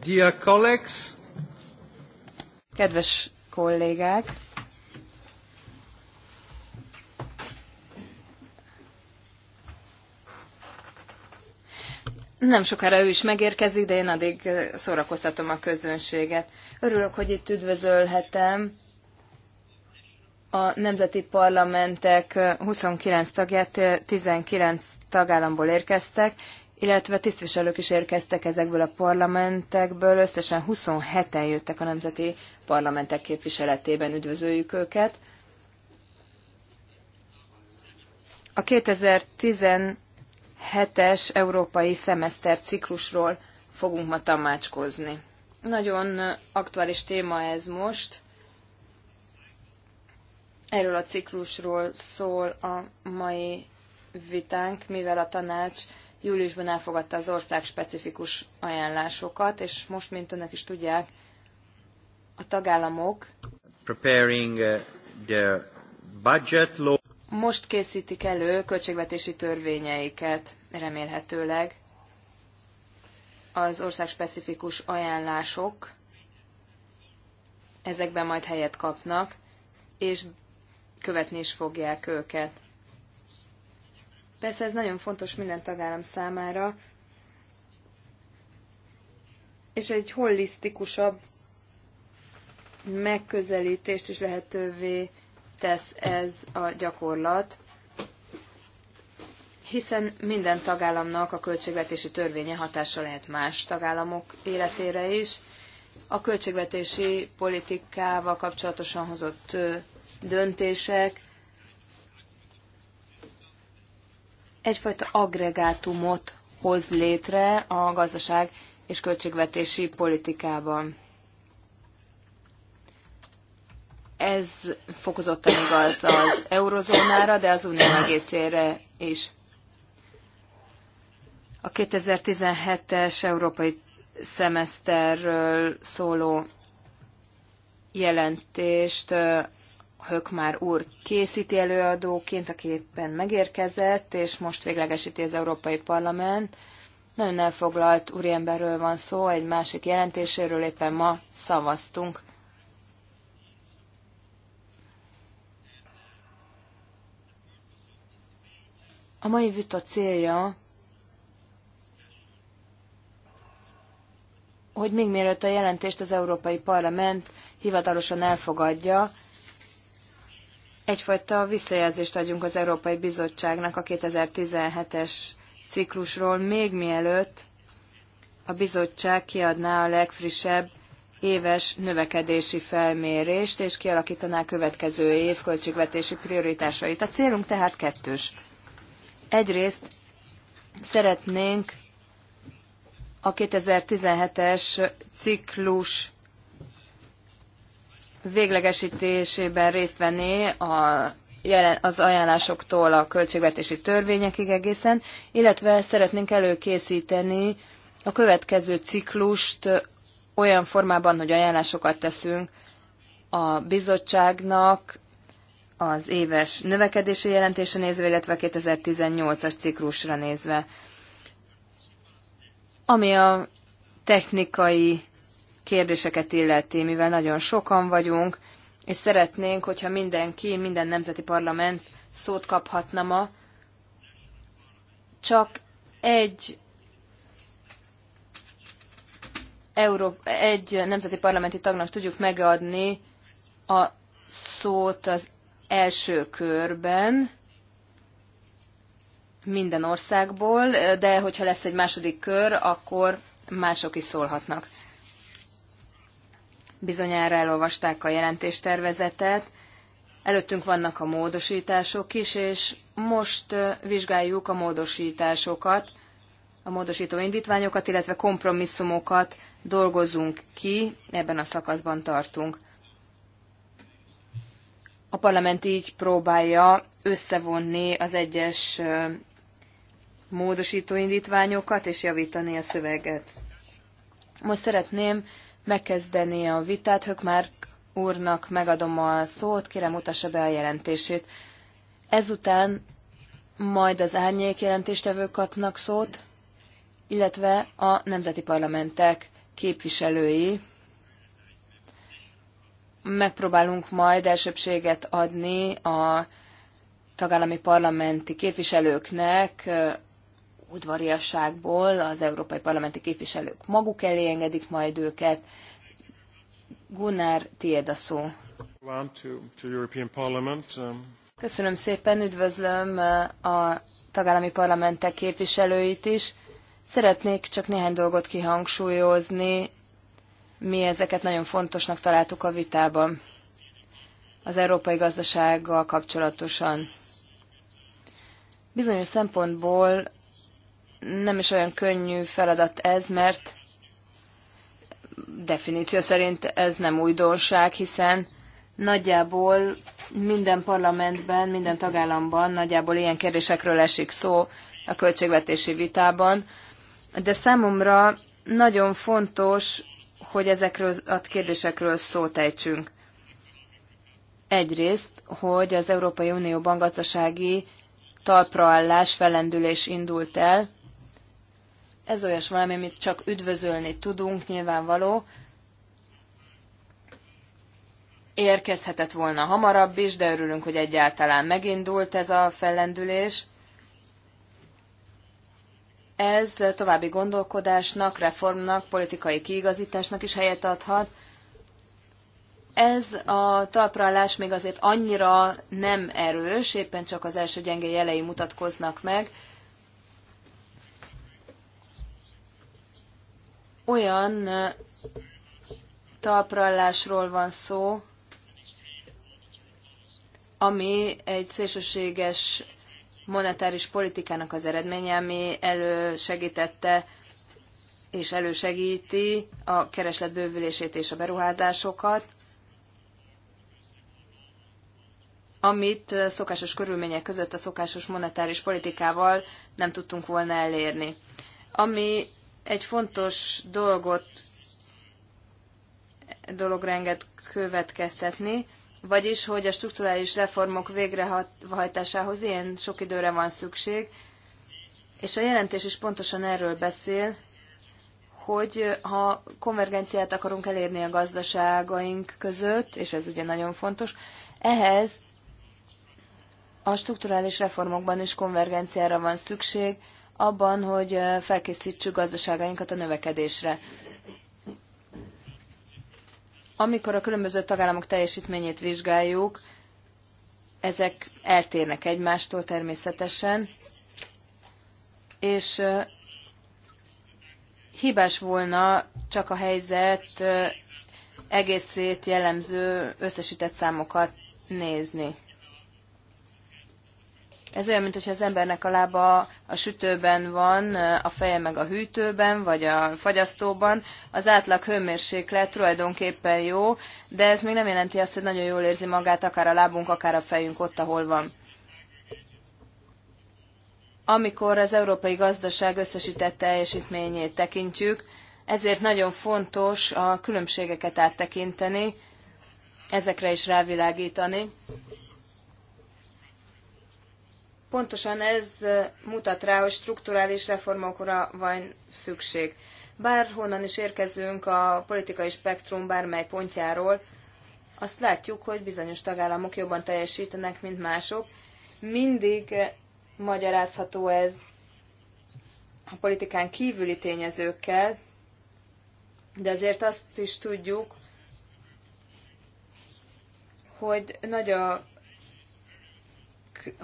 dear colleagues, Kedves kollégák, Nem sokára ő is megérkezik, de én addig szórakoztatom a közönséget. Örülök, hogy itt üdvözölhetem a nemzeti parlamentek 29 tagját 19 tagállamból érkeztek, illetve tisztviselők is érkeztek ezekből a parlamentekből, összesen 27-en jöttek a nemzeti parlamentek képviseletében, üdvözöljük őket. A 2017-es európai szemeszter ciklusról fogunk ma tanácskozni. Nagyon aktuális téma ez most, Erről a ciklusról szól a mai vitánk, mivel a tanács júliusban elfogadta az ország specifikus ajánlásokat, és most, mint önök is tudják, a tagállamok preparing uh, the budget law. most készítik elő költségvetési törvényeiket, remélhetőleg az ország specifikus ajánlások ezekben majd helyet kapnak, és követni is fogják őket. Persze ez nagyon fontos minden tagállam számára, és egy holisztikusabb megközelítést is lehetővé tesz ez a gyakorlat, hiszen minden tagállamnak a költségvetési törvénye hatása lehet más tagállamok életére is. A költségvetési politikával kapcsolatosan hozott döntések egyfajta agregátumot hoz létre a gazdaság és költségvetési politikában. Ez fokozottan igaz az eurozónára, de az unió egészére is. A 2017-es európai szemeszterről szóló jelentést Hökmár úr készíti előadóként, aki éppen megérkezett, és most véglegesíti az Európai Parlament. Nagyon elfoglalt úriemberről van szó, egy másik jelentéséről éppen ma szavaztunk. A mai vita célja, hogy még mielőtt a jelentést az Európai Parlament hivatalosan elfogadja, egyfajta visszajelzést adjunk az Európai Bizottságnak a 2017-es ciklusról, még mielőtt a bizottság kiadná a legfrissebb éves növekedési felmérést, és kialakítaná a következő év költségvetési prioritásait. A célunk tehát kettős. Egyrészt szeretnénk a 2017-es ciklus véglegesítésében részt venni a az ajánlásoktól a költségvetési törvényekig egészen, illetve szeretnénk előkészíteni a következő ciklust olyan formában, hogy ajánlásokat teszünk a bizottságnak az éves növekedési jelentése nézve, illetve 2018-as ciklusra nézve. Ami a technikai kérdéseket illeti, mivel nagyon sokan vagyunk, és szeretnénk, hogyha mindenki, minden nemzeti parlament szót kaphatna ma, csak egy Euró, egy nemzeti parlamenti tagnak tudjuk megadni a szót az első körben minden országból, de hogyha lesz egy második kör, akkor mások is szólhatnak bizonyára elolvasták a jelentéstervezetet. Előttünk vannak a módosítások is, és most vizsgáljuk a módosításokat, a módosító indítványokat, illetve kompromisszumokat dolgozunk ki, ebben a szakaszban tartunk. A parlament így próbálja összevonni az egyes módosító indítványokat és javítani a szöveget. Most szeretném megkezdeni a vitát. Hök már úrnak megadom a szót, kérem mutassa be a jelentését. Ezután majd az árnyék jelentéstevők kapnak szót, illetve a nemzeti parlamentek képviselői. Megpróbálunk majd elsőbséget adni a tagállami parlamenti képviselőknek udvariasságból az európai parlamenti képviselők maguk elé engedik majd őket. Gunnar, tiéd a szó. Um, Köszönöm szépen, üdvözlöm uh, a tagállami parlamentek képviselőit is. Szeretnék csak néhány dolgot kihangsúlyozni. Mi ezeket nagyon fontosnak találtuk a vitában az európai gazdasággal kapcsolatosan. Bizonyos szempontból nem is olyan könnyű feladat ez, mert definíció szerint ez nem újdonság, hiszen nagyjából minden parlamentben, minden tagállamban nagyjából ilyen kérdésekről esik szó a költségvetési vitában, de számomra nagyon fontos, hogy ezekről a kérdésekről szót ejtsünk. Egyrészt, hogy az Európai Unióban gazdasági talpraállás, felendülés indult el, ez olyas valami, amit csak üdvözölni tudunk, nyilvánvaló. Érkezhetett volna hamarabb is, de örülünk, hogy egyáltalán megindult ez a fellendülés. Ez további gondolkodásnak, reformnak, politikai kiigazításnak is helyet adhat. Ez a talprálás még azért annyira nem erős, éppen csak az első gyenge jelei mutatkoznak meg, olyan talprallásról van szó, ami egy szélsőséges monetáris politikának az eredménye, ami elősegítette és elősegíti a kereslet bővülését és a beruházásokat, amit szokásos körülmények között a szokásos monetáris politikával nem tudtunk volna elérni. Ami egy fontos dolgot, dologra enged következtetni, vagyis, hogy a strukturális reformok végrehajtásához ilyen sok időre van szükség, és a jelentés is pontosan erről beszél, hogy ha konvergenciát akarunk elérni a gazdaságaink között, és ez ugye nagyon fontos, ehhez a strukturális reformokban is konvergenciára van szükség, abban, hogy felkészítsük gazdaságainkat a növekedésre. Amikor a különböző tagállamok teljesítményét vizsgáljuk, ezek eltérnek egymástól természetesen, és hibás volna csak a helyzet egészét jellemző összesített számokat nézni. Ez olyan, mintha az embernek a lába a sütőben van, a feje meg a hűtőben, vagy a fagyasztóban. Az átlag hőmérséklet tulajdonképpen jó, de ez még nem jelenti azt, hogy nagyon jól érzi magát akár a lábunk, akár a fejünk ott, ahol van. Amikor az európai gazdaság összesített teljesítményét tekintjük, ezért nagyon fontos a különbségeket áttekinteni, ezekre is rávilágítani. Pontosan ez mutat rá, hogy strukturális reformokra van szükség. Bárhonnan is érkezünk a politikai spektrum bármely pontjáról, azt látjuk, hogy bizonyos tagállamok jobban teljesítenek, mint mások. Mindig magyarázható ez a politikán kívüli tényezőkkel, de azért azt is tudjuk, hogy nagy a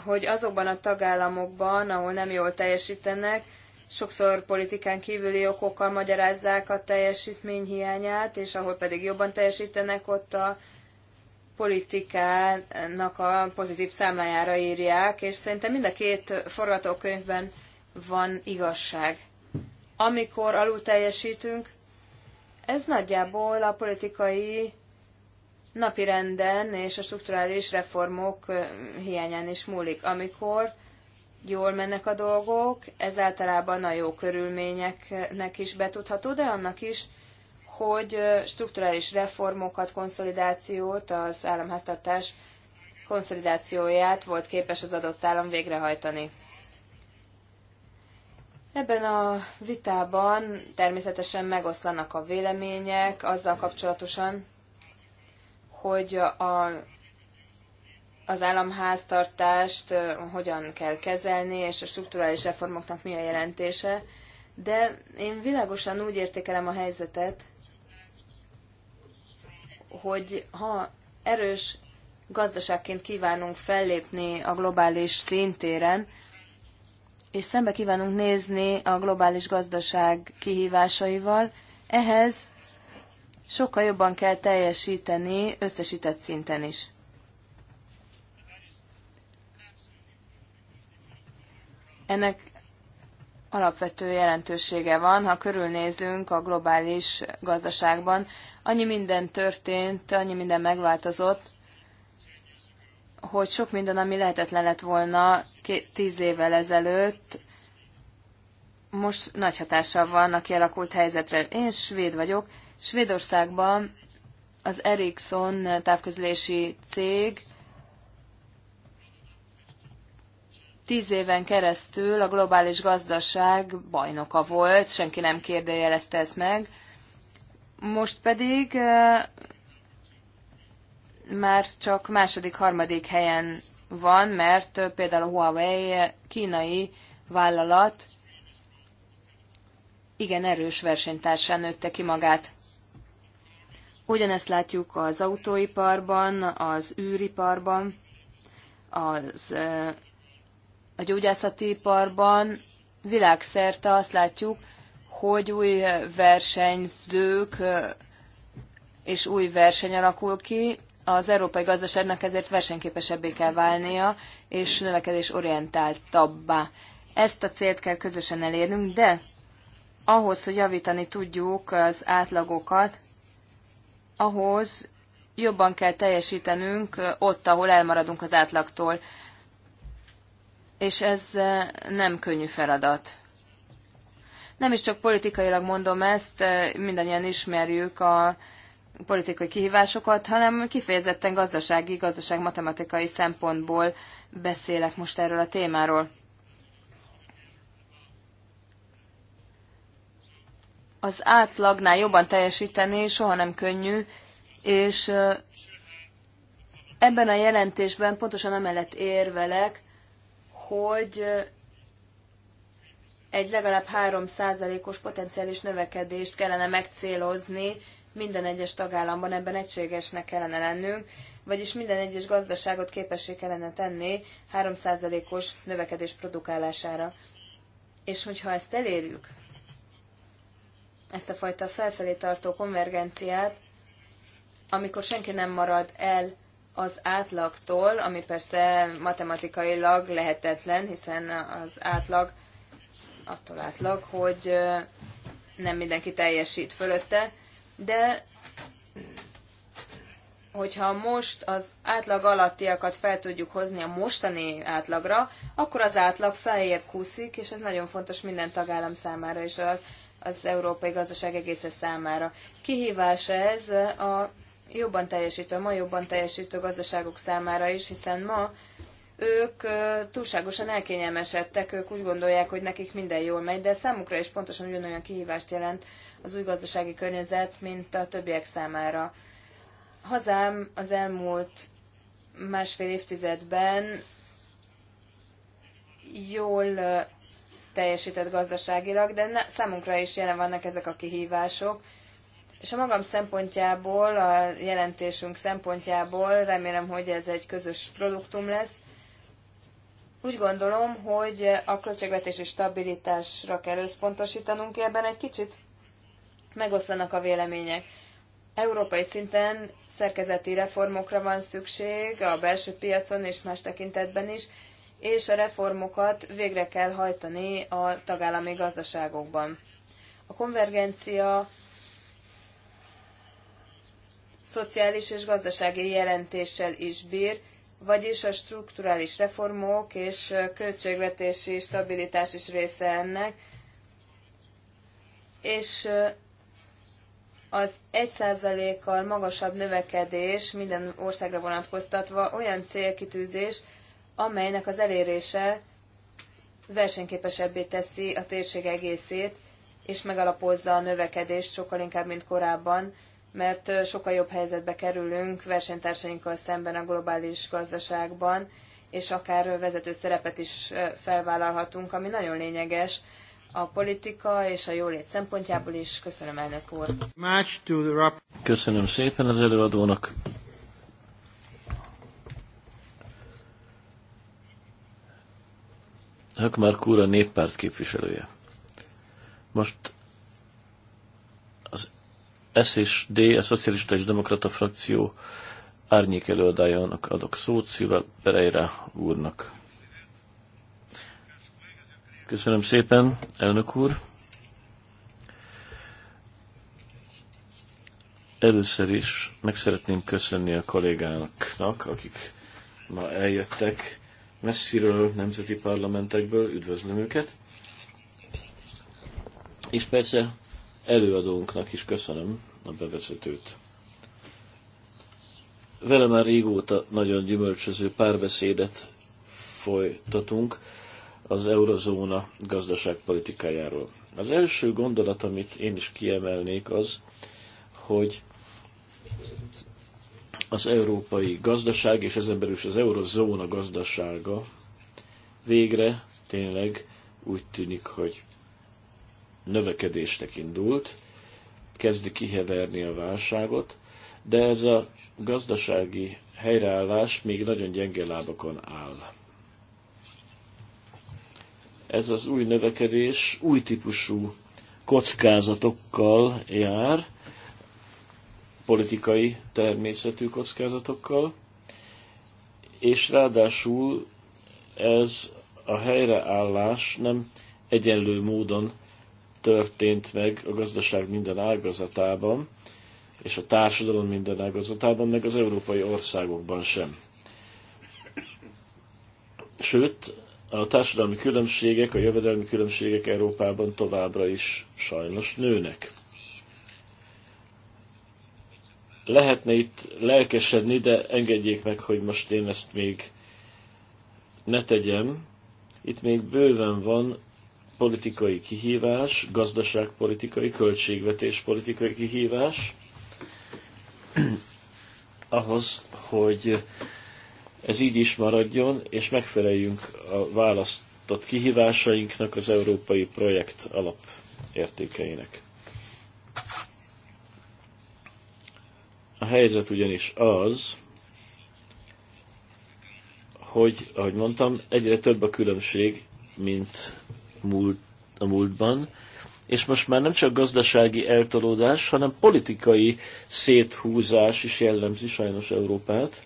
hogy azokban a tagállamokban, ahol nem jól teljesítenek, sokszor politikán kívüli okokkal magyarázzák a teljesítmény hiányát, és ahol pedig jobban teljesítenek, ott a politikának a pozitív számlájára írják, és szerintem mind a két forgatókönyvben van igazság. Amikor alul teljesítünk, ez nagyjából a politikai renden és a strukturális reformok hiányán is múlik. Amikor jól mennek a dolgok, ez általában a jó körülményeknek is betudható, de annak is, hogy strukturális reformokat, konszolidációt, az államháztartás konszolidációját volt képes az adott állam végrehajtani. Ebben a vitában természetesen megoszlanak a vélemények azzal kapcsolatosan, hogy a, az államháztartást hogyan kell kezelni, és a strukturális reformoknak mi a jelentése, de én világosan úgy értékelem a helyzetet, hogy ha erős gazdaságként kívánunk fellépni a globális szintéren, és szembe kívánunk nézni a globális gazdaság kihívásaival, ehhez sokkal jobban kell teljesíteni összesített szinten is. Ennek alapvető jelentősége van, ha körülnézünk a globális gazdaságban. Annyi minden történt, annyi minden megváltozott, hogy sok minden, ami lehetetlen lett volna két, tíz évvel ezelőtt, most nagy hatással van a kialakult helyzetre. Én svéd vagyok, Svédországban az Ericsson távközlési cég tíz éven keresztül a globális gazdaság bajnoka volt, senki nem kérdőjelezte ezt meg. Most pedig már csak második, harmadik helyen van, mert például a Huawei kínai vállalat igen erős versenytársán nőtte ki magát. Ugyanezt látjuk az autóiparban, az űriparban, az, a gyógyászati iparban. Világszerte azt látjuk, hogy új versenyzők és új verseny alakul ki, az európai gazdaságnak ezért versenyképesebbé kell válnia, és növekedés orientáltabbá. Ezt a célt kell közösen elérnünk, de ahhoz, hogy javítani tudjuk az átlagokat, ahhoz jobban kell teljesítenünk ott, ahol elmaradunk az átlagtól. És ez nem könnyű feladat. Nem is csak politikailag mondom ezt, mindannyian ismerjük a politikai kihívásokat, hanem kifejezetten gazdasági, gazdaságmatematikai szempontból beszélek most erről a témáról. az átlagnál jobban teljesíteni soha nem könnyű, és ebben a jelentésben pontosan emellett érvelek, hogy egy legalább 3%-os potenciális növekedést kellene megcélozni minden egyes tagállamban, ebben egységesnek kellene lennünk, vagyis minden egyes gazdaságot képessé kellene tenni 3%-os növekedés produkálására. És hogyha ezt elérjük, ezt a fajta felfelé tartó konvergenciát, amikor senki nem marad el az átlagtól, ami persze matematikailag lehetetlen, hiszen az átlag attól átlag, hogy nem mindenki teljesít fölötte, de hogyha most az átlag alattiakat fel tudjuk hozni a mostani átlagra, akkor az átlag feljebb kúszik, és ez nagyon fontos minden tagállam számára, és a az európai gazdaság egésze számára. Kihívás ez a jobban teljesítő, ma jobban teljesítő gazdaságok számára is, hiszen ma ők túlságosan elkényelmesedtek, ők úgy gondolják, hogy nekik minden jól megy, de számukra is pontosan ugyanolyan kihívást jelent az új gazdasági környezet, mint a többiek számára. Hazám az elmúlt másfél évtizedben jól teljesített gazdaságilag, de ne, számunkra is jelen vannak ezek a kihívások. És a magam szempontjából, a jelentésünk szempontjából remélem, hogy ez egy közös produktum lesz. Úgy gondolom, hogy a költségvetési stabilitásra kell összpontosítanunk ebben egy kicsit. Megoszlanak a vélemények. Európai szinten szerkezeti reformokra van szükség, a belső piacon és más tekintetben is, és a reformokat végre kell hajtani a tagállami gazdaságokban. A konvergencia szociális és gazdasági jelentéssel is bír, vagyis a strukturális reformok és költségvetési stabilitás is része ennek, és az 1%-kal magasabb növekedés minden országra vonatkoztatva olyan célkitűzés, amelynek az elérése versenyképesebbé teszi a térség egészét, és megalapozza a növekedést sokkal inkább, mint korábban, mert sokkal jobb helyzetbe kerülünk versenytársainkkal szemben a globális gazdaságban, és akár vezető szerepet is felvállalhatunk, ami nagyon lényeges a politika és a jólét szempontjából is. Köszönöm, elnök úr! Köszönöm szépen az előadónak! Hökmár úr a néppárt képviselője. Most az S és D, a Szocialista és Demokrata frakció árnyék előadájának adok szót Szilva Pereira úrnak. Köszönöm szépen, elnök úr. Először is meg szeretném köszönni a kollégáknak, akik ma eljöttek messziről, nemzeti parlamentekből, üdvözlöm őket. És persze előadónknak is köszönöm a bevezetőt. Vele már régóta nagyon gyümölcsöző párbeszédet folytatunk az eurozóna gazdaságpolitikájáról. Az első gondolat, amit én is kiemelnék az, hogy az európai gazdaság, és ezen belül is az eurozóna gazdasága végre tényleg úgy tűnik, hogy növekedéstek indult, kezdi kiheverni a válságot, de ez a gazdasági helyreállás még nagyon gyenge lábakon áll. Ez az új növekedés új típusú kockázatokkal jár, politikai természetű kockázatokkal, és ráadásul ez a helyreállás nem egyenlő módon történt meg a gazdaság minden ágazatában, és a társadalom minden ágazatában, meg az európai országokban sem. Sőt, a társadalmi különbségek, a jövedelmi különbségek Európában továbbra is sajnos nőnek lehetne itt lelkesedni, de engedjék meg, hogy most én ezt még ne tegyem. Itt még bőven van politikai kihívás, gazdaságpolitikai, politikai kihívás, ahhoz, hogy ez így is maradjon, és megfeleljünk a választott kihívásainknak az európai projekt alapértékeinek. A helyzet ugyanis az, hogy, ahogy mondtam, egyre több a különbség, mint múlt, a múltban, és most már nem csak gazdasági eltolódás, hanem politikai széthúzás is jellemzi sajnos Európát.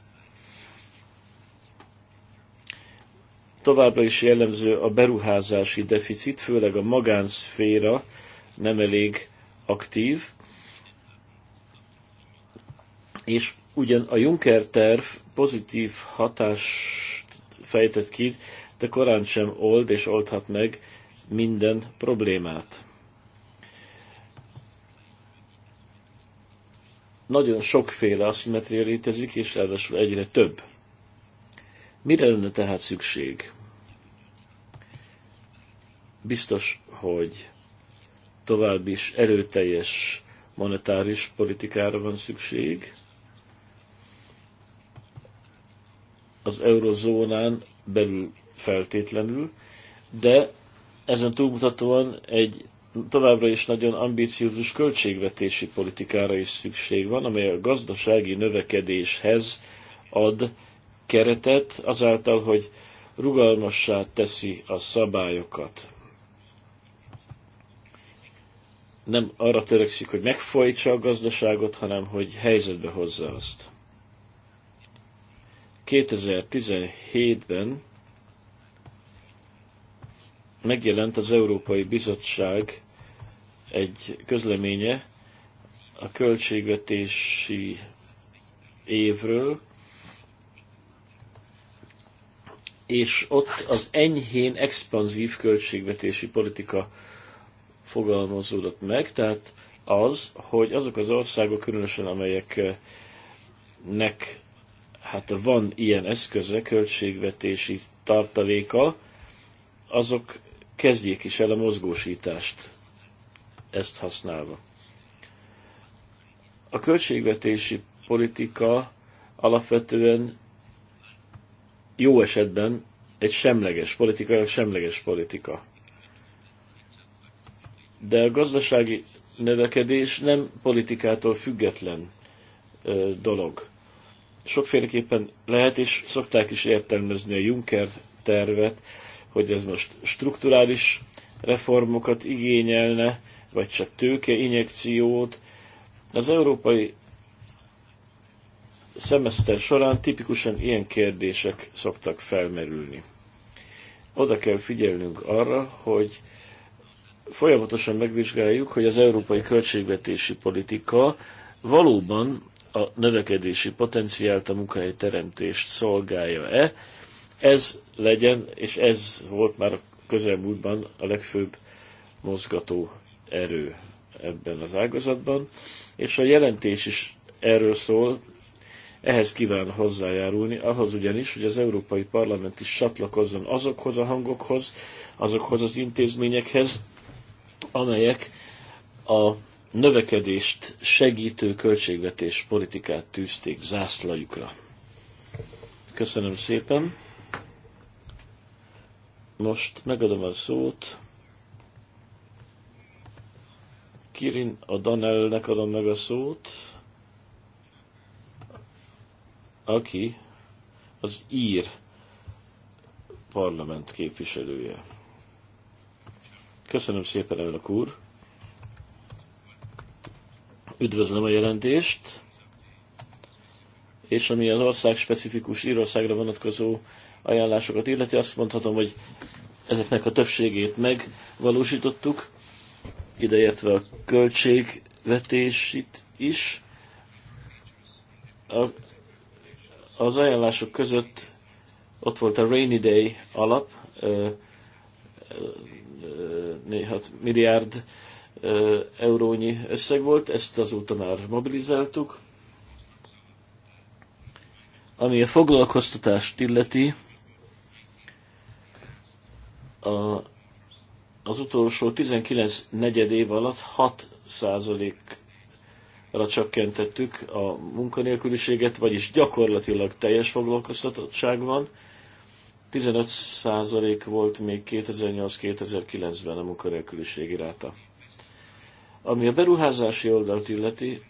Továbbra is jellemző a beruházási deficit, főleg a magánszféra nem elég aktív, és ugyan a Juncker terv pozitív hatást fejtett ki, de korán sem old és oldhat meg minden problémát. Nagyon sokféle aszimetria létezik, és ráadásul egyre több. Mire lenne tehát szükség? Biztos, hogy további is erőteljes monetáris politikára van szükség, az eurozónán belül feltétlenül, de ezen túlmutatóan egy továbbra is nagyon ambíciózus költségvetési politikára is szükség van, amely a gazdasági növekedéshez ad keretet, azáltal, hogy rugalmassá teszi a szabályokat. Nem arra törekszik, hogy megfojtsa a gazdaságot, hanem hogy helyzetbe hozza azt. 2017-ben megjelent az Európai Bizottság egy közleménye a költségvetési évről, és ott az enyhén expanzív költségvetési politika fogalmazódott meg, tehát az, hogy azok az országok, különösen amelyeknek hát van ilyen eszköze, költségvetési tartaléka, azok kezdjék is el a mozgósítást ezt használva. A költségvetési politika alapvetően jó esetben egy semleges politika, egy semleges politika. De a gazdasági növekedés nem politikától független dolog sokféleképpen lehet, és szokták is értelmezni a Juncker tervet, hogy ez most strukturális reformokat igényelne, vagy csak tőke injekciót. Az európai szemeszter során tipikusan ilyen kérdések szoktak felmerülni. Oda kell figyelnünk arra, hogy folyamatosan megvizsgáljuk, hogy az európai költségvetési politika valóban a növekedési potenciált, a munkahelyteremtést szolgálja-e. Ez legyen, és ez volt már a közelmúltban a legfőbb mozgató erő ebben az ágazatban, és a jelentés is erről szól, ehhez kíván hozzájárulni, ahhoz ugyanis, hogy az Európai Parlament is csatlakozzon azokhoz a hangokhoz, azokhoz az intézményekhez, amelyek a növekedést segítő költségvetés politikát tűzték zászlajukra. Köszönöm szépen. Most megadom a szót. Kirin a Danelnek adom meg a szót, aki az ír parlament képviselője. Köszönöm szépen, elnök úr! Üdvözlöm a jelentést, és ami az ország specifikus Írországra vonatkozó ajánlásokat illeti, azt mondhatom, hogy ezeknek a többségét megvalósítottuk, ideértve a költségvetését is. A, az ajánlások között ott volt a Rainy Day alap, néha milliárd eurónyi összeg volt, ezt azóta már mobilizáltuk. Ami a foglalkoztatást illeti, a, az utolsó 19 negyed év alatt 6%-ra csökkentettük a munkanélküliséget, vagyis gyakorlatilag teljes foglalkoztatottság van. 15% volt még 2008-2009-ben a munkanélküliségi ráta. Ami a beruházási oldalt illeti,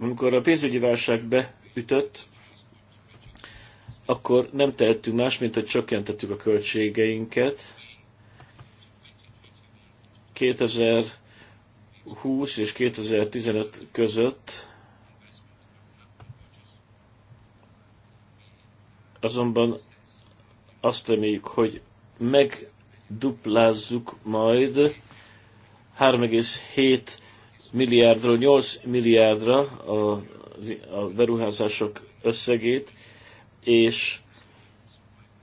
amikor a pénzügyi válság beütött, akkor nem tehettünk más, mint hogy csökkentettük a költségeinket. 2020 és 2015 között azonban azt reméljük, hogy megduplázzuk majd 3,7 milliárdról 8 milliárdra a, a beruházások összegét, és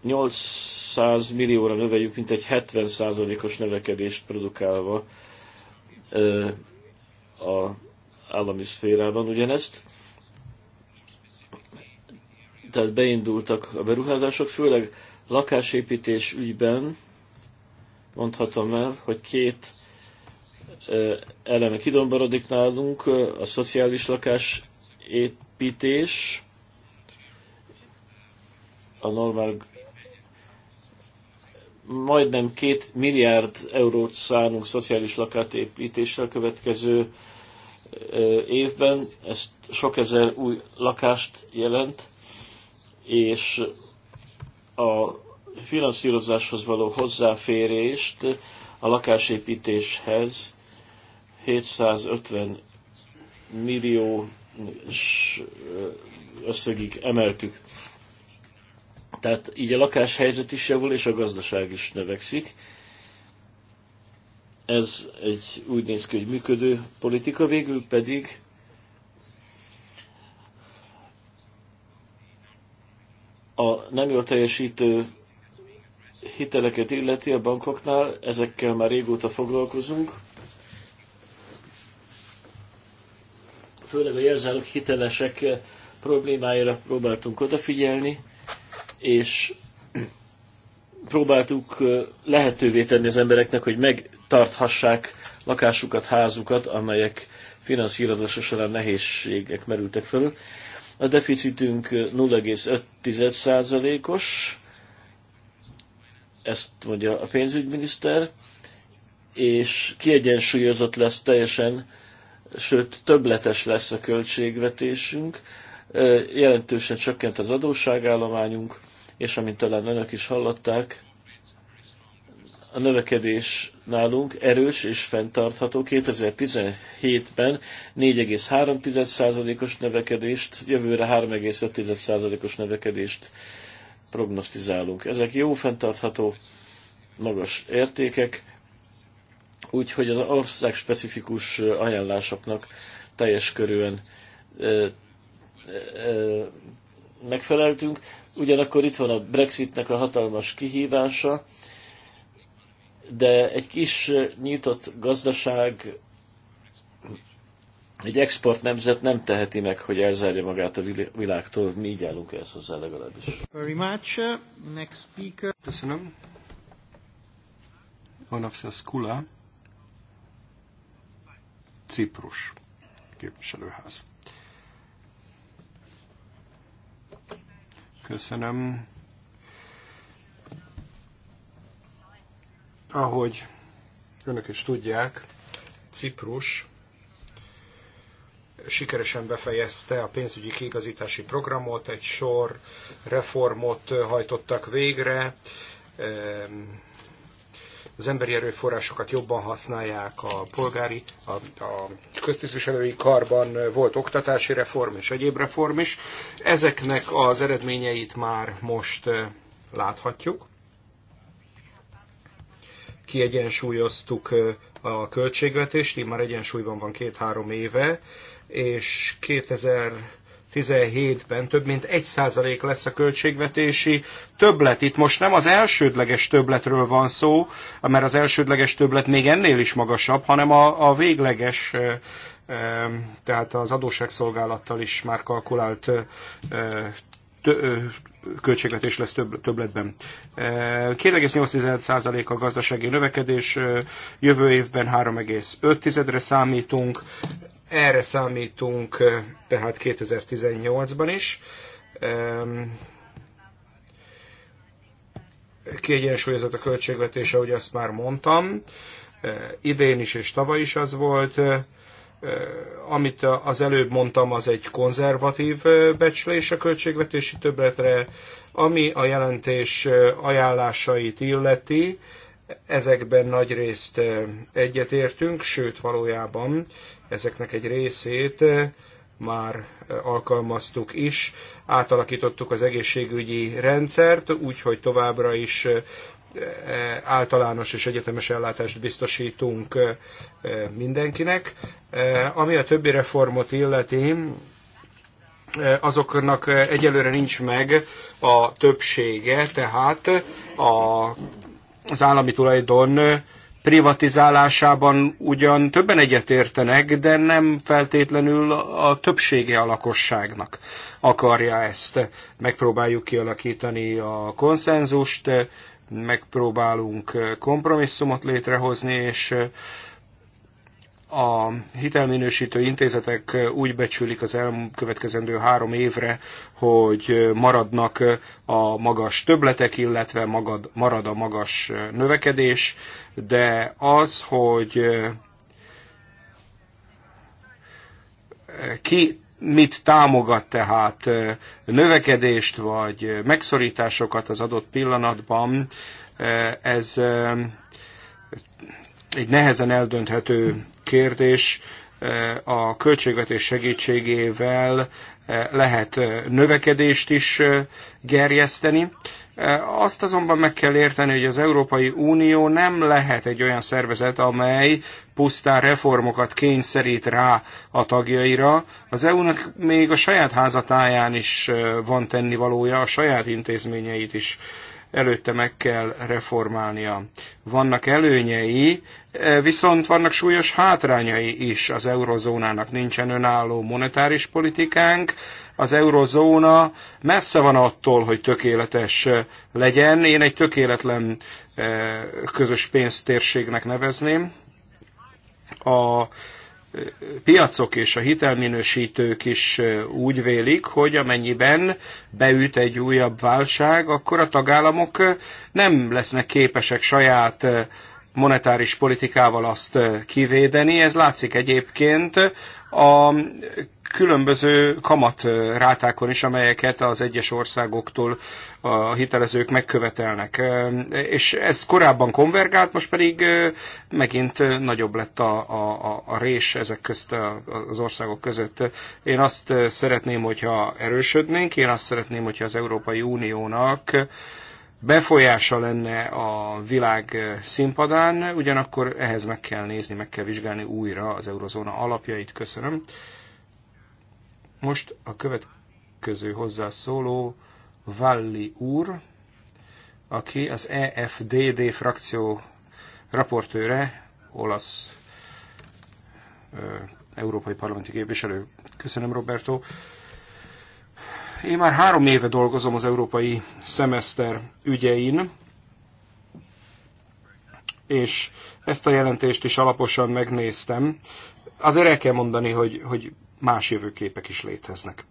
800 millióra növeljük, mint egy 70%-os növekedést produkálva ö, a állami szférában ugyanezt. Tehát beindultak a beruházások, főleg lakásépítés ügyben mondhatom el, hogy két eleme kidomborodik nálunk, a szociális lakás építés, a normál majdnem két milliárd eurót szánunk szociális építésre a következő évben, ez sok ezer új lakást jelent, és a finanszírozáshoz való hozzáférést a lakásépítéshez 750 millió összegig emeltük. Tehát így a lakáshelyzet is javul, és a gazdaság is növekszik. Ez egy úgy néz ki, hogy működő politika, végül pedig a nem jól teljesítő hiteleket illeti a bankoknál, ezekkel már régóta foglalkozunk, főleg a jelzálók hitelesek eh, problémáira próbáltunk odafigyelni, és próbáltuk eh, lehetővé tenni az embereknek, hogy megtarthassák lakásukat, házukat, amelyek finanszírozása során nehézségek merültek fel. A deficitünk 0,5%-os, eh, ezt mondja a pénzügyminiszter, és kiegyensúlyozott lesz teljesen sőt többletes lesz a költségvetésünk, jelentősen csökkent az adósságállományunk, és amint talán önök is hallották, a növekedés nálunk erős és fenntartható. 2017-ben 4,3%-os növekedést, jövőre 3,5%-os növekedést prognosztizálunk. Ezek jó fenntartható magas értékek, Úgyhogy az ország specifikus ajánlásoknak teljes körűen megfeleltünk. Ugyanakkor itt van a Brexitnek a hatalmas kihívása, de egy kis nyitott gazdaság, egy export nemzet nem teheti meg, hogy elzárja magát a világtól. Mi így állunk ezt hozzá legalábbis. Very much. Next speaker. Köszönöm. Vannak a Skula. Ciprus képviselőház. Köszönöm. Ahogy önök is tudják, Ciprus sikeresen befejezte a pénzügyi kiigazítási programot, egy sor reformot hajtottak végre, az emberi erőforrásokat jobban használják a polgári, a, a köztisztviselői karban volt oktatási reform és egyéb reform is. Ezeknek az eredményeit már most láthatjuk. Kiegyensúlyoztuk a költségvetést, így már egyensúlyban van két-három éve, és 2000 2017-ben több mint 1% lesz a költségvetési többlet. Itt most nem az elsődleges többletről van szó, mert az elsődleges többlet még ennél is magasabb, hanem a, a végleges tehát az adósságszolgálattal is már kalkulált költségvetés lesz több, többletben. 2,8% a gazdasági növekedés, jövő évben 3,5-re számítunk, erre számítunk tehát 2018-ban is. Kiegyensúlyozott a költségvetés, ahogy azt már mondtam. Idén is és tavaly is az volt. Amit az előbb mondtam, az egy konzervatív becslés a költségvetési többletre, ami a jelentés ajánlásait illeti Ezekben nagy részt egyetértünk, sőt valójában ezeknek egy részét már alkalmaztuk is. Átalakítottuk az egészségügyi rendszert, úgyhogy továbbra is általános és egyetemes ellátást biztosítunk mindenkinek. Ami a többi reformot illeti, azoknak egyelőre nincs meg a többsége, tehát a az állami tulajdon privatizálásában ugyan többen egyetértenek, de nem feltétlenül a többsége a lakosságnak akarja ezt. Megpróbáljuk kialakítani a konszenzust, megpróbálunk kompromisszumot létrehozni, és a hitelminősítő intézetek úgy becsülik az elkövetkezendő három évre, hogy maradnak a magas töbletek, illetve magad, marad a magas növekedés, de az, hogy ki mit támogat tehát növekedést vagy megszorításokat az adott pillanatban, ez eh, egy nehezen eldönthető kérdés, e, a költségvetés segítségével e, lehet e, növekedést is gerjeszteni. Azt azonban meg kell érteni, hogy az Európai Unió nem lehet egy olyan szervezet, amely pusztán reformokat kényszerít rá a tagjaira. Az EU-nak még a saját házatáján is van tennivalója, a saját intézményeit is előtte meg kell reformálnia. Vannak előnyei, e, viszont vannak súlyos hátrányai is az eurozónának. Nincsen önálló monetáris politikánk, az eurozóna messze van attól, hogy tökéletes legyen. Én egy tökéletlen e, közös pénztérségnek nevezném. A piacok és a hitelminősítők is úgy vélik, hogy amennyiben beüt egy újabb válság, akkor a tagállamok nem lesznek képesek saját monetáris politikával azt kivédeni. Ez látszik egyébként a különböző kamat rátákon is, amelyeket az egyes országoktól a hitelezők megkövetelnek. És ez korábban konvergált, most pedig megint nagyobb lett a, a, a rés ezek közt az országok között. Én azt szeretném, hogyha erősödnénk, én azt szeretném, hogyha az Európai Uniónak befolyása lenne a világ színpadán, ugyanakkor ehhez meg kell nézni, meg kell vizsgálni újra az eurozóna alapjait. Köszönöm. Most a következő hozzászóló Valli úr, aki az EFDD frakció raportőre, olasz európai parlamenti képviselő. Köszönöm, Roberto. Én már három éve dolgozom az európai szemeszter ügyein, és ezt a jelentést is alaposan megnéztem. Azért el kell mondani, hogy, hogy más jövőképek is léteznek.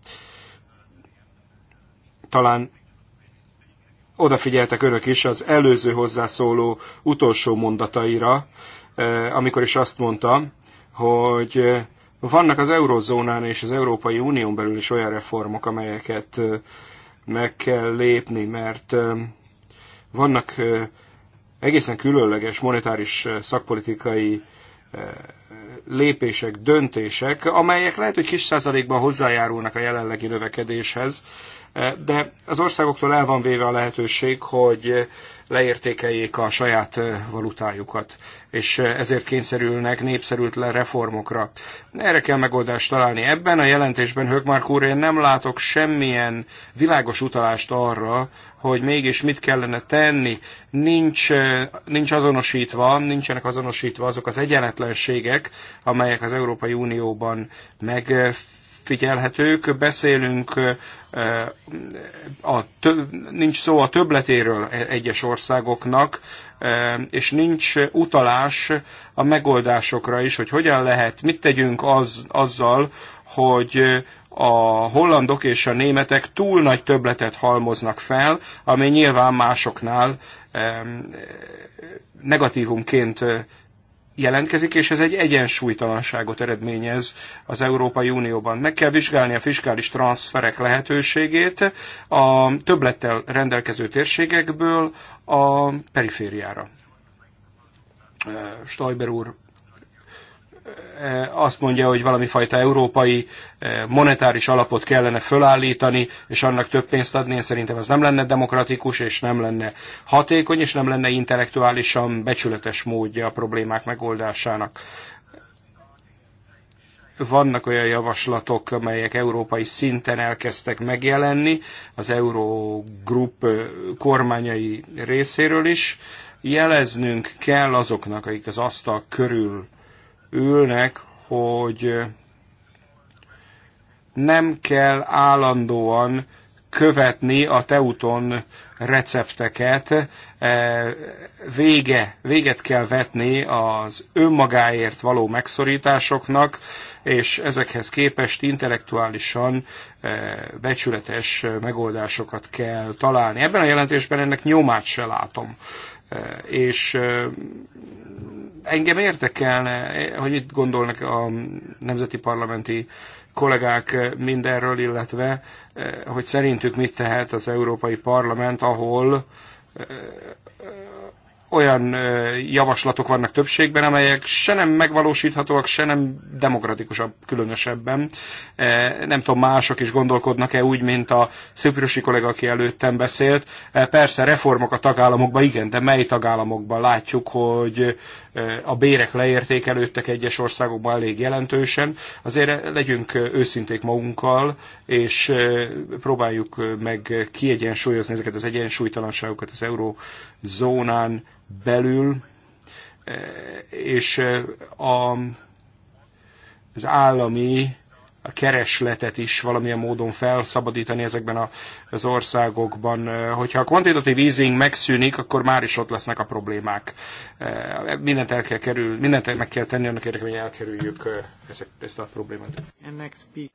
Talán odafigyeltek önök is az előző hozzászóló utolsó mondataira, eh, amikor is azt mondta, hogy eh, vannak az eurozónán és az Európai Unión belül is olyan reformok, amelyeket eh, meg kell lépni, mert vannak egészen különleges monetáris szakpolitikai lépések, döntések, amelyek lehet, hogy kis százalékban hozzájárulnak a jelenlegi növekedéshez, de az országoktól el van véve a lehetőség, hogy leértékeljék a saját valutájukat, és ezért kényszerülnek népszerűtlen reformokra. Erre kell megoldást találni. Ebben a jelentésben, Högmark úr, én nem látok semmilyen világos utalást arra, hogy mégis mit kellene tenni. Nincs, nincs azonosítva, nincsenek azonosítva azok az egyenetlenségek, amelyek az Európai Unióban meg figyelhetők Beszélünk a több, nincs szó a többletéről e-, egyes országoknak, és nincs utalás a megoldásokra is, hogy hogyan lehet, mit tegyünk az, azzal, hogy a hollandok és a németek túl nagy töbletet halmoznak fel, ami nyilván másoknál negatívumként jelentkezik, és ez egy egyensúlytalanságot eredményez az Európai Unióban. Meg kell vizsgálni a fiskális transferek lehetőségét a többlettel rendelkező térségekből a perifériára. Stoiber úr Eh, azt mondja, hogy valami fajta európai eh, monetáris alapot kellene fölállítani, és annak több pénzt adni, én szerintem ez nem lenne demokratikus, és nem lenne hatékony, és nem lenne intellektuálisan becsületes módja a problémák megoldásának. Vannak olyan javaslatok, amelyek európai szinten elkezdtek megjelenni, az Eurogroup eh, kormányai részéről is. Jeleznünk kell azoknak, akik az asztal körül ülnek, hogy nem kell állandóan követni a Teuton recepteket, e, vége, véget kell vetni az önmagáért való megszorításoknak, és ezekhez képest intellektuálisan e, becsületes megoldásokat kell találni. Ebben a jelentésben ennek nyomát se látom. E, és engem érdekelne, hogy mit gondolnak a nemzeti parlamenti kollégák mindenről, illetve eh, hogy szerintük mit tehet az Európai Parlament, ahol eh, eh, olyan javaslatok vannak többségben, amelyek se nem megvalósíthatóak, se nem demokratikusabb különösebben. Nem tudom, mások is gondolkodnak-e úgy, mint a szőpürosi kollega, aki előttem beszélt. Persze reformok a tagállamokban, igen, de mely tagállamokban látjuk, hogy a bérek leértékelődtek egyes országokban elég jelentősen. Azért legyünk őszinték magunkkal, és próbáljuk meg kiegyensúlyozni ezeket az egyensúlytalanságokat az eurózónán belül, és a, az állami a keresletet is valamilyen módon felszabadítani ezekben az országokban. Hogyha a kvantitatív easing megszűnik, akkor már is ott lesznek a problémák. Mindent, el kell kerül, mindent meg kell tenni annak érdekében, hogy elkerüljük ezt, ezt a problémát.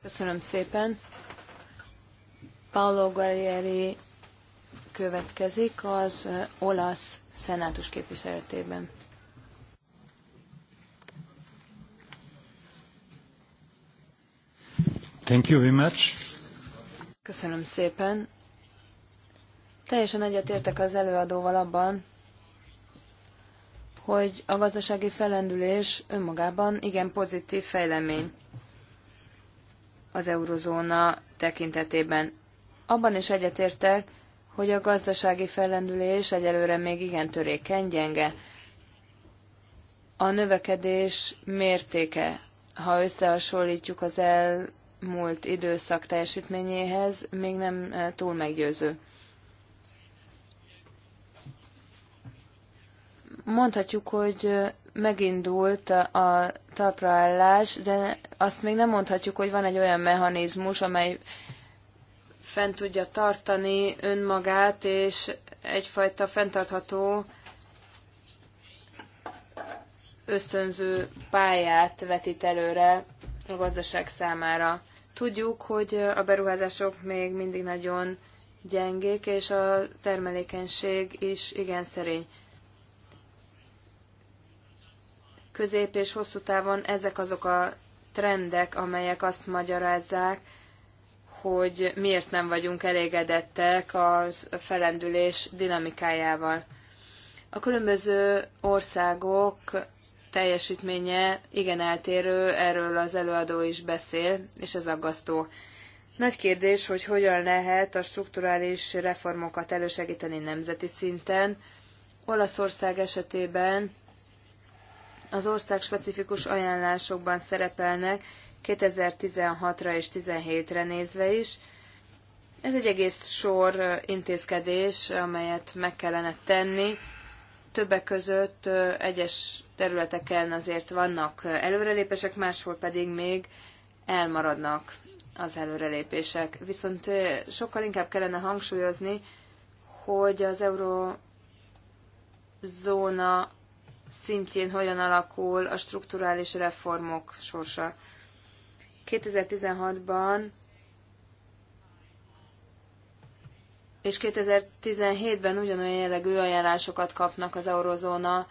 Köszönöm szépen. Paolo Guerrieri következik az olasz szenátus képviseletében. Thank you very much. Köszönöm szépen. Teljesen egyetértek az előadóval abban, hogy a gazdasági felendülés önmagában igen pozitív fejlemény az eurozóna tekintetében. Abban is egyetértek, hogy a gazdasági fellendülés egyelőre még igen törékeny, gyenge. A növekedés mértéke, ha összehasonlítjuk az el múlt időszak teljesítményéhez még nem e, túl meggyőző. Mondhatjuk, hogy e, megindult a talpraállás, de azt még nem mondhatjuk, hogy van egy olyan mechanizmus, amely fent tudja tartani önmagát, és egyfajta fenntartható ösztönző pályát vetít előre a gazdaság számára. Tudjuk, hogy a beruházások még mindig nagyon gyengék, és a termelékenység is igen szerény. Közép és hosszú távon ezek azok a trendek, amelyek azt magyarázzák, hogy miért nem vagyunk elégedettek az felendülés dinamikájával. A különböző országok teljesítménye igen eltérő, erről az előadó is beszél, és ez aggasztó. Nagy kérdés, hogy hogyan lehet a strukturális reformokat elősegíteni nemzeti szinten. Olaszország esetében az ország specifikus ajánlásokban szerepelnek 2016-ra és 2017-re nézve is. Ez egy egész sor intézkedés, amelyet meg kellene tenni, többek között egyes területeken azért vannak előrelépések, máshol pedig még elmaradnak az előrelépések. Viszont sokkal inkább kellene hangsúlyozni, hogy az eurozóna szintjén hogyan alakul a strukturális reformok sorsa. 2016-ban és 2017-ben ugyanolyan jellegű ajánlásokat kapnak az eurozóna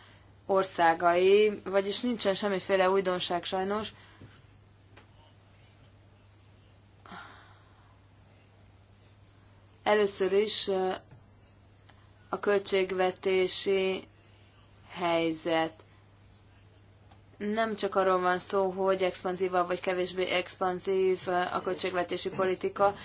országai, vagyis nincsen semmiféle újdonság sajnos. Először is a költségvetési helyzet. Nem csak arról van szó, hogy expanzívabb vagy kevésbé expanzív a költségvetési politika,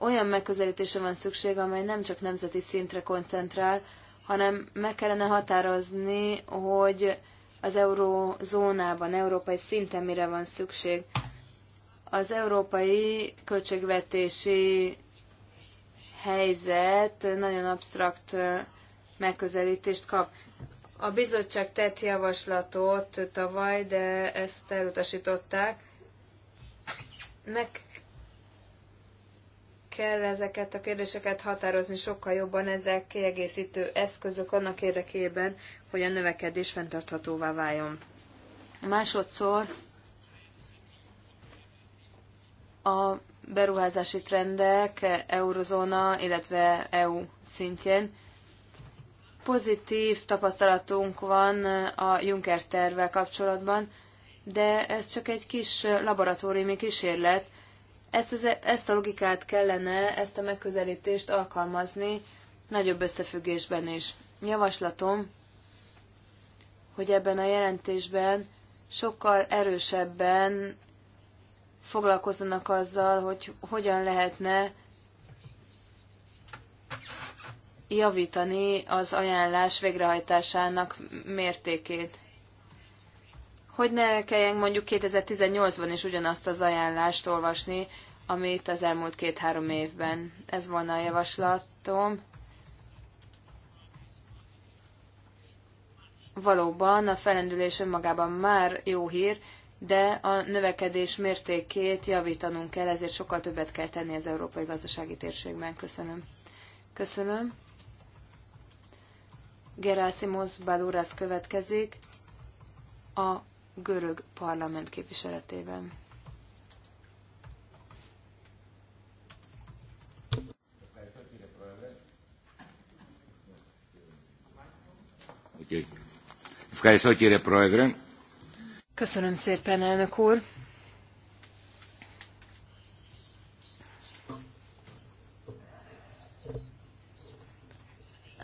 olyan megközelítése van szükség, amely nem csak nemzeti szintre koncentrál, hanem meg kellene határozni, hogy az eurózónában, európai szinten mire van szükség. Az európai költségvetési helyzet nagyon absztrakt megközelítést kap. A bizottság tett javaslatot tavaly, de ezt elutasították. Meg kell ezeket a kérdéseket határozni sokkal jobban, ezek kiegészítő eszközök annak érdekében, hogy a növekedés fenntarthatóvá váljon. Másodszor a beruházási trendek eurozóna, illetve EU szintjén. Pozitív tapasztalatunk van a Juncker tervvel kapcsolatban, de ez csak egy kis laboratóriumi kísérlet, ezt, az, e- ezt a logikát kellene, ezt a megközelítést alkalmazni nagyobb összefüggésben is. Javaslatom, hogy ebben a jelentésben sokkal erősebben foglalkozzanak azzal, hogy hogyan lehetne javítani az ajánlás végrehajtásának mértékét hogy ne kelljen mondjuk 2018-ban is ugyanazt az ajánlást olvasni, amit az elmúlt két-három évben. Ez volna a javaslatom. Valóban a felendülés önmagában már jó hír, de a növekedés mértékét javítanunk kell, ezért sokkal többet kell tenni az európai gazdasági térségben. Köszönöm. Köszönöm. Gerásimos Balúrász következik a görög parlament képviseletében. Köszönöm szépen, elnök úr!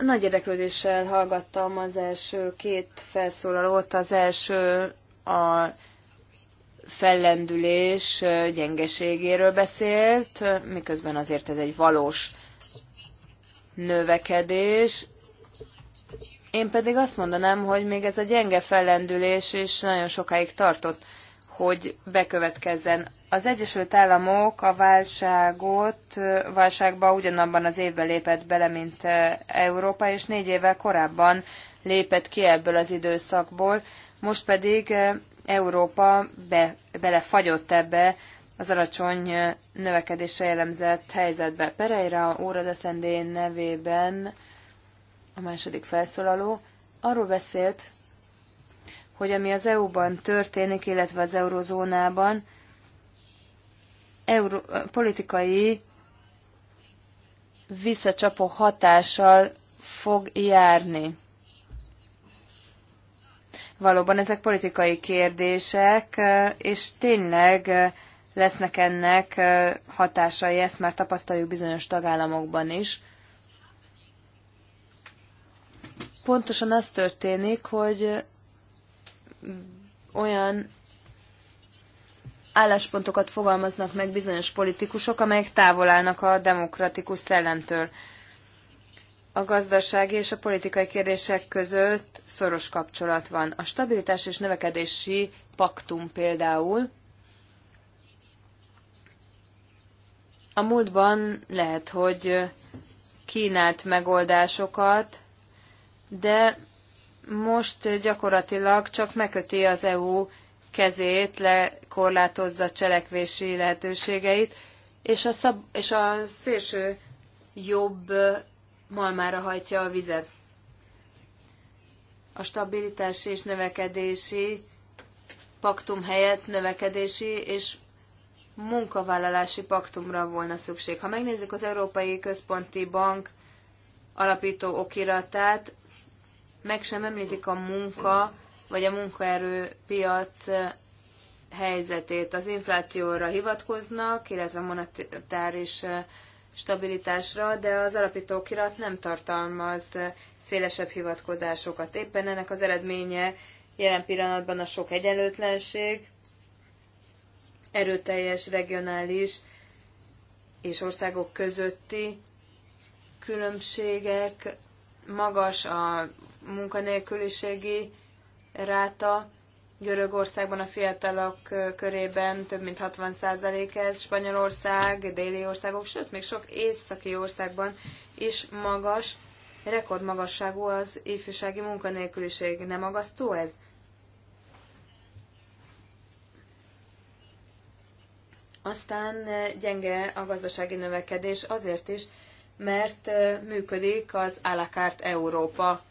Nagy érdeklődéssel hallgattam az első két felszólalót, az első a fellendülés gyengeségéről beszélt, miközben azért ez egy valós növekedés. Én pedig azt mondanám, hogy még ez a gyenge fellendülés is nagyon sokáig tartott, hogy bekövetkezzen. Az Egyesült Államok a válságot, válságba ugyanabban az évben lépett bele, mint Európa, és négy évvel korábban lépett ki ebből az időszakból most pedig eh, Európa be, belefagyott ebbe az alacsony eh, növekedésre jellemzett helyzetbe. Pereira Óra Deszendén nevében a második felszólaló arról beszélt, hogy ami az EU-ban történik, illetve az eurozónában, Euró, eh, politikai visszacsapó hatással fog járni. Valóban ezek politikai kérdések, és tényleg lesznek ennek hatásai, ezt már tapasztaljuk bizonyos tagállamokban is. Pontosan az történik, hogy olyan álláspontokat fogalmaznak meg bizonyos politikusok, amelyek távol állnak a demokratikus szellemtől a gazdasági és a politikai kérdések között szoros kapcsolat van. A stabilitás és növekedési paktum például a múltban lehet, hogy kínált megoldásokat, de most gyakorlatilag csak megköti az EU kezét, lekorlátozza cselekvési lehetőségeit, és a, szab- és a szélső jobb malmára hajtja a vizet. A stabilitási és növekedési paktum helyett növekedési és munkavállalási paktumra volna szükség. Ha megnézzük az Európai Központi Bank alapító okiratát, meg sem említik a munka vagy a munkaerőpiac helyzetét. Az inflációra hivatkoznak, illetve monetáris stabilitásra, de az alapítókirat nem tartalmaz szélesebb hivatkozásokat. Éppen ennek az eredménye jelen pillanatban a sok egyenlőtlenség, erőteljes regionális és országok közötti különbségek, magas a munkanélküliségi ráta, Görögországban a fiatalok körében több mint 60% ez, Spanyolország, déli országok, sőt, még sok északi országban is magas, rekordmagasságú az ifjúsági munkanélküliség. Nem agasztó ez? Aztán gyenge a gazdasági növekedés azért is, mert működik az Alakart Európa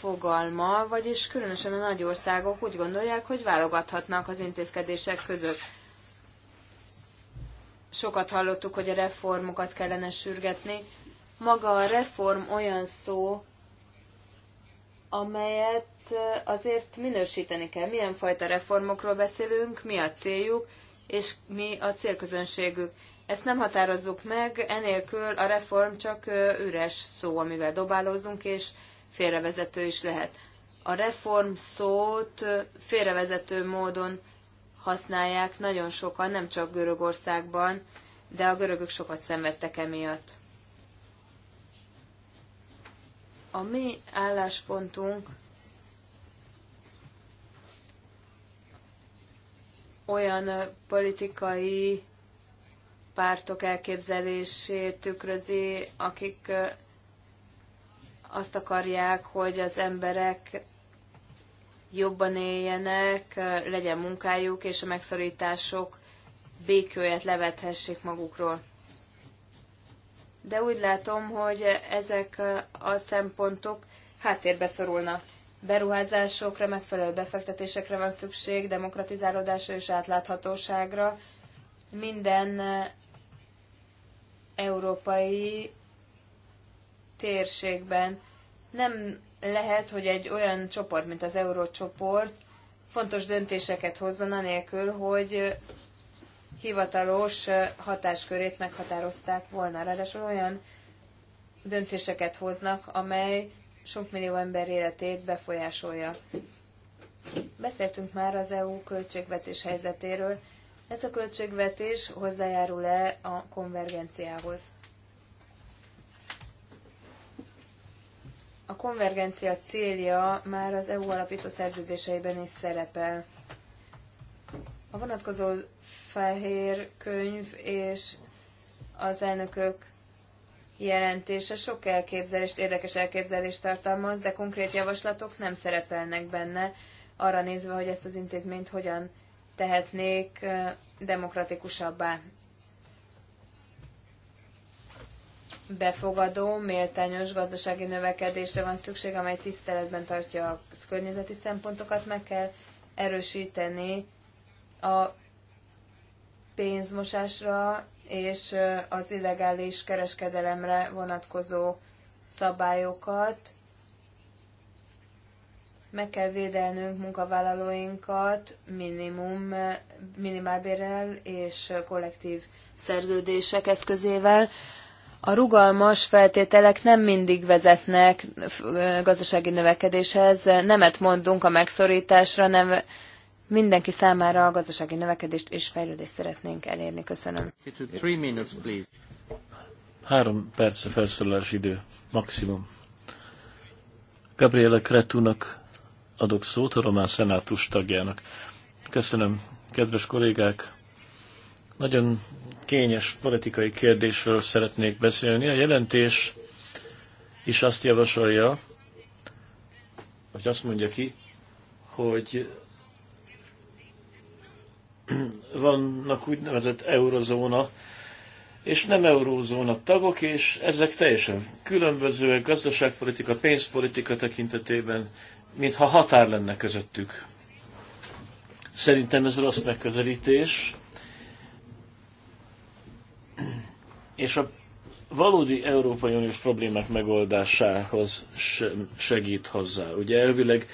fogalma, vagyis különösen a nagy országok úgy gondolják, hogy válogathatnak az intézkedések között. Sokat hallottuk, hogy a reformokat kellene sürgetni. Maga a reform olyan szó, amelyet azért minősíteni kell. Milyen fajta reformokról beszélünk, mi a céljuk, és mi a célközönségük. Ezt nem határozzuk meg, enélkül a reform csak üres szó, amivel dobálózunk, és félrevezető is lehet. A reform szót félrevezető módon használják nagyon sokan, nem csak Görögországban, de a görögök sokat szenvedtek emiatt. A mi álláspontunk olyan politikai pártok elképzelését tükrözi, akik azt akarják, hogy az emberek jobban éljenek, legyen munkájuk, és a megszorítások békőjét levethessék magukról. De úgy látom, hogy ezek a szempontok háttérbe szorulnak. Beruházásokra, megfelelő befektetésekre van szükség, demokratizálódásra és átláthatóságra. Minden európai térségben. Nem lehet, hogy egy olyan csoport, mint az eurócsoport fontos döntéseket hozzon anélkül, hogy hivatalos hatáskörét meghatározták volna. Ráadásul olyan döntéseket hoznak, amely sok millió ember életét befolyásolja. Beszéltünk már az EU költségvetés helyzetéről. Ez a költségvetés hozzájárul-e a konvergenciához? A konvergencia célja már az EU alapító szerződéseiben is szerepel. A vonatkozó fehér könyv és az elnökök jelentése sok elképzelést, érdekes elképzelést tartalmaz, de konkrét javaslatok nem szerepelnek benne, arra nézve, hogy ezt az intézményt hogyan tehetnék demokratikusabbá. befogadó, méltányos gazdasági növekedésre van szükség, amely tiszteletben tartja a környezeti szempontokat, meg kell erősíteni a pénzmosásra és az illegális kereskedelemre vonatkozó szabályokat. Meg kell védelnünk munkavállalóinkat minimum, minimálbérrel és kollektív szerződések eszközével a rugalmas feltételek nem mindig vezetnek gazdasági növekedéshez. Nemet mondunk a megszorításra, nem mindenki számára a gazdasági növekedést és fejlődést szeretnénk elérni. Köszönöm. Három perc a felszólalási idő, maximum. Gabriela Kretúnak adok szót, a román szenátus tagjának. Köszönöm, kedves kollégák! Nagyon kényes politikai kérdésről szeretnék beszélni. A jelentés is azt javasolja, vagy azt mondja ki, hogy vannak úgynevezett eurozóna és nem eurózóna tagok, és ezek teljesen különbözőek gazdaságpolitika, pénzpolitika tekintetében, mintha határ lenne közöttük. Szerintem ez rossz megközelítés, és a valódi Európai Uniós problémák megoldásához segít hozzá. Ugye elvileg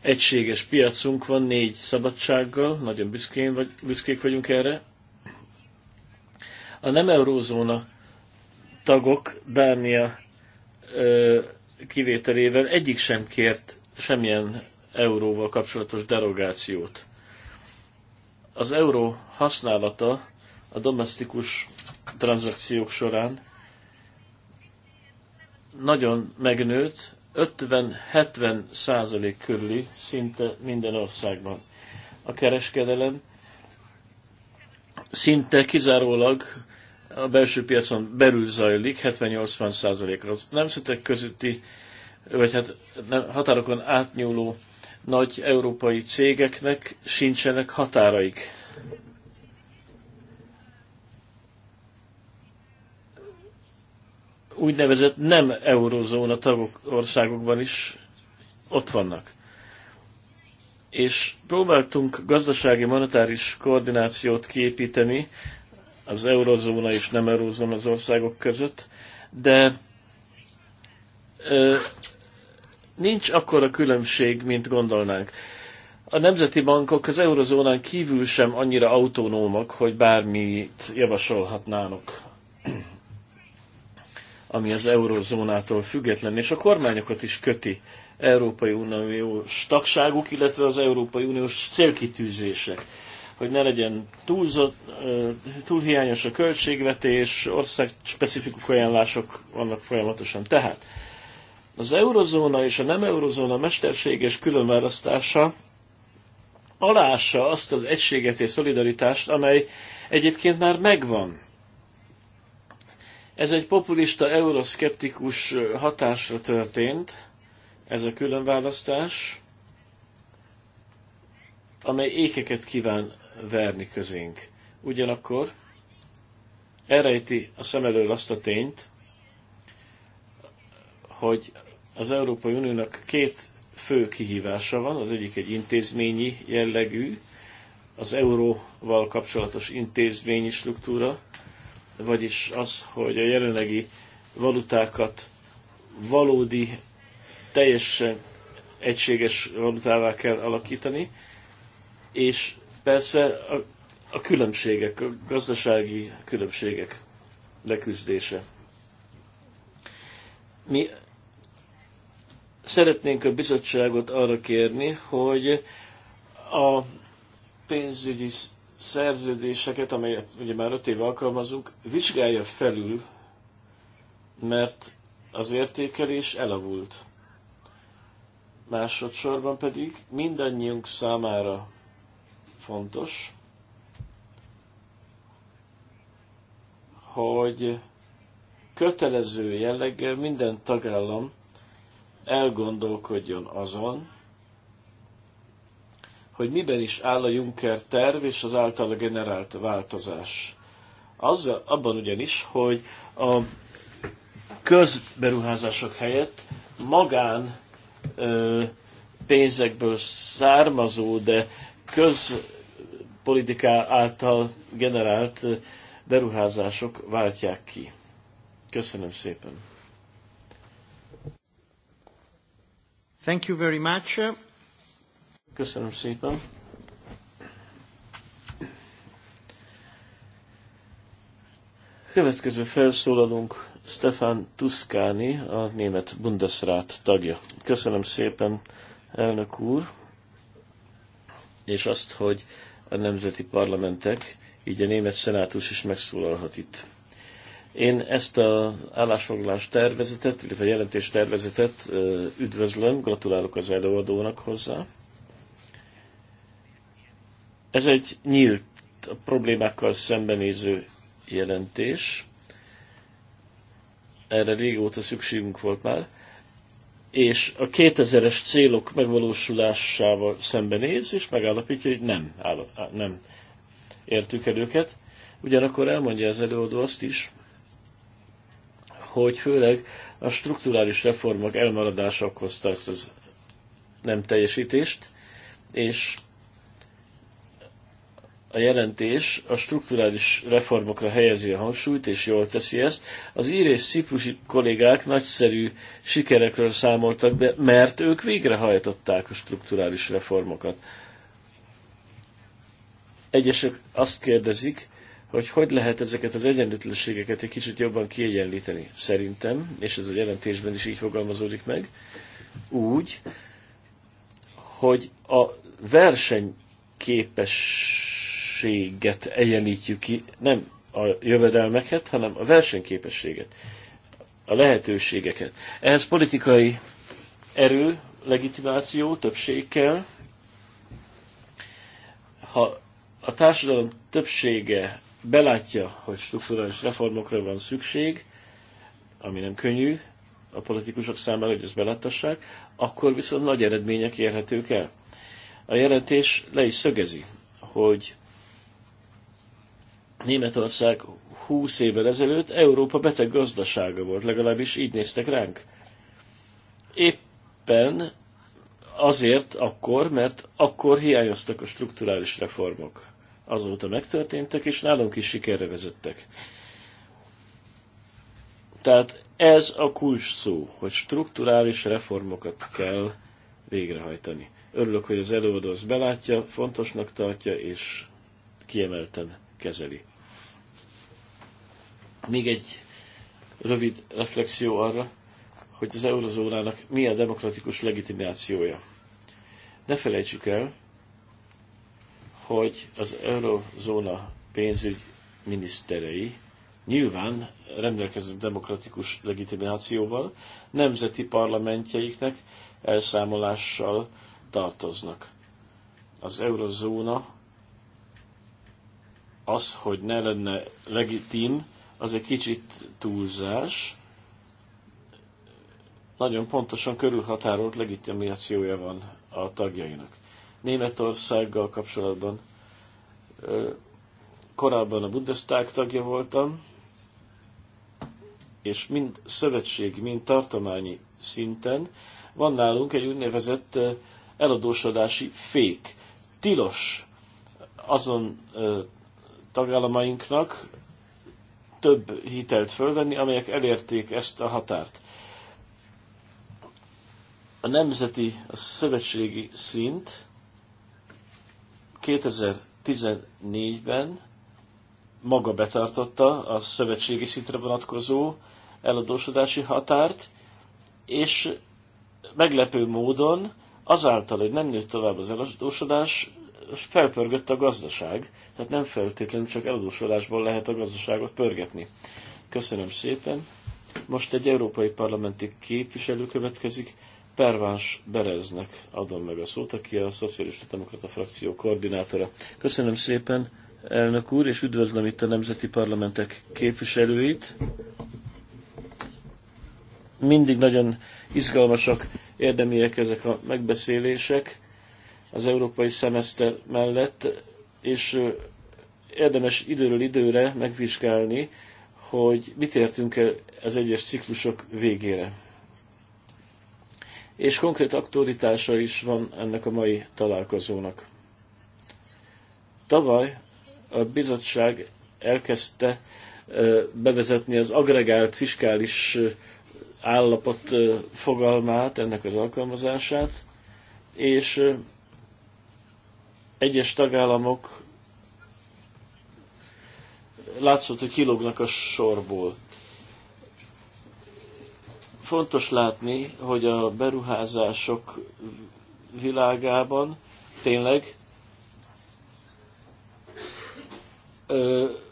egységes piacunk van, négy szabadsággal, nagyon büszkén vagy, büszkék vagyunk erre. A nem eurózóna tagok Dánia ö, kivételével egyik sem kért semmilyen euróval kapcsolatos derogációt. Az euró használata a domestikus tranzakciók során nagyon megnőtt, 50-70 százalék körüli szinte minden országban. A kereskedelem szinte kizárólag a belső piacon belül zajlik, 70-80 százalék. Az nemzetek közötti, vagy hát határokon átnyúló nagy európai cégeknek sincsenek határaik. úgynevezett nem eurozóna tagok országokban is ott vannak. És próbáltunk gazdasági monetáris koordinációt kiépíteni az eurozóna és nem eurozóna az országok között, de ö, nincs akkora különbség, mint gondolnánk. A nemzeti bankok az eurozónán kívül sem annyira autonómak, hogy bármit javasolhatnának ami az eurozónától független, és a kormányokat is köti Európai Uniós tagságuk, illetve az Európai Uniós célkitűzések, hogy ne legyen túlzott, túlhiányos a költségvetés, ország specifikus ajánlások vannak folyamatosan. Tehát az eurozóna és a nem eurozóna mesterséges különválasztása alássa azt az egységet és szolidaritást, amely egyébként már megvan ez egy populista, euroszkeptikus hatásra történt, ez a különválasztás, amely ékeket kíván verni közénk. Ugyanakkor elrejti a szem elől azt a tényt, hogy az Európai Uniónak két fő kihívása van, az egyik egy intézményi jellegű, az euróval kapcsolatos intézményi struktúra vagyis az, hogy a jelenlegi valutákat valódi, teljesen egységes valutává kell alakítani, és persze a, a különbségek, a gazdasági különbségek leküzdése. Mi szeretnénk a bizottságot arra kérni, hogy a pénzügyi szerződéseket, amelyet ugye már öt éve alkalmazunk, vizsgálja felül, mert az értékelés elavult. Másodszorban pedig mindannyiunk számára fontos, hogy kötelező jelleggel minden tagállam elgondolkodjon azon, hogy miben is áll a Juncker terv és az általa generált változás. Azzal, abban ugyanis, hogy a közberuházások helyett magán ö, pénzekből származó, de közpolitiká által generált beruházások váltják ki. Köszönöm szépen. Thank you very much. Köszönöm szépen. Következő felszólalunk Stefan Tuscani, a német Bundesrat tagja. Köszönöm szépen, elnök úr, és azt, hogy a nemzeti parlamentek, így a német szenátus is megszólalhat itt. Én ezt az állásfoglalás tervezetet, illetve jelentés tervezetet üdvözlöm, gratulálok az előadónak hozzá. Ez egy nyílt, a problémákkal szembenéző jelentés. Erre régóta szükségünk volt már. És a 2000-es célok megvalósulásával szembenéz, és megállapítja, hogy nem, áll, nem értük el őket. Ugyanakkor elmondja az előadó azt is, hogy főleg a strukturális reformok elmaradása okozta ezt az nem teljesítést, és a jelentés a strukturális reformokra helyezi a hangsúlyt, és jól teszi ezt. Az ír és ciprusi kollégák nagyszerű sikerekről számoltak be, mert ők végrehajtották a strukturális reformokat. Egyesek azt kérdezik, hogy hogy lehet ezeket az egyenlőtlenségeket egy kicsit jobban kiegyenlíteni. Szerintem, és ez a jelentésben is így fogalmazódik meg, úgy, hogy a verseny képes versenyképességet egyenlítjük ki, nem a jövedelmeket, hanem a versenyképességet, a lehetőségeket. Ehhez politikai erő, legitimáció, többség kell. Ha a társadalom többsége belátja, hogy strukturális reformokra van szükség, ami nem könnyű a politikusok számára, hogy ezt belátassák, akkor viszont nagy eredmények érhetők el. A jelentés le is szögezi, hogy Németország 20 évvel ezelőtt Európa beteg gazdasága volt, legalábbis így néztek ránk. Éppen azért akkor, mert akkor hiányoztak a strukturális reformok. Azóta megtörténtek, és nálunk is sikerre vezettek. Tehát ez a kulcs szó, hogy strukturális reformokat kell végrehajtani. Örülök, hogy az előadó azt belátja, fontosnak tartja, és kiemelten kezeli. Még egy rövid reflexió arra, hogy az eurozónának mi a demokratikus legitimációja. Ne felejtsük el, hogy az eurozóna pénzügy miniszterei nyilván rendelkeznek demokratikus legitimációval nemzeti parlamentjeiknek elszámolással tartoznak. Az eurozóna az, hogy ne lenne legitim, az egy kicsit túlzás. Nagyon pontosan körülhatárolt legitimációja van a tagjainak. Németországgal kapcsolatban korábban a Bundestag tagja voltam, és mind szövetségi, mind tartományi szinten van nálunk egy úgynevezett eladósodási fék. Tilos azon tagállamainknak, több hitelt fölvenni, amelyek elérték ezt a határt. A nemzeti, a szövetségi szint 2014-ben maga betartotta a szövetségi szintre vonatkozó eladósodási határt, és meglepő módon azáltal, hogy nem nőtt tovább az eladósodás, felpörgött a gazdaság, tehát nem feltétlenül csak eladósodásból lehet a gazdaságot pörgetni. Köszönöm szépen. Most egy európai parlamenti képviselő következik. Perváns Bereznek adom meg a szót, aki a Szocialista Demokrata Frakció koordinátora. Köszönöm szépen, elnök úr, és üdvözlöm itt a nemzeti parlamentek képviselőit. Mindig nagyon izgalmasak, érdemiek ezek a megbeszélések az európai szemeszter mellett, és érdemes időről időre megvizsgálni, hogy mit értünk el az egyes ciklusok végére. És konkrét aktualitása is van ennek a mai találkozónak. Tavaly a bizottság elkezdte bevezetni az agregált fiskális állapot fogalmát, ennek az alkalmazását, és egyes tagállamok látszott, hogy kilógnak a sorból. Fontos látni, hogy a beruházások világában tényleg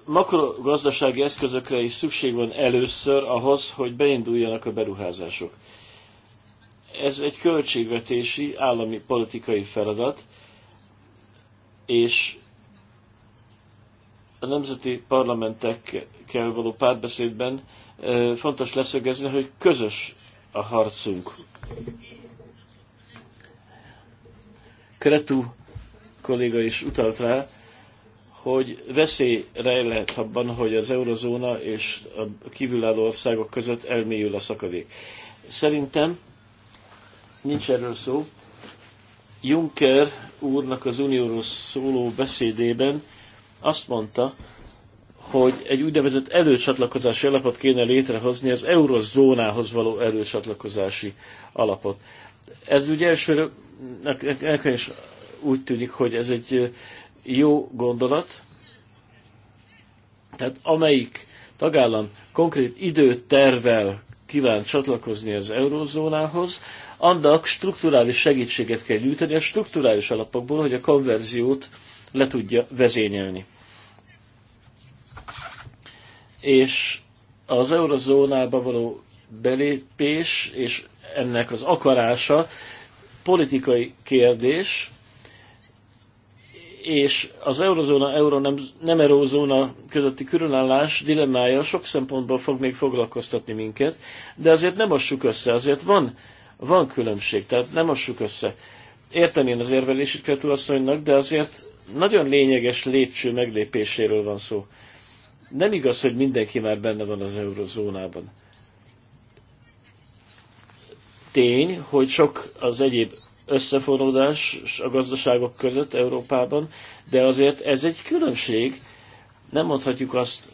makrogazdasági eszközökre is szükség van először ahhoz, hogy beinduljanak a beruházások. Ez egy költségvetési, állami politikai feladat, és a nemzeti parlamentekkel való párbeszédben fontos leszögezni, hogy közös a harcunk. Kretu kolléga is utalt rá, hogy veszély rejlett abban, hogy az eurozóna és a kívülálló országok között elmélyül a szakadék. Szerintem nincs erről szó. Juncker úrnak az unióról szóló beszédében azt mondta, hogy egy úgynevezett előcsatlakozási alapot kéne létrehozni, az eurozónához való előcsatlakozási alapot. Ez ugye elsőre nekem is úgy tűnik, hogy ez egy jó gondolat. Tehát amelyik tagállam konkrét időt tervel kíván csatlakozni az eurozónához, annak strukturális segítséget kell nyújtani a strukturális alapokból, hogy a konverziót le tudja vezényelni. És az eurozónába való belépés és ennek az akarása politikai kérdés, és az eurozóna, euró nem, nem eurozóna közötti különállás dilemmája sok szempontból fog még foglalkoztatni minket, de azért nem mossuk össze, azért van van különbség, tehát nem mossuk össze. Értem én az érvelését Kretulasszonynak, de azért nagyon lényeges lépcső meglépéséről van szó. Nem igaz, hogy mindenki már benne van az eurozónában. Tény, hogy sok az egyéb összefonódás a gazdaságok között Európában, de azért ez egy különbség. Nem mondhatjuk azt,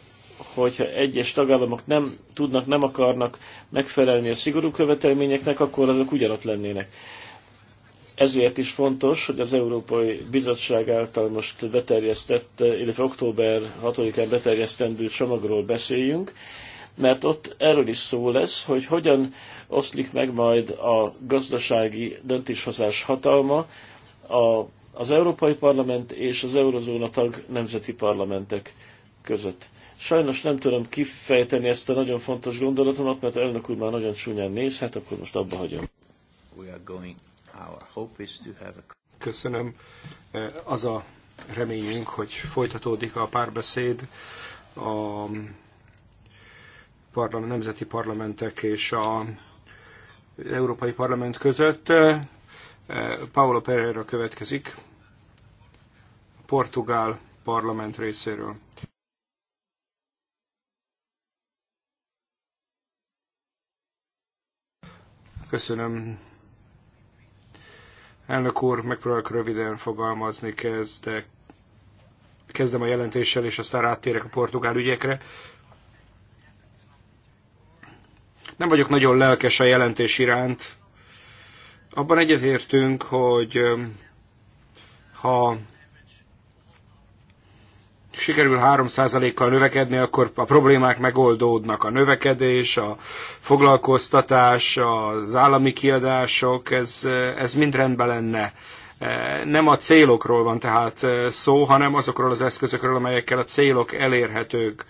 hogyha egyes tagállamok nem tudnak, nem akarnak megfelelni a szigorú követelményeknek, akkor azok ugyanott lennének. Ezért is fontos, hogy az Európai Bizottság által most beterjesztett, illetve október 6-án beterjesztendő csomagról beszéljünk, mert ott erről is szó lesz, hogy hogyan oszlik meg majd a gazdasági döntéshozás hatalma a, az Európai Parlament és az Eurozóna tag nemzeti parlamentek között. Sajnos nem tudom kifejteni ezt a nagyon fontos gondolatomat, mert elnök úr már nagyon csúnyán néz, hát akkor most abba hagyom. Köszönöm. E, az a reményünk, hogy folytatódik a párbeszéd a parlament, nemzeti parlamentek és a Európai Parlament között. E, Paulo Pereira következik, portugál parlament részéről. Köszönöm. Elnök úr, megpróbálok röviden fogalmazni, kezdek. Kezdem a jelentéssel, és aztán áttérek a portugál ügyekre. Nem vagyok nagyon lelkes a jelentés iránt. Abban egyetértünk, hogy ha sikerül 3%-kal növekedni, akkor a problémák megoldódnak. A növekedés, a foglalkoztatás, az állami kiadások, ez, ez mind rendben lenne. Nem a célokról van tehát szó, hanem azokról az eszközökről, amelyekkel a célok elérhetők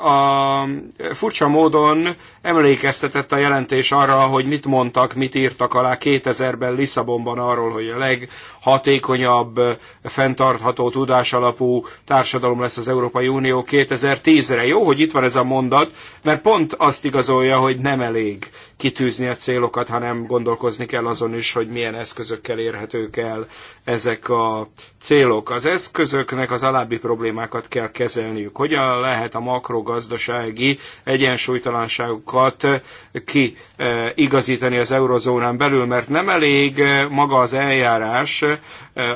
a furcsa módon emlékeztetett a jelentés arra, hogy mit mondtak, mit írtak alá 2000-ben Lisszabonban arról, hogy a leghatékonyabb, fenntartható, tudásalapú társadalom lesz az Európai Unió 2010-re. Jó, hogy itt van ez a mondat, mert pont azt igazolja, hogy nem elég kitűzni a célokat, hanem gondolkozni kell azon is, hogy milyen eszközökkel érhetők el ezek a célok. Az eszközöknek az alábbi problémákat kell kezelniük. Hogyan lehet a makrogazdasági egyensúlytalanságokat kiigazítani az eurozónán belül, mert nem elég maga az eljárás,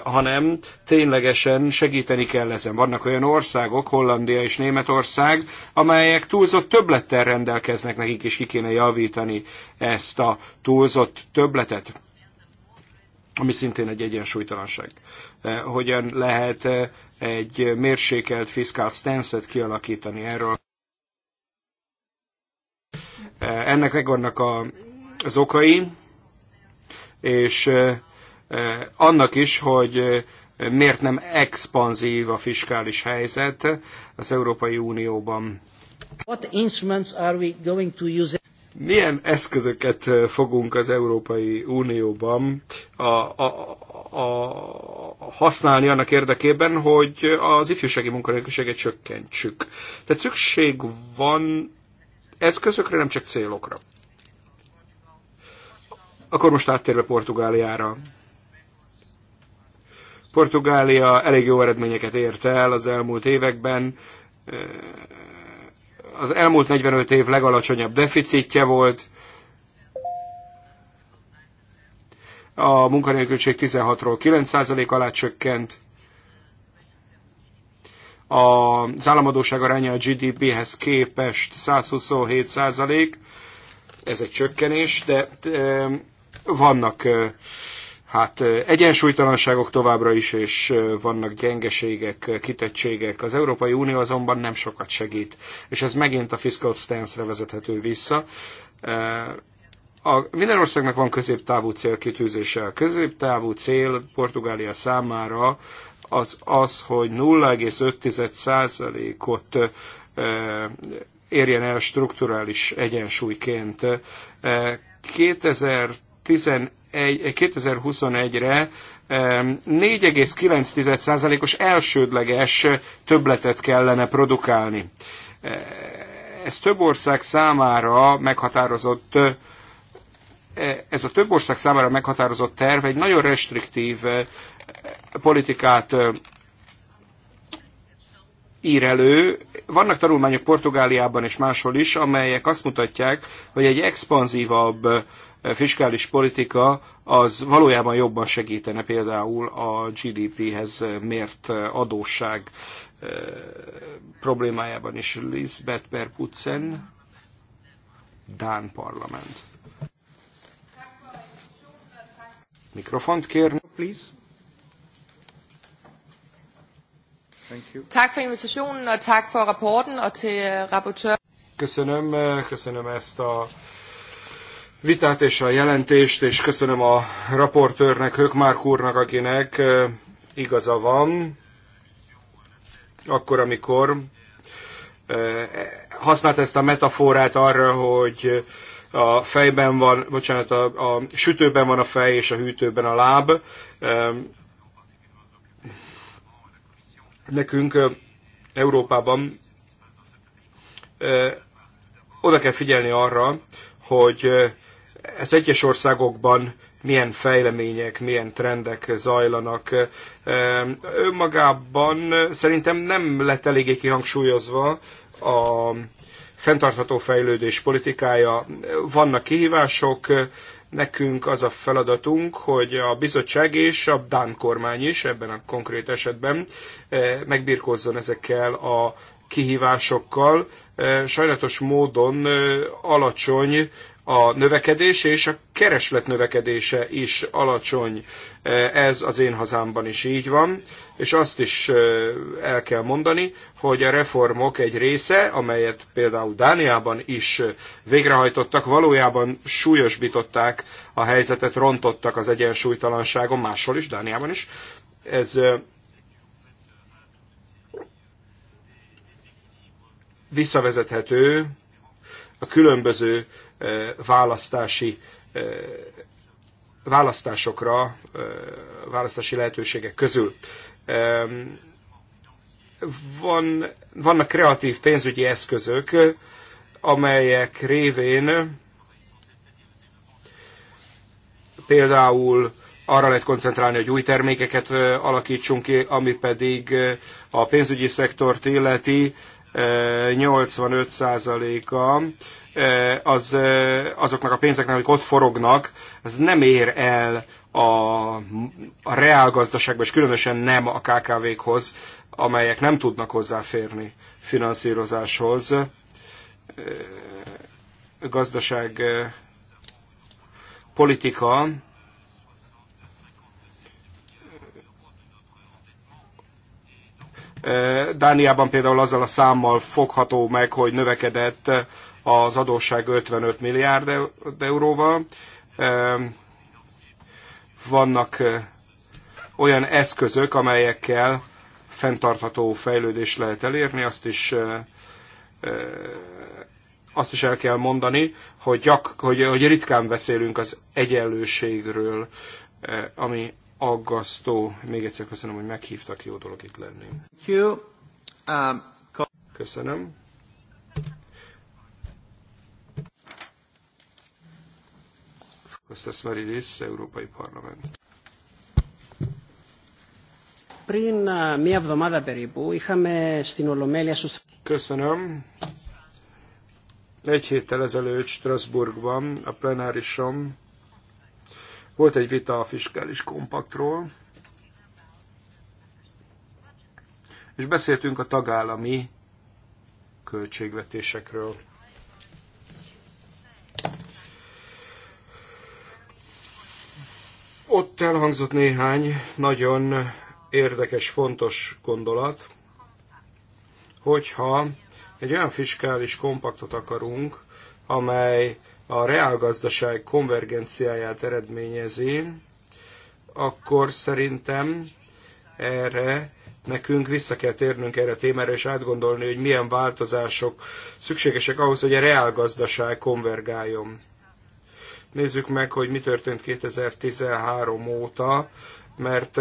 hanem ténylegesen segíteni kell ezen. Vannak olyan országok, Hollandia és Németország, amelyek túlzott többlettel rendelkeznek, nekik is ki kéne javítani ezt a túlzott töbletet, ami szintén egy egyensúlytalanság. Eh, hogyan lehet eh, egy mérsékelt fiskál stance kialakítani erről? Eh, ennek megvannak a, az okai, és annak is, hogy miért nem expanzív a fiskális helyzet az Európai Unióban. What instruments are we going to use? milyen eszközöket fogunk az Európai Unióban a, a, a, használni annak érdekében, hogy az ifjúsági munkanélküliséget csökkentsük. Tehát szükség van eszközökre, nem csak célokra. Akkor most áttérve Portugáliára. Portugália elég jó eredményeket ért el az elmúlt években az elmúlt 45 év legalacsonyabb deficitje volt, a munkanélküliség 16-ról 9% alá csökkent, az államadóság aránya a GDP-hez képest 127 százalék, ez egy csökkenés, de eh, vannak eh, hát egyensúlytalanságok továbbra is, és vannak gyengeségek, kitettségek. Az Európai Unió azonban nem sokat segít, és ez megint a fiscal stance-re vezethető vissza. A, minden országnak van középtávú célkitűzése. A középtávú cél Portugália számára az az, hogy 0,5%-ot érjen el strukturális egyensúlyként. 2000 2021-re 4,9%-os elsődleges többletet kellene produkálni. E, ez több ország számára meghatározott e, ez a több ország számára meghatározott terv egy nagyon restriktív e, politikát ír elő. Vannak tanulmányok Portugáliában és máshol is, amelyek azt mutatják, hogy egy expanzívabb fiskális politika az valójában jobban segítene például a GDP-hez mért adósság problémájában is. Lisbeth Perputzen, Dán parlament. Mikrofont kérni. Please. Tak for invitationen, og tak for rapporten, og til rapportør. Köszönöm, köszönöm ezt a vitát és a jelentést, és köszönöm a raportőrnek, Hökmárk úrnak, akinek igaza van, akkor, amikor használt ezt a metaforát arra, hogy a fejben van, bocsánat, a, a sütőben van a fej és a hűtőben a láb. Nekünk Európában oda kell figyelni arra, hogy ez egyes országokban milyen fejlemények, milyen trendek zajlanak. Önmagában szerintem nem lett eléggé kihangsúlyozva a fenntartható fejlődés politikája. Vannak kihívások, nekünk az a feladatunk, hogy a bizottság és a Dán kormány is ebben a konkrét esetben eh, megbirkózzon ezekkel a kihívásokkal sajnálatos módon alacsony a növekedés és a kereslet növekedése is alacsony. Ez az én hazámban is így van, és azt is el kell mondani, hogy a reformok egy része, amelyet például Dániában is végrehajtottak, valójában súlyosbították a helyzetet, rontottak az egyensúlytalanságon, máshol is, Dániában is. Ez visszavezethető a különböző eh, választási eh, választásokra, eh, választási lehetőségek közül. Van, vannak kreatív pénzügyi eszközök, amelyek révén például arra lehet koncentrálni, hogy új termékeket alakítsunk ki, ami pedig a pénzügyi szektort illeti, 85%-a az, azoknak a pénzeknek, amik ott forognak, ez nem ér el a, a reálgazdaságba, és különösen nem a KKV-khoz, amelyek nem tudnak hozzáférni finanszírozáshoz. Gazdaság politika Dániában például azzal a számmal fogható meg, hogy növekedett az adósság 55 milliárd euróval. Vannak olyan eszközök, amelyekkel fenntartható fejlődés lehet elérni, azt is azt is el kell mondani, hogy, gyak, hogy, hogy ritkán beszélünk az egyenlőségről, ami aggasztó. Még egyszer köszönöm, hogy meghívtak, jó dolog itt lenni. Um, köszönöm. Kostas Maridis, Európai Parlament. Πριν uh, Köszönöm. Egy héttel ezelőtt Strasbourgban a plenárisom. Volt egy vita a fiskális kompaktról, és beszéltünk a tagállami költségvetésekről. Ott elhangzott néhány nagyon érdekes, fontos gondolat, hogyha egy olyan fiskális kompaktot akarunk, amely a reálgazdaság konvergenciáját eredményezi, akkor szerintem erre nekünk vissza kell térnünk erre a témára, és átgondolni, hogy milyen változások szükségesek ahhoz, hogy a reálgazdaság konvergáljon. Nézzük meg, hogy mi történt 2013 óta, mert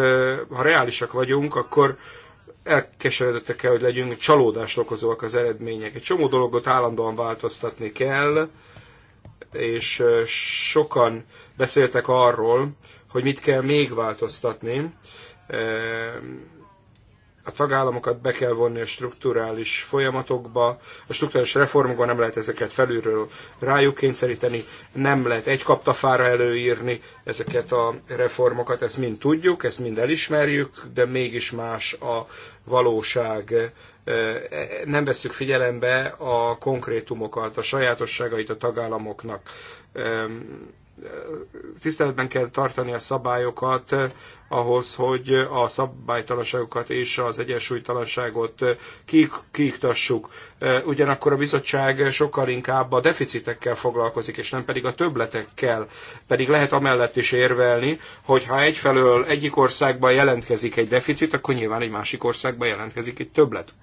ha reálisak vagyunk, akkor elkeseredettek kell, hogy legyünk, csalódást okozóak az eredmények. Egy csomó dolgot állandóan változtatni kell, és sokan beszéltek arról, hogy mit kell még változtatni a tagállamokat be kell vonni a strukturális folyamatokba, a strukturális reformokban nem lehet ezeket felülről rájuk kényszeríteni, nem lehet egy kaptafára előírni ezeket a reformokat, ezt mind tudjuk, ezt mind elismerjük, de mégis más a valóság. E, nem vesszük figyelembe a konkrétumokat, a sajátosságait a tagállamoknak tiszteletben kell tartani a szabályokat eh, ahhoz, hogy a szabálytalanságokat és az egyensúlytalanságot eh, kiiktassuk. Eh, ugyanakkor a bizottság sokkal inkább a deficitekkel foglalkozik, és nem pedig a többletekkel. Pedig lehet amellett is érvelni, hogy ha egyfelől egyik országban jelentkezik egy deficit, akkor nyilván egy másik országban jelentkezik egy többlet.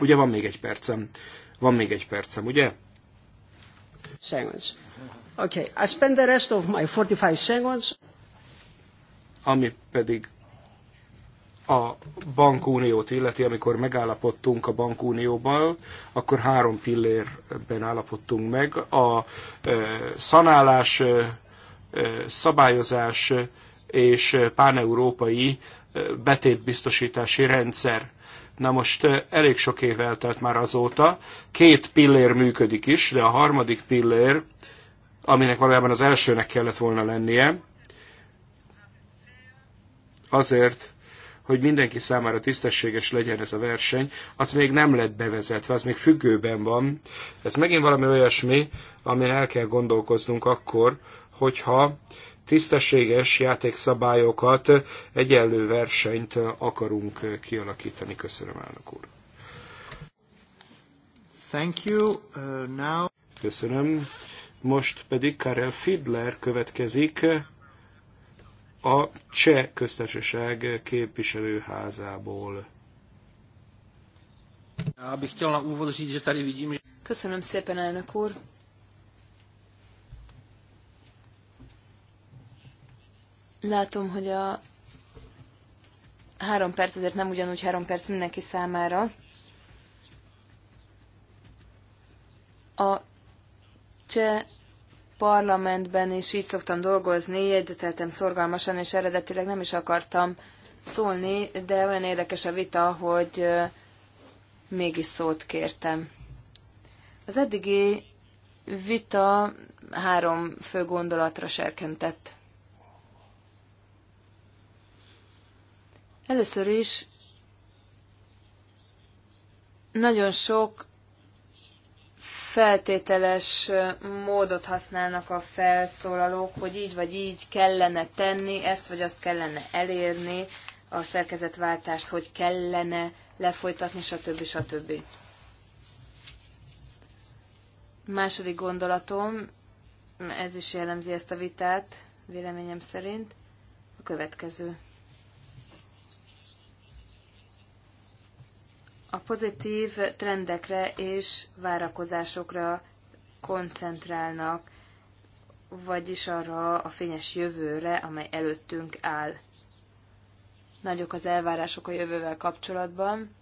Ugye van még egy percem? Van még egy percem, ugye? Segíts. Okay, I spend the rest of my 45 seconds. Ami pedig a bankuniót illeti, amikor megállapodtunk a bankunióban, akkor három pillérben állapodtunk meg. A szanálás, szabályozás és páneurópai betétbiztosítási rendszer. Na most elég sok év eltelt már azóta, két pillér működik is, de a harmadik pillér aminek valójában az elsőnek kellett volna lennie, azért, hogy mindenki számára tisztességes legyen ez a verseny, az még nem lett bevezetve, az még függőben van. Ez megint valami olyasmi, amin el kell gondolkoznunk akkor, hogyha tisztességes játékszabályokat, egyenlő versenyt akarunk kialakítani. Köszönöm, elnök úr. Thank you. Uh, now... Köszönöm. Most pedig Karel Fidler következik a Cseh köztársaság képviselőházából. Köszönöm szépen, elnök úr! Látom, hogy a három perc azért nem ugyanúgy három perc mindenki számára. A cseh parlamentben is így szoktam dolgozni, jegyzeteltem szorgalmasan, és eredetileg nem is akartam szólni, de olyan érdekes a vita, hogy mégis szót kértem. Az eddigi vita három fő gondolatra serkentett. Először is nagyon sok feltételes módot használnak a felszólalók, hogy így vagy így kellene tenni, ezt vagy azt kellene elérni, a szerkezetváltást, hogy kellene lefolytatni, stb. stb. Második gondolatom, ez is jellemzi ezt a vitát, véleményem szerint, a következő. a pozitív trendekre és várakozásokra koncentrálnak, vagyis arra a fényes jövőre, amely előttünk áll. Nagyok az elvárások a jövővel kapcsolatban.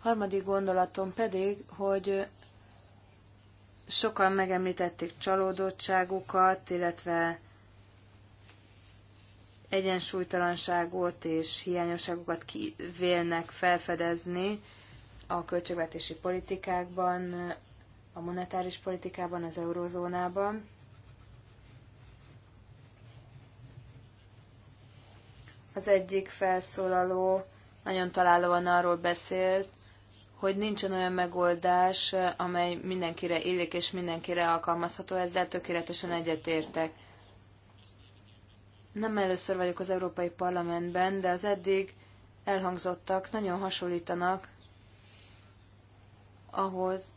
Harmadik gondolatom pedig, hogy sokan megemlítették csalódottságukat, illetve egyensúlytalanságot és hiányosságokat vélnek felfedezni a költségvetési politikákban, a monetáris politikában, az eurozónában. Az egyik felszólaló nagyon találóan arról beszélt, hogy nincsen olyan megoldás, amely mindenkire illik és mindenkire alkalmazható, ezzel tökéletesen egyetértek. Nem először vagyok az Európai Parlamentben, de az eddig elhangzottak nagyon hasonlítanak ahhoz,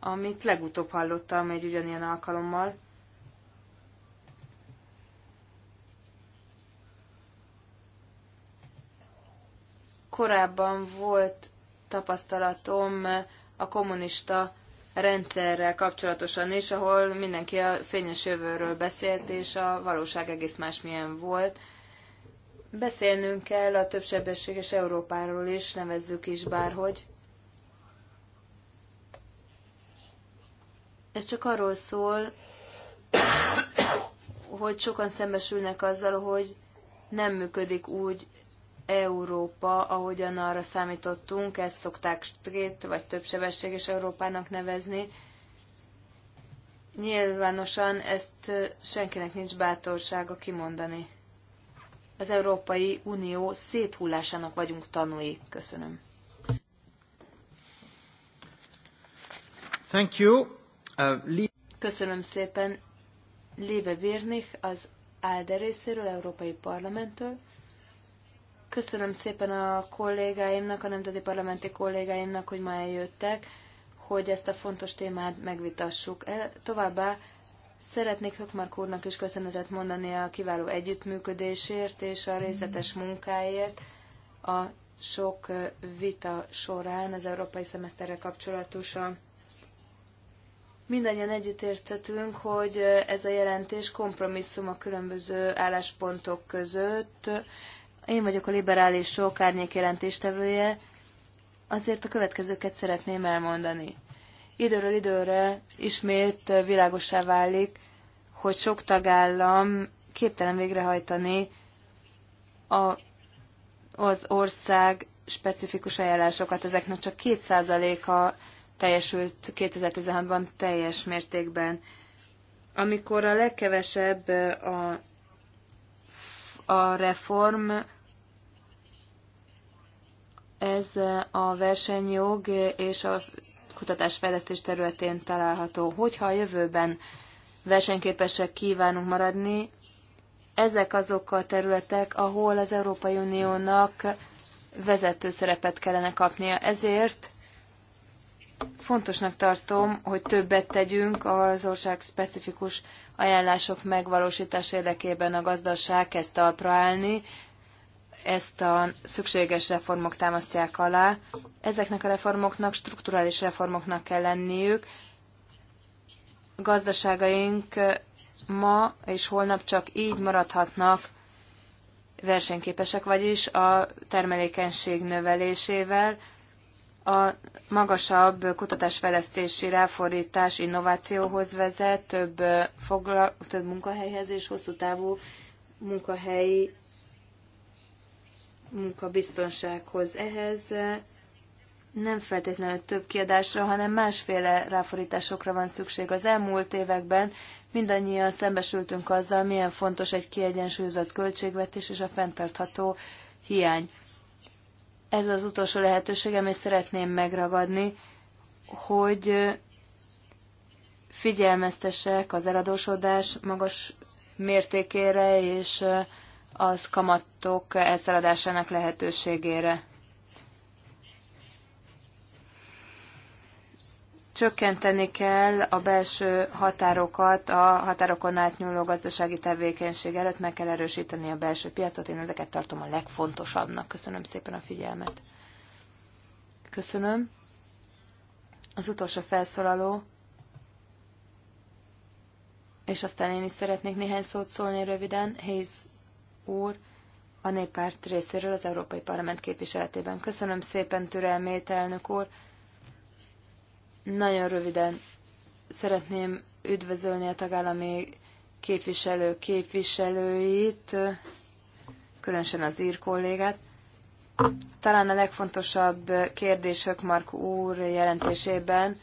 amit legutóbb hallottam egy ugyanilyen alkalommal. Korábban volt tapasztalatom a kommunista rendszerrel kapcsolatosan is, ahol mindenki a fényes jövőről beszélt, és a valóság egész másmilyen volt. Beszélnünk kell a többsebességes Európáról is, nevezzük is bárhogy. Ez csak arról szól, hogy sokan szembesülnek azzal, hogy nem működik úgy Európa, ahogyan arra számítottunk, ezt szokták két vagy több sebességes Európának nevezni. Nyilvánosan ezt senkinek nincs bátorsága kimondani. Az Európai Unió széthullásának vagyunk tanúi. Köszönöm. Thank you. Uh, Köszönöm szépen. Lébe Birnich az ALDE részéről, Európai Parlamenttől. Köszönöm szépen a kollégáimnak, a nemzeti parlamenti kollégáimnak, hogy ma eljöttek, hogy ezt a fontos témát megvitassuk. E, továbbá szeretnék Hökmark úrnak is köszönetet mondani a kiváló együttműködésért és a részletes munkáért a sok e, vita során az európai szemeszterre kapcsolatosan. Mindannyian együttérthetünk, hogy e, ez a jelentés kompromisszum a különböző álláspontok között, én vagyok a liberális sok árnyék jelentéstevője, azért a következőket szeretném elmondani. Időről időre ismét világosá válik, hogy sok tagállam képtelen végrehajtani a, az ország specifikus ajánlásokat. Ezeknek csak 2%-a teljesült 2016-ban teljes mértékben. Amikor a legkevesebb a a reform ez a versenyjog és a kutatásfejlesztés területén található. Hogyha a jövőben versenyképesek kívánunk maradni, ezek azok a területek, ahol az Európai Uniónak vezető szerepet kellene kapnia. Ezért fontosnak tartom, hogy többet tegyünk az ország specifikus ajánlások megvalósítás érdekében a gazdaság kezd talpra állni, ezt a szükséges reformok támasztják alá. Ezeknek a reformoknak strukturális reformoknak kell lenniük. A gazdaságaink ma és holnap csak így maradhatnak versenyképesek, vagyis a termelékenység növelésével, a magasabb kutatásfejlesztési ráfordítás innovációhoz vezet, több, fogla, több munkahelyhez és hosszú távú munkahelyi munkabiztonsághoz. Ehhez nem feltétlenül több kiadásra, hanem másféle ráfordításokra van szükség. Az elmúlt években mindannyian szembesültünk azzal, milyen fontos egy kiegyensúlyozott költségvetés és a fenntartható hiány. Ez az utolsó lehetőségem, és szeretném megragadni, hogy figyelmeztessek az eladósodás magas mértékére és az kamatok elszaladásának lehetőségére. csökkenteni kell a belső határokat, a határokon átnyúló gazdasági tevékenység előtt meg kell erősíteni a belső piacot. Én ezeket tartom a legfontosabbnak. Köszönöm szépen a figyelmet. Köszönöm. Az utolsó felszólaló. És aztán én is szeretnék néhány szót szólni röviden. Hayes úr a néppárt részéről az Európai Parlament képviseletében. Köszönöm szépen türelmét, elnök úr. Nagyon röviden szeretném üdvözölni a tagállami képviselők képviselőit, különösen az ír kollégát. Talán a legfontosabb kérdés Hökmark úr jelentésében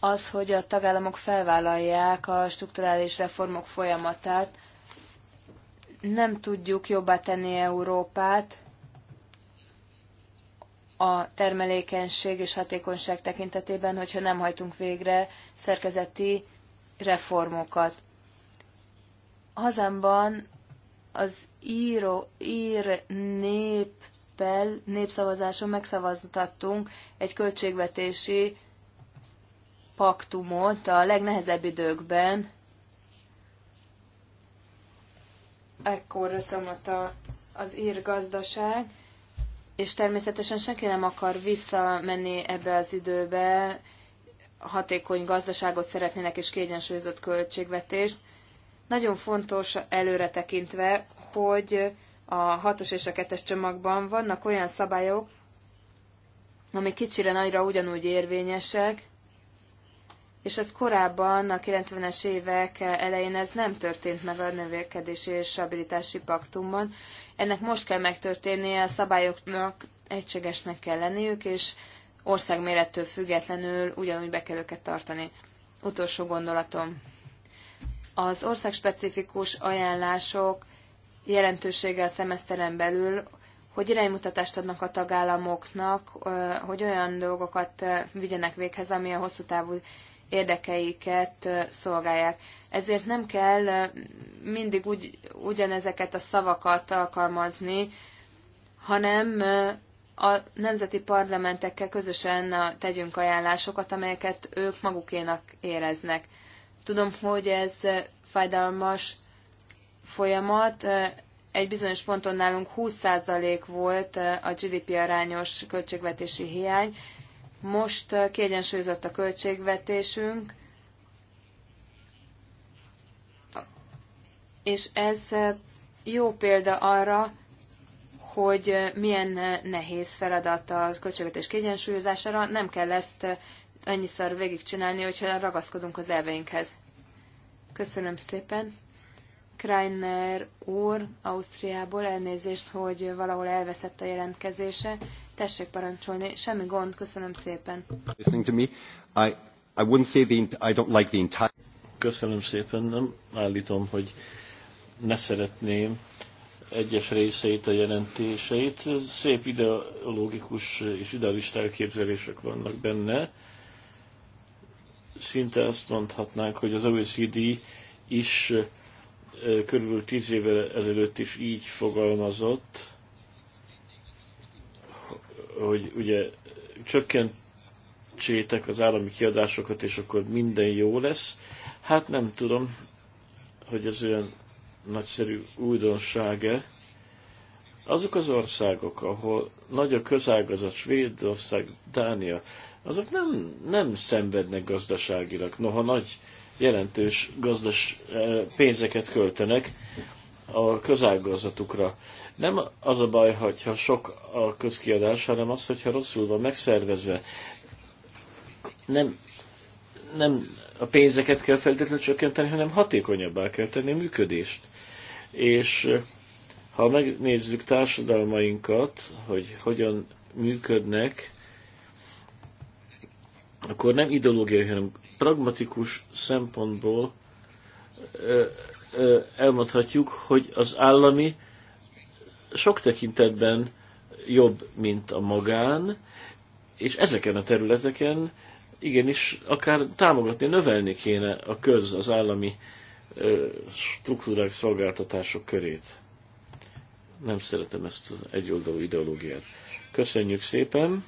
az, hogy a tagállamok felvállalják a strukturális reformok folyamatát. Nem tudjuk jobbá tenni Európát, a termelékenység és hatékonyság tekintetében, hogyha nem hajtunk végre szerkezeti reformokat. Hazámban az író, ír néppel népszavazáson megszavaztattunk egy költségvetési paktumot a legnehezebb időkben. Ekkor összeomlott az ír gazdaság, és természetesen senki nem akar visszamenni ebbe az időbe, hatékony gazdaságot szeretnének és kiegyensúlyozott költségvetést. Nagyon fontos előre tekintve, hogy a hatos és a kettes csomagban vannak olyan szabályok, ami kicsire nagyra ugyanúgy érvényesek, és ez korábban, a 90-es évek elején ez nem történt meg a növekedési és stabilitási paktumban. Ennek most kell megtörténnie, a szabályoknak egységesnek kell lenniük, és országmérettől függetlenül ugyanúgy be kell őket tartani. Utolsó gondolatom. Az országspecifikus ajánlások jelentősége a szemeszteren belül, hogy iránymutatást adnak a tagállamoknak, hogy olyan dolgokat vigyenek véghez, ami a hosszú távú érdekeiket szolgálják. Ezért nem kell mindig ugy, ugyanezeket a szavakat alkalmazni, hanem a nemzeti parlamentekkel közösen tegyünk ajánlásokat, amelyeket ők magukénak éreznek. Tudom, hogy ez fájdalmas folyamat. Egy bizonyos ponton nálunk 20% volt a GDP arányos költségvetési hiány, most eh, kiegyensúlyozott a költségvetésünk, és ez eh, jó példa arra, hogy eh, milyen nehéz feladat a költségvetés kiegyensúlyozására, nem kell ezt annyiszor végigcsinálni, hogyha ragaszkodunk az elveinkhez. Köszönöm szépen. Kreiner úr Ausztriából elnézést, hogy valahol elveszett a jelentkezése. Tessék parancsolni, semmi gond, köszönöm szépen. Listening to me, I, I wouldn't say the, I don't like the entire... Köszönöm szépen, nem állítom, hogy ne szeretném egyes részeit, a jelentéseit. Szép ideológikus és idealista elképzelések vannak benne. Szinte azt mondhatnánk, hogy az OECD is eh, körülbelül tíz évvel ezelőtt is így fogalmazott, hogy ugye csökkentsétek az állami kiadásokat, és akkor minden jó lesz. Hát nem tudom, hogy ez olyan nagyszerű újdonsága. Azok az országok, ahol nagy a közágazat, Svédország, Dánia, azok nem, nem szenvednek gazdaságilag. Noha nagy, jelentős gazdas eh, pénzeket költenek a közágazatukra. Nem az a baj, hogyha sok a közkiadás, hanem az, hogyha rosszul van megszervezve. Nem, nem a pénzeket kell feltétlenül csökkenteni, hanem hatékonyabbá kell tenni a működést. És eh, ha megnézzük társadalmainkat, hogy hogyan működnek, akkor nem ideológiai, hanem pragmatikus szempontból eh, eh, elmondhatjuk, hogy az állami sok tekintetben jobb, mint a magán, és ezeken a területeken igenis akár támogatni, növelni kéne a köz, az állami struktúrák, szolgáltatások körét. Nem szeretem ezt az egyoldalú ideológiát. Köszönjük szépen!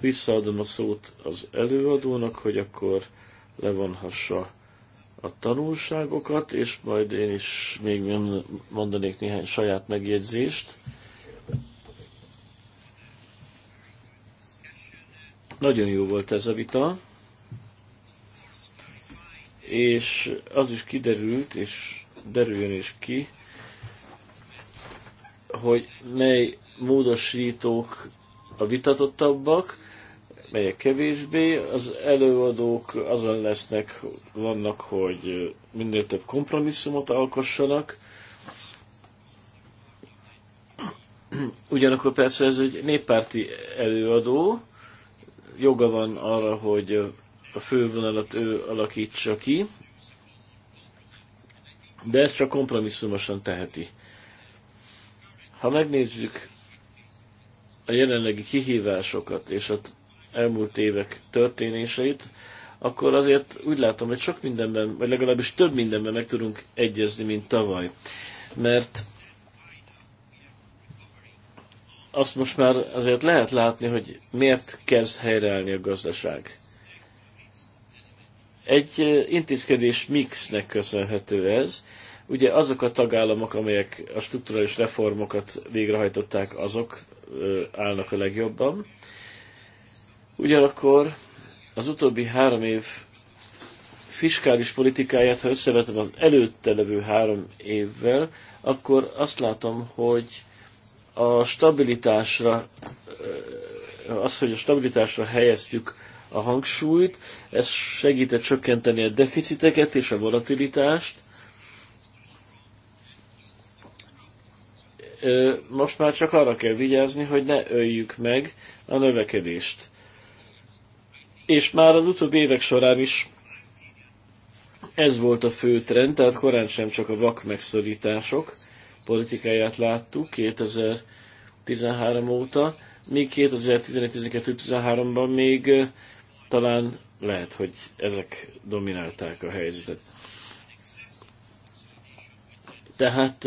Visszaadom a szót az előadónak, hogy akkor levonhassa a tanulságokat, és majd én is még mondanék néhány saját megjegyzést. Nagyon jó volt ez a vita, és az is kiderült, és derüljön is ki, hogy mely módosítók a vitatottabbak, melyek kevésbé. Az előadók azon lesznek, vannak, hogy minél több kompromisszumot alkossanak. Ugyanakkor persze ez egy néppárti előadó, joga van arra, hogy a fővonalat ő alakítsa ki, de ezt csak kompromisszumosan teheti. Ha megnézzük a jelenlegi kihívásokat és a elmúlt évek történéseit, akkor azért úgy látom, hogy sok mindenben, vagy legalábbis több mindenben meg tudunk egyezni, mint tavaly. Mert azt most már azért lehet látni, hogy miért kezd helyreállni a gazdaság. Egy intézkedés mixnek köszönhető ez. Ugye azok a tagállamok, amelyek a strukturális reformokat végrehajtották, azok állnak a legjobban. Ugyanakkor az utóbbi három év fiskális politikáját, ha összevetem az előtte levő három évvel, akkor azt látom, hogy a stabilitásra, az, hogy a stabilitásra helyeztjük a hangsúlyt, ez segített csökkenteni a deficiteket és a volatilitást. Most már csak arra kell vigyázni, hogy ne öljük meg a növekedést és már az utóbbi évek során is ez volt a fő trend, tehát korán sem csak a vak megszorítások politikáját láttuk 2013 óta, még 2011-12-13-ban még talán lehet, hogy ezek dominálták a helyzetet. Tehát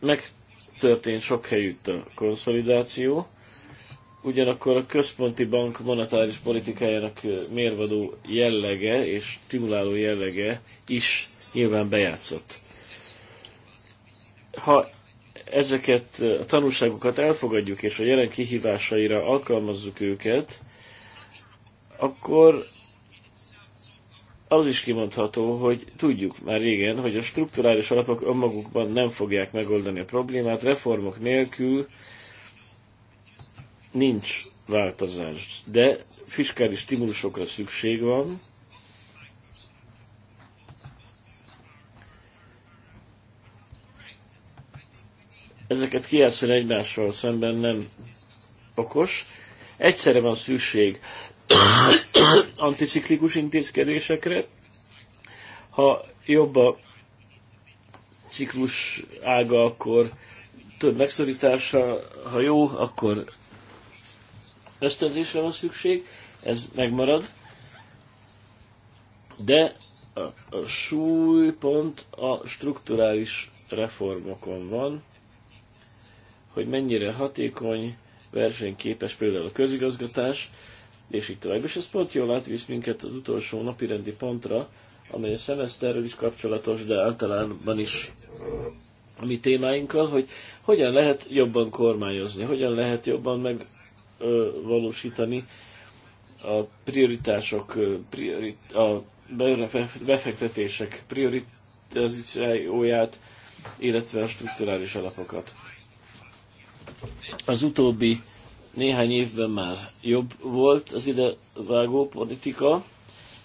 megtörtént sok helyütt a konszolidáció, ugyanakkor a központi bank monetáris politikájának mérvadó jellege és stimuláló jellege is nyilván bejátszott. Ha ezeket a tanulságokat elfogadjuk, és a jelen kihívásaira alkalmazzuk őket, akkor az is kimondható, hogy tudjuk már régen, hogy a strukturális alapok önmagukban nem fogják megoldani a problémát, reformok nélkül nincs változás, de fiskális stimulusokra szükség van, ezeket kijátszani egymással szemben nem okos. Egyszerre van szükség anticiklikus intézkedésekre, ha jobb a ciklus ága, akkor több megszorítása, ha jó, akkor ösztönzésre van szükség, ez megmarad, de a, a súlypont a strukturális reformokon van, hogy mennyire hatékony, versenyképes például a közigazgatás, és így tovább. És ez pont jól átvisz minket az utolsó napirendi pontra, amely a szemeszterrel is kapcsolatos, de általában is a mi témáinkkal, hogy hogyan lehet jobban kormányozni, hogyan lehet jobban meg valósítani a prioritások, priori, a befektetések prioritációját, illetve a strukturális alapokat. Az utóbbi néhány évben már jobb volt az idevágó politika,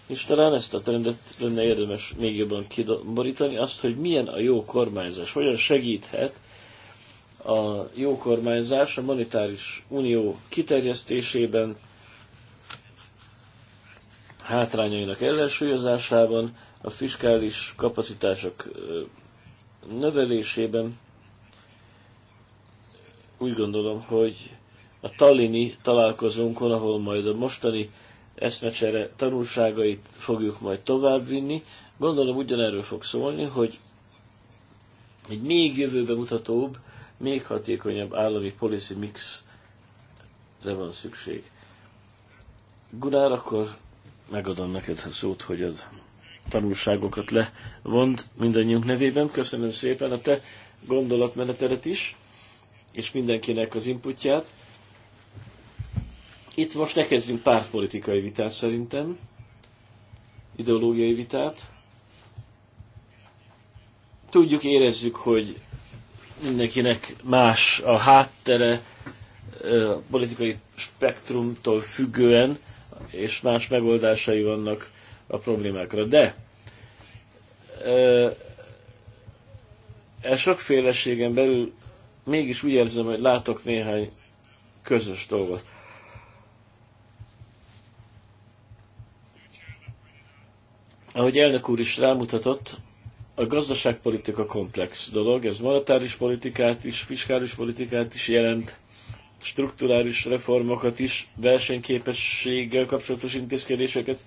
és talán ezt a trendet lenne érdemes még jobban kidomborítani, azt, hogy milyen a jó kormányzás, hogyan segíthet a jó kormányzás a monetáris unió kiterjesztésében, hátrányainak ellensúlyozásában, a fiskális kapacitások növelésében. Úgy gondolom, hogy a Tallini találkozónkon, ahol majd a mostani eszmecsere tanulságait fogjuk majd továbbvinni, gondolom ugyanerről fog szólni, hogy egy még jövőbe mutatóbb, még hatékonyabb állami policy mixre van szükség. Gunár, akkor megadom neked a szót, hogy az tanulságokat levond mindannyiunk nevében. Köszönöm szépen a te gondolatmenetedet is, és mindenkinek az inputját. Itt most ne kezdjünk pártpolitikai vitát szerintem, ideológiai vitát. Tudjuk, érezzük, hogy mindenkinek más a háttere, a politikai spektrumtól függően, és más megoldásai vannak a problémákra. De e sokféleségen belül mégis úgy érzem, hogy látok néhány közös dolgot. Ahogy elnök úr is rámutatott, a gazdaságpolitika komplex dolog, ez monetáris politikát is, fiskális politikát is jelent, strukturális reformokat is, versenyképességgel kapcsolatos intézkedéseket.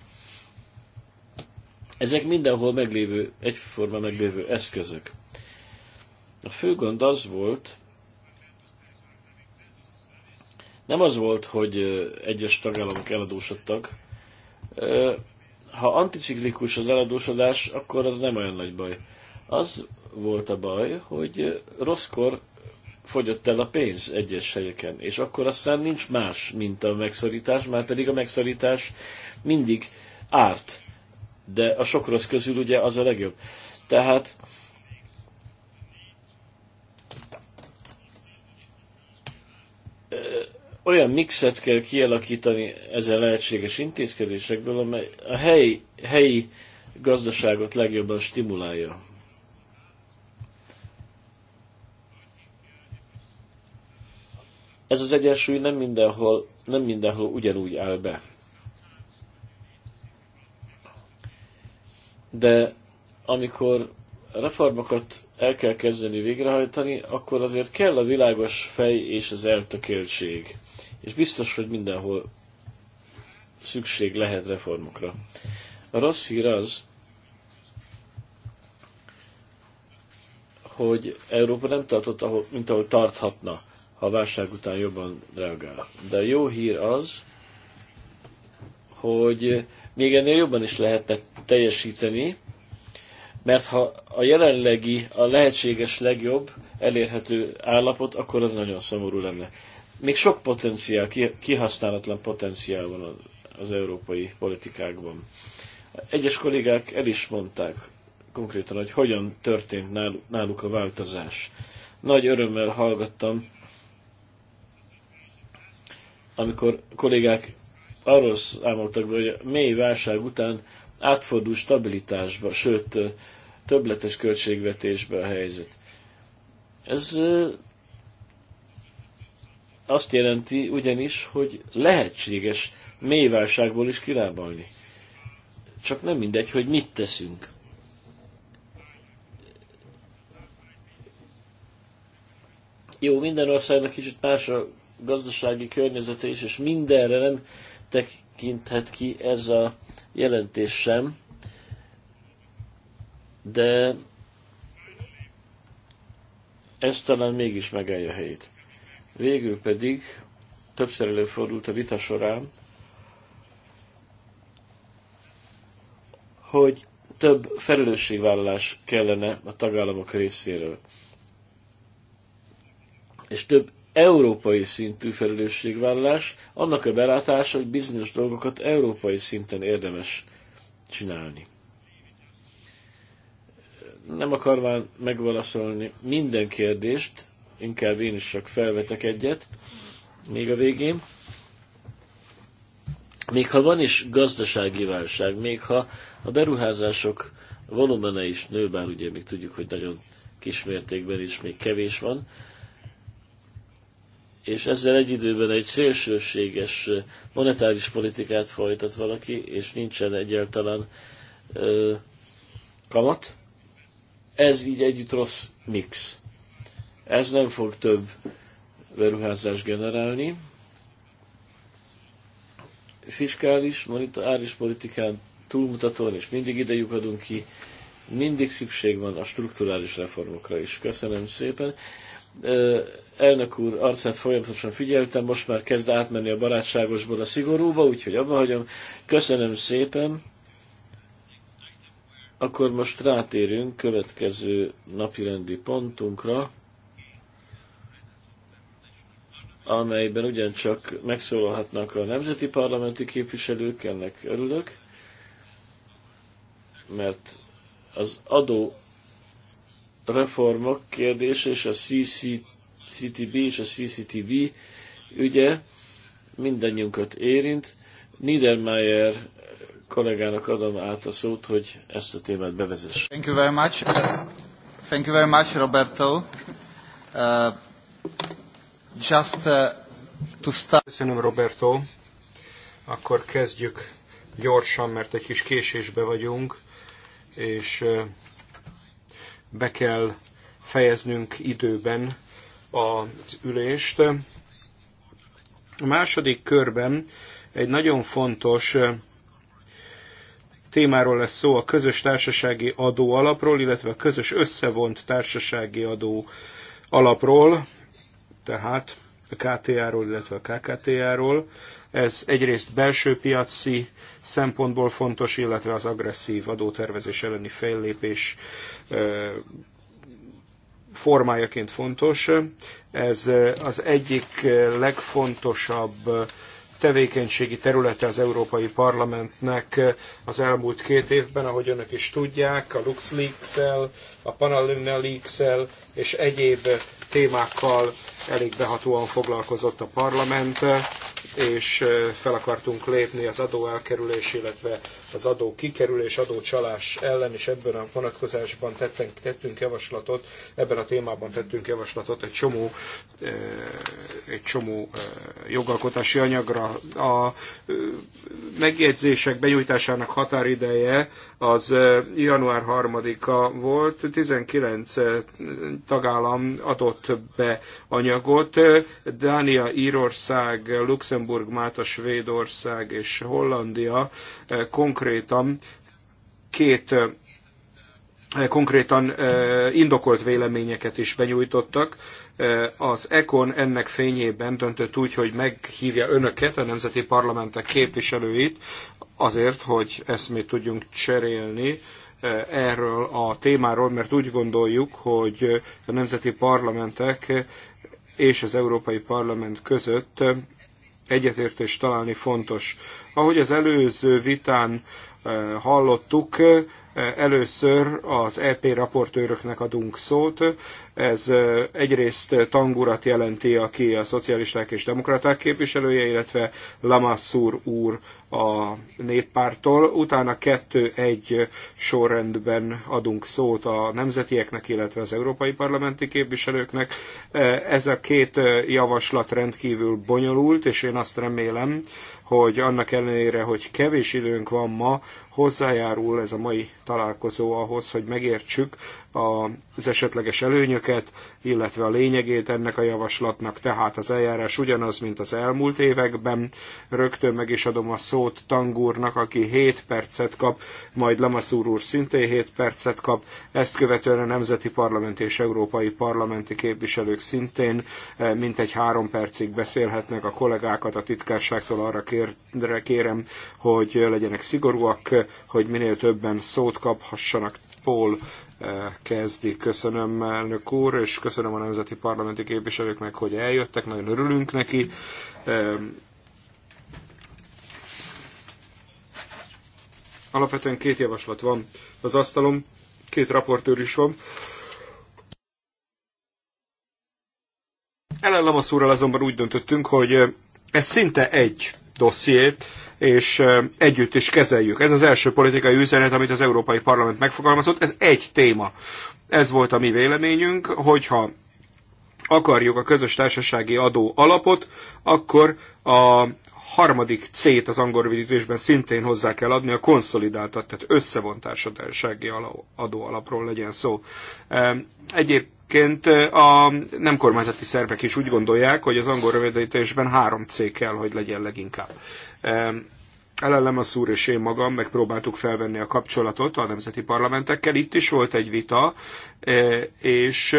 Ezek mindenhol meglévő, egyforma meglévő eszközök. A fő gond az volt, nem az volt, hogy egyes tagállamok eladósodtak, ha anticiklikus az eladósodás, akkor az nem olyan nagy baj. Az volt a baj, hogy rosszkor fogyott el a pénz egyes helyeken, és akkor aztán nincs más, mint a megszorítás, már pedig a megszorítás mindig árt, de a sok rossz közül ugye az a legjobb. Tehát olyan mixet kell kialakítani ezen lehetséges intézkedésekből, amely a helyi, helyi gazdaságot legjobban stimulálja. Ez az egyensúly nem mindenhol, nem mindenhol ugyanúgy áll be. De amikor reformokat el kell kezdeni végrehajtani, akkor azért kell a világos fej és az eltökéltség és biztos, hogy mindenhol szükség lehet reformokra. A rossz hír az, hogy Európa nem tartott, ahol, mint ahol tarthatna, ha a válság után jobban reagál. De a jó hír az, hogy még ennél jobban is lehetne teljesíteni, mert ha a jelenlegi, a lehetséges legjobb elérhető állapot, akkor az nagyon szomorú lenne még sok potenciál, kihasználatlan potenciál van az európai politikákban. Egyes kollégák el is mondták konkrétan, hogy hogyan történt náluk a változás. Nagy örömmel hallgattam, amikor kollégák arról számoltak be, hogy a mély válság után átfordul stabilitásba, sőt, többletes költségvetésbe a helyzet. Ez azt jelenti ugyanis, hogy lehetséges mélyválságból is kilábalni. Csak nem mindegy, hogy mit teszünk. Jó, minden országnak kicsit más a gazdasági környezete is, és mindenre nem tekinthet ki ez a jelentés sem, de ez talán mégis megállja a helyét. Végül pedig többször előfordult a vita során, hogy több felelősségvállalás kellene a tagállamok részéről. És több európai szintű felelősségvállalás, annak a belátása, hogy bizonyos dolgokat európai szinten érdemes csinálni. Nem akarván megválaszolni minden kérdést, inkább én is csak felvetek egyet még a végén. Még ha van is gazdasági válság, még ha a beruházások volumene is nő, bár ugye még tudjuk, hogy nagyon kismértékben is még kevés van, és ezzel egy időben egy szélsőséges monetáris politikát folytat valaki, és nincsen egyáltalán ö, kamat, ez így együtt rossz mix. Ez nem fog több beruházást generálni. Fiskális, monetáris politikán túlmutatóan, és mindig idejük adunk ki, mindig szükség van a strukturális reformokra is. Köszönöm szépen. Elnök úr arcát folyamatosan figyeltem, most már kezd átmenni a barátságosból a szigorúba, úgyhogy abba hagyom. Köszönöm szépen. Akkor most rátérünk következő napirendi pontunkra. amelyben ugyancsak megszólalhatnak a nemzeti parlamenti képviselők, ennek örülök, mert az adó reformok kérdése és a CCTB és a CCTV ügye mindannyiunkat érint. Niedermeyer kollégának adom át a szót, hogy ezt a témát bevezess. Thank you very much. Thank you very much, Roberto. Uh, Just uh, to start. Köszönöm, Roberto. Akkor kezdjük gyorsan, mert egy kis késésbe vagyunk, és be kell fejeznünk időben az ülést. A második körben egy nagyon fontos témáról lesz szó a közös társasági adó alapról, illetve a közös összevont társasági adó alapról tehát a KTA-ról, illetve a KKTA-ról. Ez egyrészt belső piaci szempontból fontos, illetve az agresszív adótervezés elleni fellépés formájaként fontos. Ez az egyik legfontosabb tevékenységi területe az Európai Parlamentnek az elmúlt két évben, ahogy önök is tudják, a LuxLeaks-el, a Panalumna Leaks-el és egyéb témákkal elég behatóan foglalkozott a parlament, és fel akartunk lépni az adóelkerülés, illetve az adó kikerülés, adócsalás ellen, és ebben a vonatkozásban tettünk, tettünk javaslatot, ebben a témában tettünk javaslatot egy csomó, eh, egy csomó eh, jogalkotási anyagra. A eh, megjegyzések benyújtásának határideje az január 3-a volt, 19 tagállam adott be anyagot, Dánia, Írország, Luxemburg, Máta, Svédország és Hollandia konkrét konkrétan két eh, konkrétan eh, indokolt véleményeket is benyújtottak. Eh, az ECON ennek fényében döntött úgy, hogy meghívja önöket, a nemzeti parlamentek képviselőit, azért, hogy eszmét tudjunk cserélni erről a témáról, mert úgy gondoljuk, hogy a nemzeti parlamentek és az Európai Parlament között egyetértést találni fontos. Ahogy az előző vitán eh, hallottuk, eh, először az EP raportőröknek adunk szót, ez egyrészt Tangurat jelenti, aki a szocialisták és demokraták képviselője, illetve Lamassur úr a néppártól. Utána kettő-egy sorrendben adunk szót a nemzetieknek, illetve az európai parlamenti képviselőknek. Ez a két javaslat rendkívül bonyolult, és én azt remélem, hogy annak ellenére, hogy kevés időnk van ma, hozzájárul ez a mai találkozó ahhoz, hogy megértsük az esetleges előnyöket, illetve a lényegét ennek a javaslatnak, tehát az eljárás ugyanaz, mint az elmúlt években. Rögtön meg is adom a szót Tangúrnak, aki 7 percet kap, majd Lamaszúr úr szintén 7 percet kap, ezt követően a Nemzeti Parlament és Európai Parlamenti képviselők szintén eh, mintegy 3 percig beszélhetnek a kollégákat a titkárságtól arra kérem, hogy legyenek szigorúak, hogy minél többen szót kaphassanak Paul kezdi. Köszönöm elnök úr, és köszönöm a nemzeti parlamenti képviselőknek, hogy eljöttek, nagyon örülünk neki. Alapvetően két javaslat van az asztalom, két raportőr is van. Ellen Lamaszúrral azonban úgy döntöttünk, hogy ez szinte egy dossziét, és együtt is kezeljük. Ez az első politikai üzenet, amit az Európai Parlament megfogalmazott, ez egy téma. Ez volt a mi véleményünk, hogyha akarjuk a közös társasági adó alapot, akkor a harmadik C-t az angol rövidítésben szintén hozzá kell adni, a konszolidáltat, tehát összevont társadalmi adóalapról legyen szó. Egyébként a nem kormányzati szervek is úgy gondolják, hogy az angol rövidítésben három C kell, hogy legyen leginkább. Elellem a szúr és én magam megpróbáltuk felvenni a kapcsolatot a nemzeti parlamentekkel. Itt is volt egy vita, és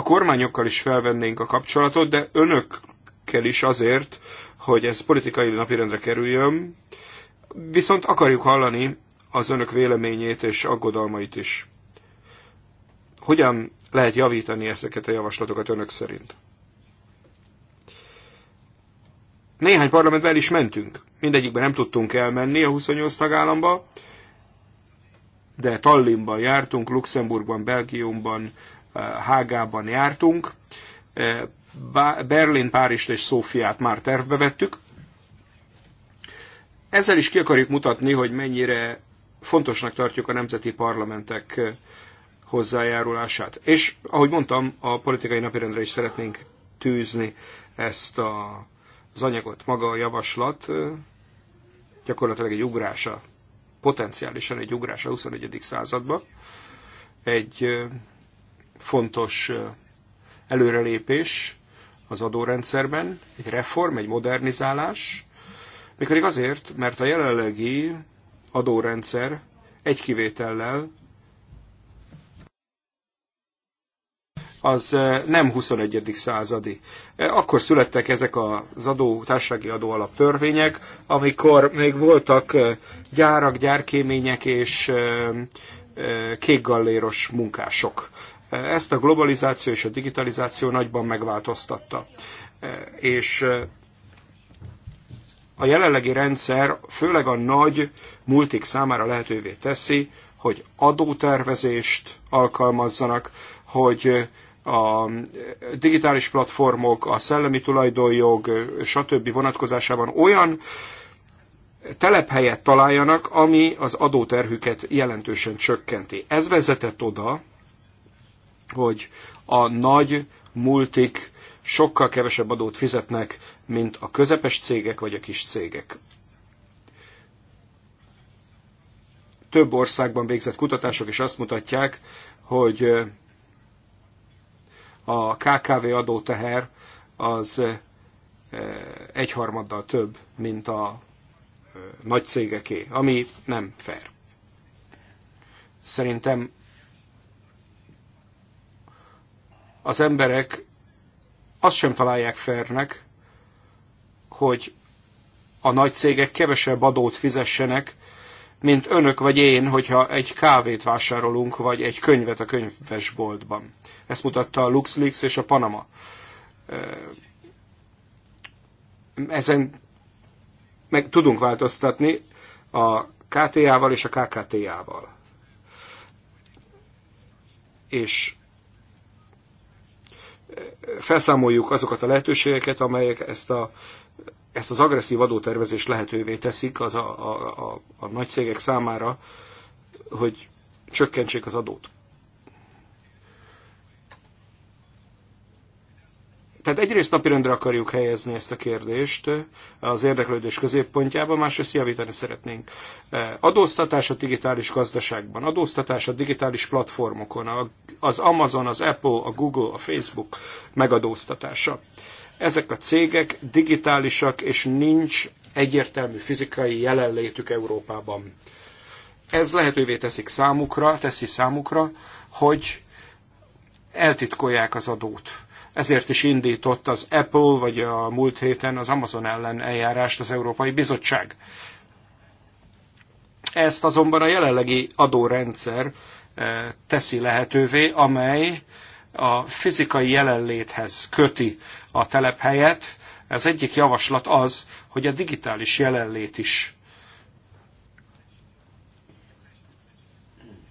A kormányokkal is felvennénk a kapcsolatot, de önökkel is azért, hogy ez politikai napirendre kerüljön. Viszont akarjuk hallani az önök véleményét és aggodalmait is. Hogyan lehet javítani ezeket a javaslatokat önök szerint? Néhány parlamentben el is mentünk. Mindegyikben nem tudtunk elmenni a 28 tagállamba, de Tallinnban jártunk, Luxemburgban, Belgiumban, Hágában jártunk. Berlin, Párizs és Szófiát már tervbe vettük. Ezzel is ki akarjuk mutatni, hogy mennyire fontosnak tartjuk a nemzeti parlamentek hozzájárulását. És, ahogy mondtam, a politikai napirendre is szeretnénk tűzni ezt a, az anyagot. Maga a javaslat gyakorlatilag egy ugrása, potenciálisan egy ugrása a 21. században, egy fontos előrelépés az adórendszerben, egy reform, egy modernizálás, mikorig azért, mert a jelenlegi adórendszer egy kivétellel az nem 21. századi. Akkor születtek ezek az adó, társasági adóalap törvények, amikor még voltak gyárak, gyárkémények és kékgalléros munkások. Ezt a globalizáció és a digitalizáció nagyban megváltoztatta. És a jelenlegi rendszer főleg a nagy multik számára lehetővé teszi, hogy adótervezést alkalmazzanak, hogy a digitális platformok, a szellemi tulajdonjog, stb. vonatkozásában olyan telephelyet találjanak, ami az adóterhüket jelentősen csökkenti. Ez vezetett oda, hogy a nagy multik sokkal kevesebb adót fizetnek, mint a közepes cégek vagy a kis cégek. Több országban végzett kutatások is azt mutatják, hogy a KKV adóteher az egyharmaddal több, mint a nagy cégeké, ami nem fair. Szerintem az emberek azt sem találják fernek, hogy a nagy cégek kevesebb adót fizessenek, mint önök vagy én, hogyha egy kávét vásárolunk, vagy egy könyvet a könyvesboltban. Ezt mutatta a LuxLeaks és a Panama. Ezen meg tudunk változtatni a KTA-val és a KKTA-val. És felszámoljuk azokat a lehetőségeket, amelyek ezt, a, ezt az agresszív adótervezést lehetővé teszik az a, a, a, a nagy cégek számára, hogy csökkentsék az adót. tehát egyrészt napirendre akarjuk helyezni ezt a kérdést eh, az érdeklődés középpontjába, másrészt javítani szeretnénk. Eh, adóztatás a digitális gazdaságban, adóztatás a digitális platformokon, az Amazon, az Apple, a Google, a Facebook megadóztatása. Ezek a cégek digitálisak, és nincs egyértelmű fizikai jelenlétük Európában. Ez lehetővé teszik számukra, teszi számukra, hogy eltitkolják az adót ezért is indított az Apple, vagy a múlt héten az Amazon ellen eljárást az Európai Bizottság. Ezt azonban a jelenlegi adórendszer eh, teszi lehetővé, amely a fizikai jelenléthez köti a telephelyet. Ez egyik javaslat az, hogy a digitális jelenlét is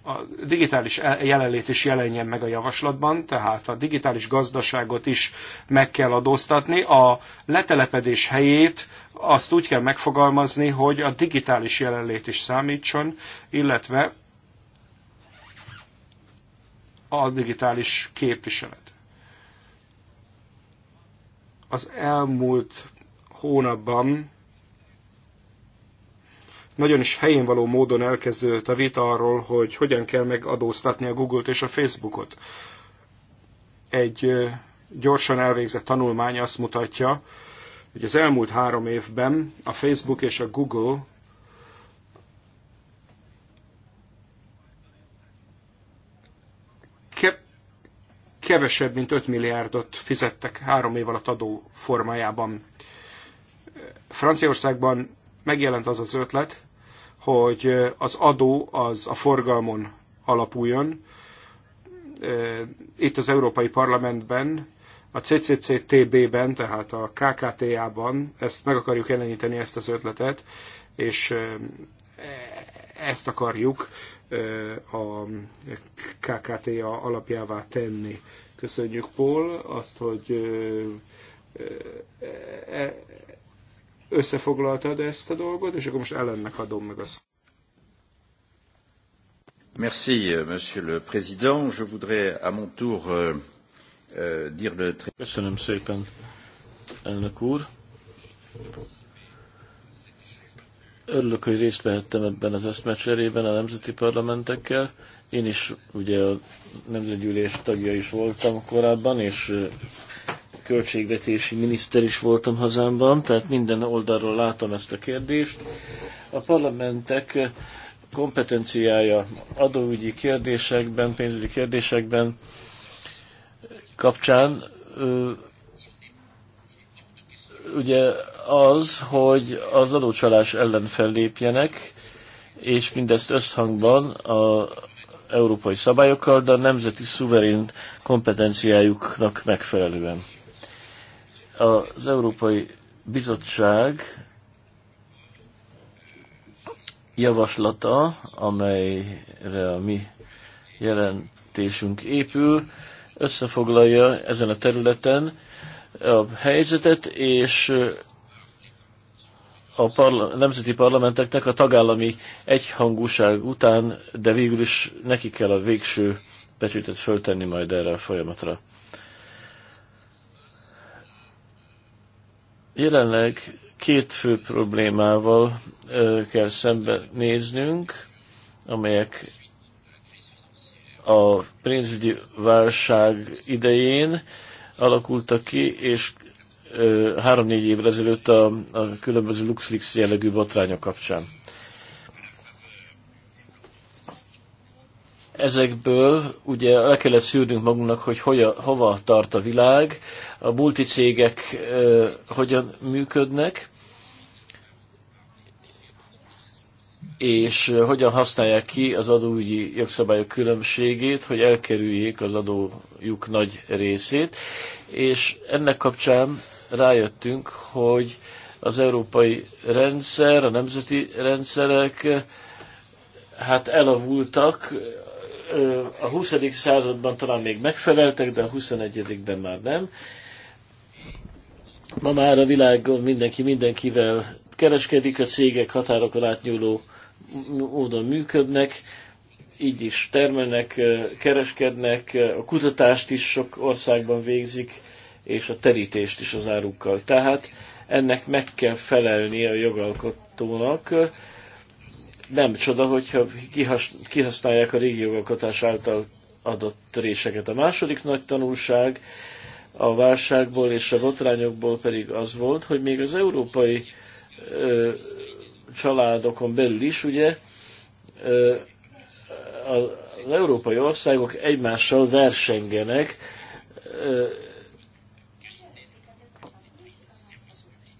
a digitális e- jelenlét is jelenjen meg a javaslatban, tehát a digitális gazdaságot is meg kell adóztatni. A letelepedés helyét azt úgy kell megfogalmazni, hogy a digitális jelenlét is számítson, illetve a digitális képviselet. Az elmúlt hónapban nagyon is helyén való módon elkezdődött a vita arról, hogy hogyan kell megadóztatni a Google-t és a Facebookot. Egy gyorsan elvégzett tanulmány azt mutatja, hogy az elmúlt három évben a Facebook és a Google kevesebb, mint 5 milliárdot fizettek három év alatt adó formájában. Franciaországban megjelent az az ötlet, hogy az adó az a forgalmon alapuljon. Itt az Európai Parlamentben, a CCCTB-ben, tehát a KKTA-ban ezt meg akarjuk jeleníteni, ezt az ötletet, és e, ezt akarjuk a KKTA alapjává tenni. Köszönjük, Paul, azt, hogy e, összefoglaltad ezt a dolgot, és akkor most ellennek adom meg azt. Merci, euh, Monsieur le Président. Je voudrais à mon tour euh, euh, dire le très... Köszönöm szépen, elnök úr. Örülök, hogy részt vehettem ebben az eszmecserében a nemzeti parlamentekkel. Én is ugye a nemzetgyűlés tagja is voltam korábban, és költségvetési miniszter is voltam hazámban, tehát minden oldalról látom ezt a kérdést. A parlamentek kompetenciája adóügyi kérdésekben, pénzügyi kérdésekben kapcsán ugye az, hogy az adócsalás ellen fellépjenek, és mindezt összhangban a európai szabályokkal, de a nemzeti szuverén kompetenciájuknak megfelelően az Európai Bizottság javaslata, amelyre a mi jelentésünk épül, összefoglalja ezen a területen a helyzetet, és a parla- nemzeti parlamenteknek a tagállami egyhangúság után, de végül is neki kell a végső becsületet föltenni majd erre a folyamatra. Jelenleg két fő problémával kell szembenéznünk, amelyek a pénzügyi válság idején alakultak ki, és három-négy évvel ezelőtt a, a különböző LuxLeaks jellegű botrányok kapcsán. Ezekből ugye le kellett szűrnünk magunknak, hogy hoja, hova tart a világ, a multicégek ö, hogyan működnek, és hogyan használják ki az adóügyi jogszabályok különbségét, hogy elkerüljék az adójuk nagy részét, és ennek kapcsán rájöttünk, hogy az európai rendszer, a nemzeti rendszerek hát elavultak, a 20. században talán még megfeleltek, de a 21-ben már nem. Ma már a világon mindenki mindenkivel kereskedik, a cégek határokon átnyúló módon működnek, így is termelnek, kereskednek, a kutatást is sok országban végzik, és a terítést is az árukkal. Tehát ennek meg kell felelni a jogalkotónak, nem csoda, hogyha kihasználják a régi jogalkotás által adott réseket. A második nagy tanulság a válságból és a botrányokból pedig az volt, hogy még az európai ö, családokon belül is, ugye, ö, az európai országok egymással versengenek, ö,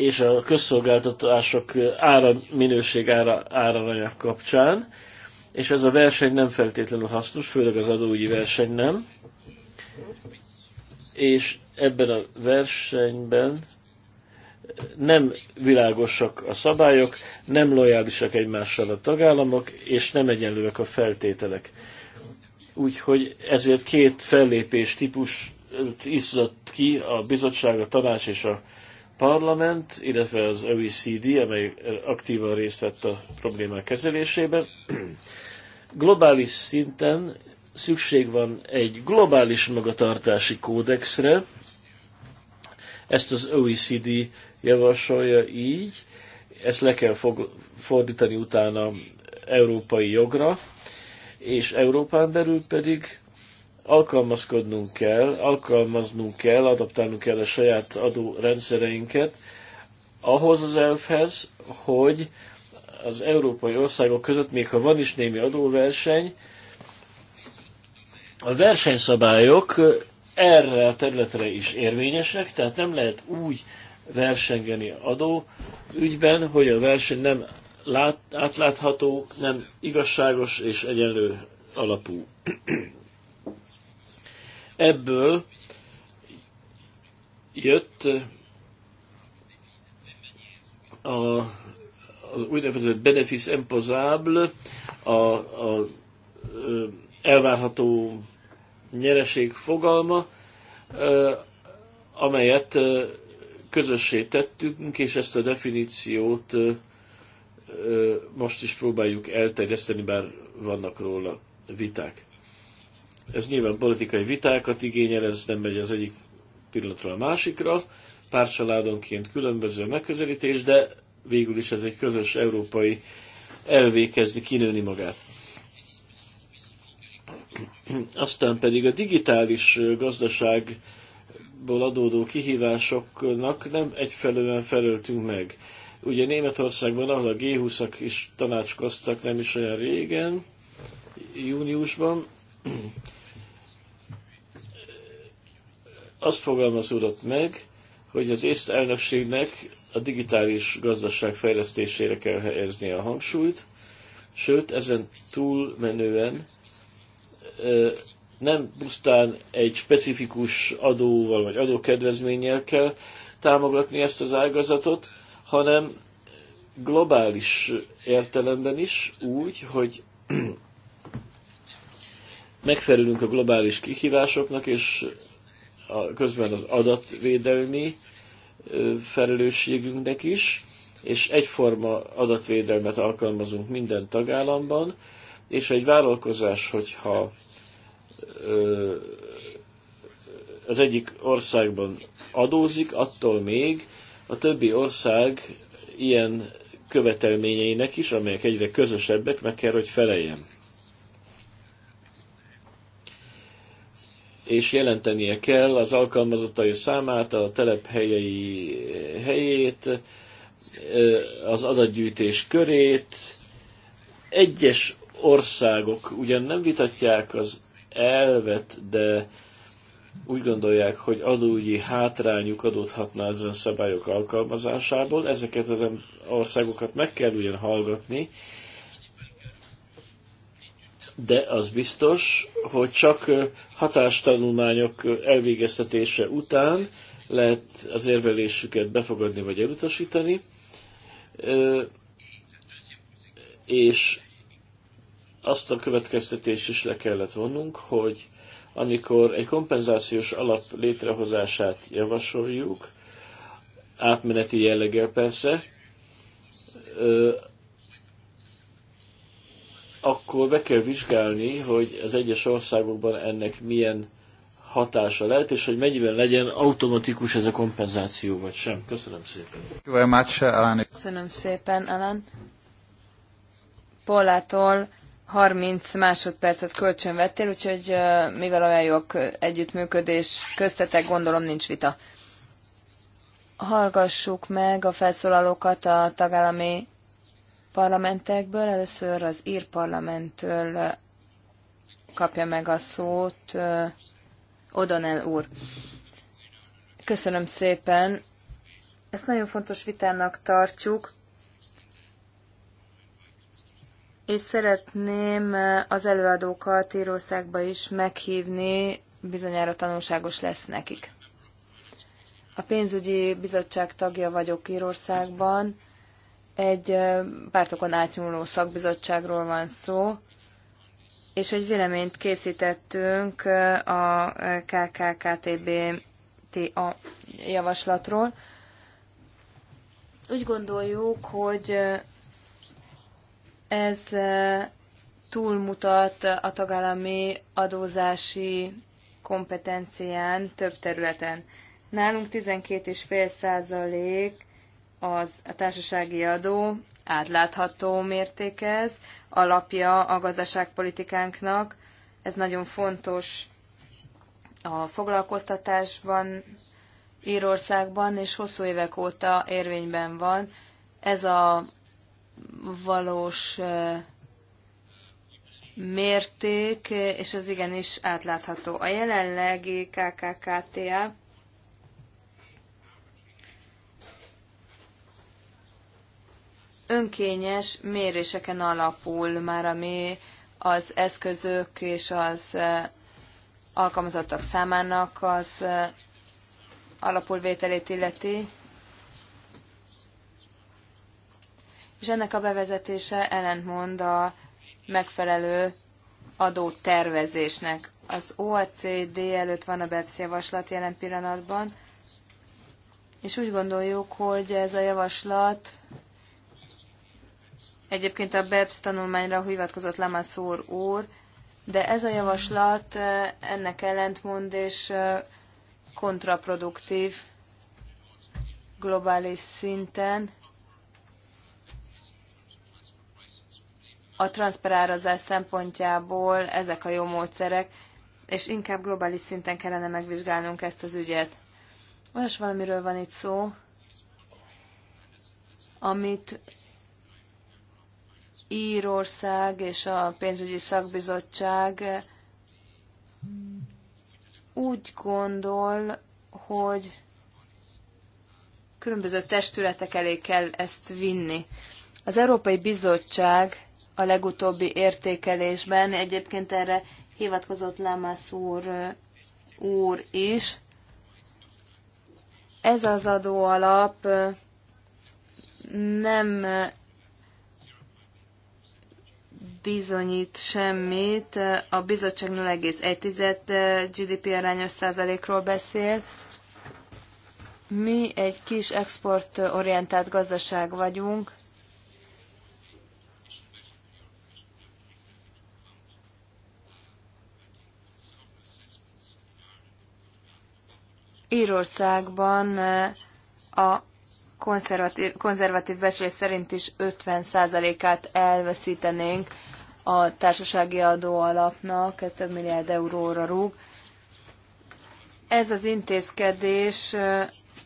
és a közszolgáltatások ára, minőség ára, áraránya kapcsán, és ez a verseny nem feltétlenül hasznos, főleg az adóügyi verseny nem. És ebben a versenyben nem világosak a szabályok, nem lojálisak egymással a tagállamok, és nem egyenlőek a feltételek. Úgyhogy ezért két fellépés típus iszott ki a bizottság, a tanács és a parlament, illetve az OECD, amely eh, aktívan részt vett a problémák kezelésében. Globális szinten szükség van egy globális magatartási kódexre, ezt az OECD javasolja így, ezt le kell fog, fordítani utána európai jogra, és Európán belül pedig alkalmazkodnunk kell, alkalmaznunk kell, adaptálnunk kell a saját adórendszereinket ahhoz az elfhez, hogy az európai országok között, még ha van is némi adóverseny, a versenyszabályok erre a területre is érvényesek, tehát nem lehet úgy versengeni adó ügyben, hogy a verseny nem lát, átlátható, nem igazságos és egyenlő alapú. Ebből jött a, az úgynevezett benefice imposable, a, a elvárható nyereség fogalma, amelyet közössé tettünk, és ezt a definíciót most is próbáljuk elterjeszteni, bár vannak róla viták. Ez nyilván politikai vitákat igényel, ez nem megy az egyik pillanatról a másikra, pár családonként különböző megközelítés, de végül is ez egy közös európai elvékezni, kinőni magát. Aztán pedig a digitális gazdaságból adódó kihívásoknak nem egyfelően felöltünk meg. Ugye Németországban, ahol a G20-ak is tanácskoztak nem is olyan régen, júniusban, azt fogalmazódott meg, hogy az észt elnökségnek a digitális gazdaság fejlesztésére kell helyezni a hangsúlyt, sőt, ezen túlmenően nem pusztán egy specifikus adóval vagy adókedvezménnyel kell támogatni ezt az ágazatot, hanem globális értelemben is úgy, hogy megfelelünk a globális kihívásoknak, és a, közben az adatvédelmi felelősségünknek is, és egyforma adatvédelmet alkalmazunk minden tagállamban, és egy vállalkozás, hogyha az egyik országban adózik, attól még a többi ország ilyen követelményeinek is, amelyek egyre közösebbek, meg kell, hogy feleljen. és jelentenie kell az alkalmazottai számát, a helyei helyét, az adatgyűjtés körét. Egyes országok ugyan nem vitatják az elvet, de úgy gondolják, hogy adóügyi hátrányuk adódhatna ezen szabályok alkalmazásából. Ezeket az országokat meg kell ugyan hallgatni, de az biztos, hogy csak hatástanulmányok elvégeztetése után lehet az érvelésüket befogadni vagy elutasítani, és azt a következtetést is le kellett vonnunk, hogy amikor egy kompenzációs alap létrehozását javasoljuk, átmeneti jelleggel persze, akkor be kell vizsgálni, hogy az egyes országokban ennek milyen hatása lehet, és hogy mennyiben legyen automatikus ez a kompenzáció, vagy sem. Köszönöm szépen. Köszönöm szépen, Alan. Polától 30 másodpercet kölcsön vettél, úgyhogy mivel olyan jó együttműködés köztetek, gondolom nincs vita. Hallgassuk meg a felszólalókat a tagállami parlamentekből. Először az ír parlamenttől kapja meg a szót Odonel úr. Köszönöm szépen. Ezt nagyon fontos vitának tartjuk, és szeretném az előadókat Írországba is meghívni, bizonyára tanulságos lesz nekik. A pénzügyi bizottság tagja vagyok Írországban, egy pártokon átnyúló szakbizottságról van szó, és egy véleményt készítettünk a KKKTB a javaslatról. Úgy gondoljuk, hogy ez túlmutat a tagállami adózási kompetencián több területen. Nálunk 12,5 százalék az, a társasági adó átlátható mértékez, alapja a gazdaságpolitikánknak. Ez nagyon fontos a foglalkoztatásban, Írországban, és hosszú évek óta érvényben van. Ez a valós mérték, és ez igenis átlátható. A jelenlegi KKKTA önkényes méréseken alapul már, ami az eszközök és az eh, alkalmazottak számának az eh, alapulvételét illeti. És ennek a bevezetése ellentmond a megfelelő adótervezésnek. Az OACD előtt van a BEPS javaslat jelen pillanatban, és úgy gondoljuk, hogy ez a javaslat Egyébként a BEPS tanulmányra hivatkozott Lamaszór úr, de ez a javaslat ennek ellentmond és kontraproduktív globális szinten. A transzperárazás szempontjából ezek a jó módszerek, és inkább globális szinten kellene megvizsgálnunk ezt az ügyet. Olyas valamiről van itt szó, amit Írország és a pénzügyi szakbizottság úgy gondol, hogy különböző testületek elé kell ezt vinni. Az Európai Bizottság a legutóbbi értékelésben egyébként erre hivatkozott Lámász úr, úr is. Ez az adóalap nem bizonyít semmit. A bizottság 0,1 eh, GDP arányos százalékról beszél. Mi egy kis exportorientált gazdaság vagyunk, Írországban eh, a konzervatív, konzervatív beszél szerint is 50%-át elveszítenénk a társasági adó alapnak, ez több milliárd euróra rúg. Ez az intézkedés,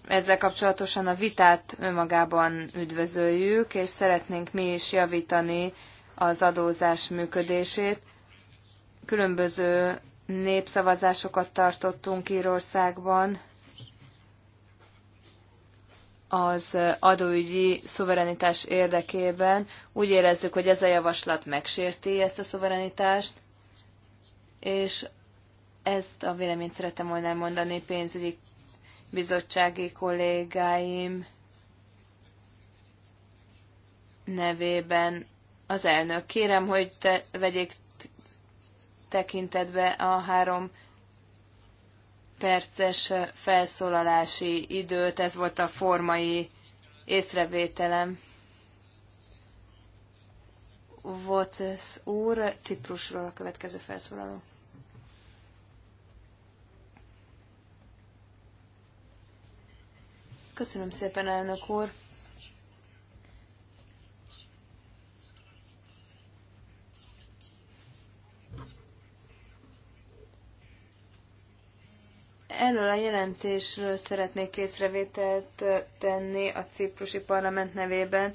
ezzel kapcsolatosan a vitát önmagában üdvözöljük, és szeretnénk mi is javítani az adózás működését. Különböző népszavazásokat tartottunk Írországban, az adóügyi szuverenitás érdekében. Úgy érezzük, hogy ez a javaslat megsérti ezt a szuverenitást, és ezt a véleményt szeretem volna elmondani pénzügyi bizottsági kollégáim nevében. Az elnök, kérem, hogy te vegyék tekintetbe a három perces felszólalási időt, ez volt a formai észrevételem. Vocesz úr, Ciprusról a következő felszólaló. Köszönöm szépen, elnök úr. Erről a jelentésről szeretnék észrevételt tenni a ciprusi parlament nevében.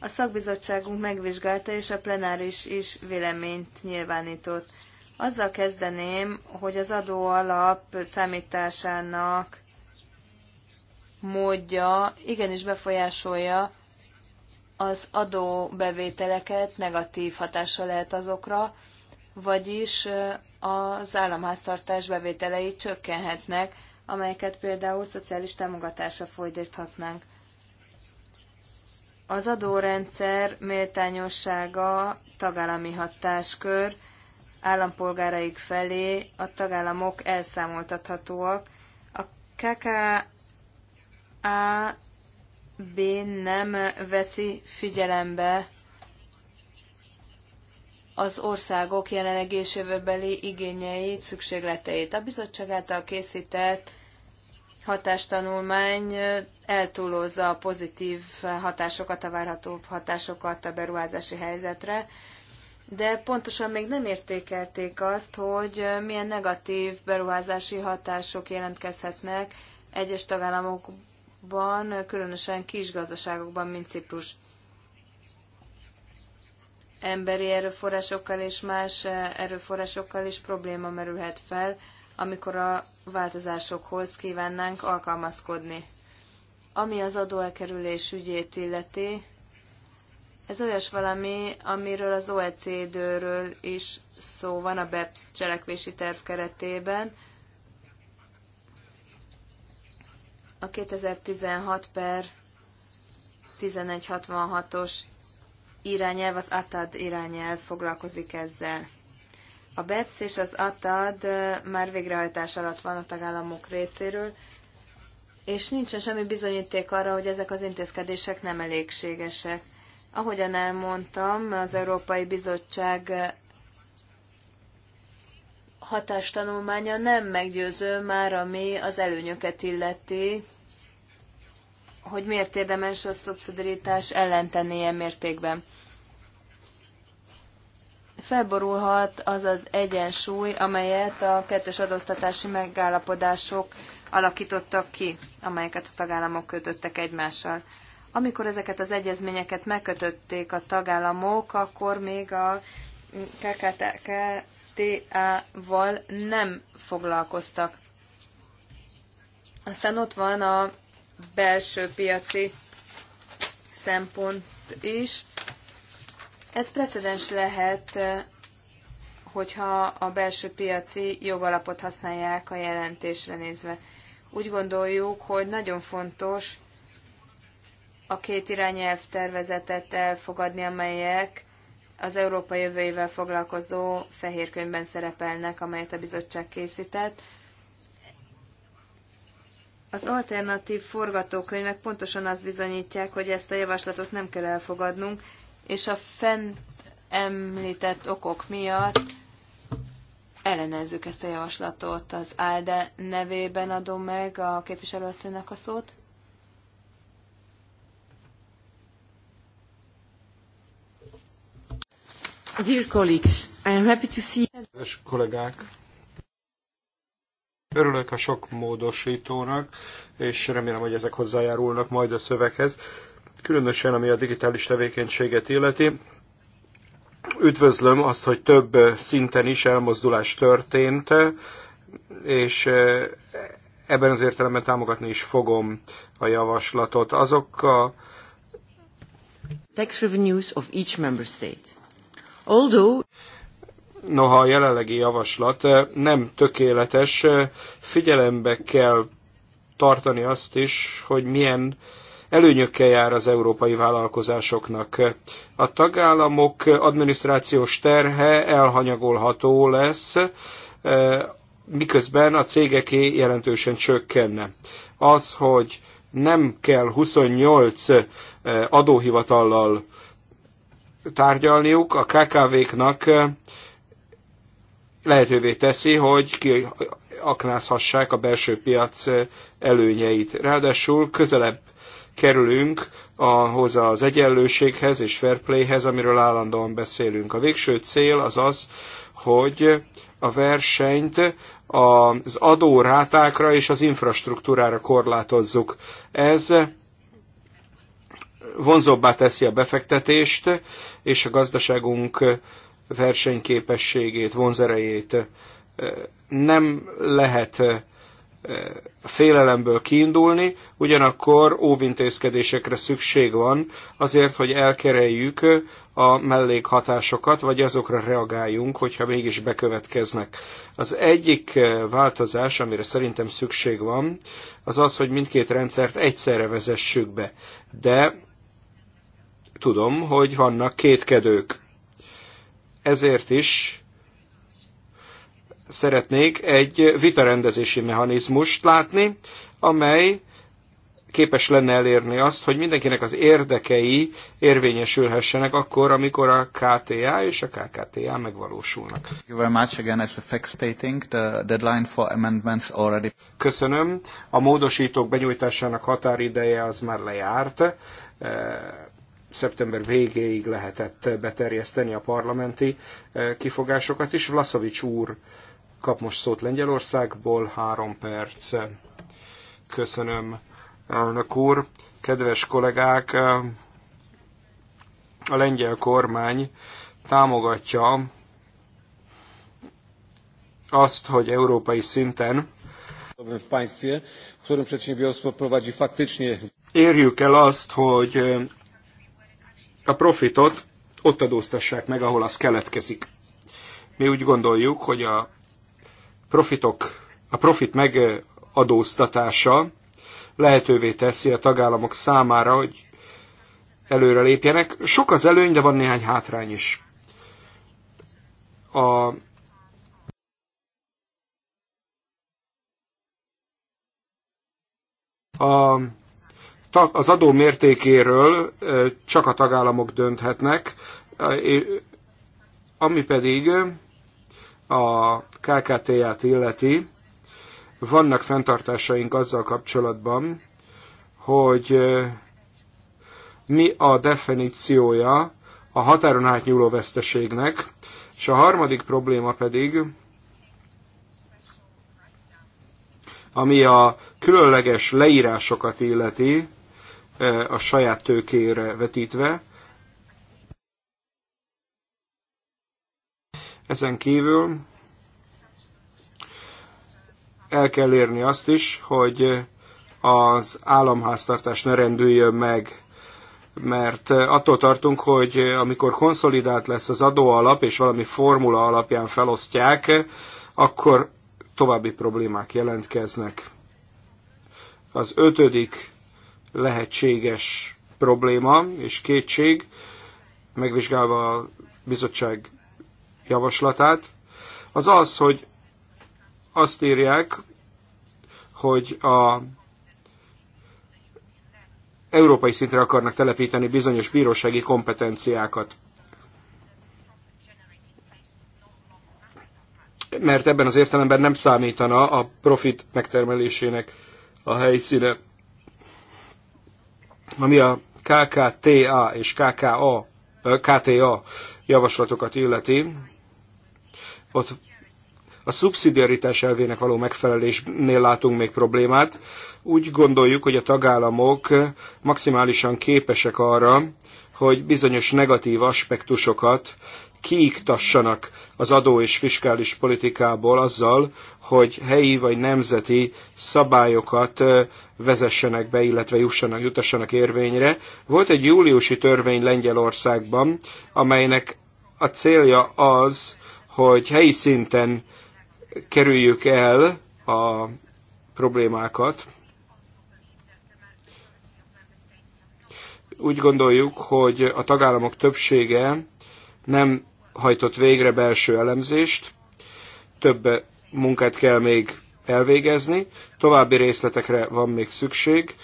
A szakbizottságunk megvizsgálta, és a plenáris is véleményt nyilvánított. Azzal kezdeném, hogy az adóalap számításának módja igenis befolyásolja az adóbevételeket, negatív hatása lehet azokra, vagyis az államháztartás bevételei csökkenhetnek, amelyeket például szociális támogatásra fordíthatnánk. Az adórendszer méltányossága tagállami hatáskör, állampolgáraik felé a tagállamok elszámoltathatóak. A KKAB nem veszi figyelembe az országok jelenleg és jövőbeli igényeit, szükségleteit. A bizottság által készített hatástanulmány eltúlozza a pozitív hatásokat, a várható hatásokat a beruházási helyzetre, de pontosan még nem értékelték azt, hogy milyen negatív beruházási hatások jelentkezhetnek egyes tagállamokban, különösen kis gazdaságokban, mint Ciprus emberi erőforrásokkal és más eh, erőforrásokkal is probléma merülhet fel, amikor a változásokhoz kívánnánk alkalmazkodni. Ami az adóelkerülés ügyét illeti, ez olyas valami, amiről az OECD-ről is szó van a BEPS cselekvési terv keretében. A 2016 per 1166-os irányelv, az ATAD irányelv foglalkozik ezzel. A BEPS és az ATAD már végrehajtás alatt van a tagállamok részéről, és nincsen semmi bizonyíték arra, hogy ezek az intézkedések nem elégségesek. Ahogyan elmondtam, az Európai Bizottság hatástanulmánya nem meggyőző már, ami az előnyöket illeti, hogy miért érdemes a szubszidiaritás ellentennie mértékben felborulhat az az egyensúly, amelyet a kettős adóztatási megállapodások alakítottak ki, amelyeket a tagállamok kötöttek egymással. Amikor ezeket az egyezményeket megkötötték a tagállamok, akkor még a KKTA-val nem foglalkoztak. Aztán ott van a belső piaci szempont is, ez precedens lehet, hogyha a belső piaci jogalapot használják a jelentésre nézve. Úgy gondoljuk, hogy nagyon fontos a két irányelv tervezetet elfogadni, amelyek az Európa jövőjével foglalkozó fehérkönyvben szerepelnek, amelyet a bizottság készített. Az alternatív forgatókönyvek pontosan azt bizonyítják, hogy ezt a javaslatot nem kell elfogadnunk, és a fent említett okok miatt ellenezzük ezt a javaslatot. Az ALDE nevében adom meg a képviselőasszonynak a szót. Dear colleagues, I am happy to see... Kedves kollégák, örülök a sok módosítónak, és remélem, hogy ezek hozzájárulnak majd a szöveghez különösen ami a digitális tevékenységet illeti. Üdvözlöm azt, hogy több szinten is elmozdulás történt, és eh, ebben az értelemben támogatni is fogom a javaslatot. Azok a tax revenues of each member state. Although Noha a jelenlegi javaslat eh, nem tökéletes, eh, figyelembe kell tartani azt is, hogy milyen uh, előnyökkel jár az európai vállalkozásoknak. A tagállamok adminisztrációs terhe elhanyagolható lesz, eh, miközben a cégeké jelentősen csökkenne. Az, hogy nem kell 28 eh, adóhivatallal tárgyalniuk, a KKV-knak eh, lehetővé teszi, hogy kiaknázhassák a belső piac előnyeit. Ráadásul közelebb kerülünk ahhoz az egyenlőséghez és fair playhez, amiről állandóan beszélünk. A végső cél az az, hogy a versenyt az adórátákra és az infrastruktúrára korlátozzuk. Ez vonzóbbá teszi a befektetést és a gazdaságunk versenyképességét, vonzerejét. Nem lehet félelemből kiindulni, ugyanakkor óvintézkedésekre szükség van azért, hogy elkereljük a mellékhatásokat, vagy azokra reagáljunk, hogyha mégis bekövetkeznek. Az egyik eh, változás, amire szerintem szükség van, az az, hogy mindkét rendszert egyszerre vezessük be. De tudom, hogy vannak kétkedők. Ezért is szeretnék egy vitarendezési mechanizmust látni, amely képes lenne elérni azt, hogy mindenkinek az érdekei érvényesülhessenek akkor, amikor a KTA és a KKTA megvalósulnak. Köszönöm. A módosítók benyújtásának határideje az már lejárt. Eh, szeptember végéig lehetett beterjeszteni a parlamenti eh, kifogásokat is. Vlasovics úr kap most szót Lengyelországból, három perc. Köszönöm, elnök úr. Kedves kollégák, a lengyel kormány támogatja azt, hogy európai szinten érjük el azt, hogy a profitot ott adóztassák meg, ahol az keletkezik. Mi úgy gondoljuk, hogy a profitok, a profit megadóztatása lehetővé teszi a tagállamok számára, hogy előre lépjenek. Sok az előny, de van néhány hátrány is. A a, az adó mértékéről csak a tagállamok dönthetnek, ami pedig a KKT-ját illeti, vannak fenntartásaink azzal kapcsolatban, hogy mi a definíciója a határon átnyúló veszteségnek, és a harmadik probléma pedig, ami a különleges leírásokat illeti, a saját tőkére vetítve, Ezen kívül el kell érni azt is, hogy az államháztartás ne rendüljön meg, mert attól tartunk, hogy amikor konszolidált lesz az adóalap, és valami formula alapján felosztják, akkor további problémák jelentkeznek. Az ötödik lehetséges probléma és kétség, megvizsgálva a bizottság javaslatát, az az, hogy azt írják, hogy a európai szintre akarnak telepíteni bizonyos bírósági kompetenciákat. Mert ebben az értelemben nem számítana a profit megtermelésének a helyszíne. Ami a KKTA és KKA, KTA javaslatokat illeti, ott a szubszidiaritás elvének való megfelelésnél látunk még problémát. Úgy gondoljuk, hogy a tagállamok maximálisan képesek arra, hogy bizonyos negatív aspektusokat kiiktassanak az adó és fiskális politikából azzal, hogy helyi vagy nemzeti szabályokat vezessenek be, illetve jussanak, jutassanak érvényre. Volt egy júliusi törvény Lengyelországban, amelynek a célja az, hogy helyi szinten kerüljük el a problémákat. Úgy gondoljuk, hogy a tagállamok többsége nem hajtott végre belső elemzést, több munkát kell még elvégezni, további részletekre van még szükség,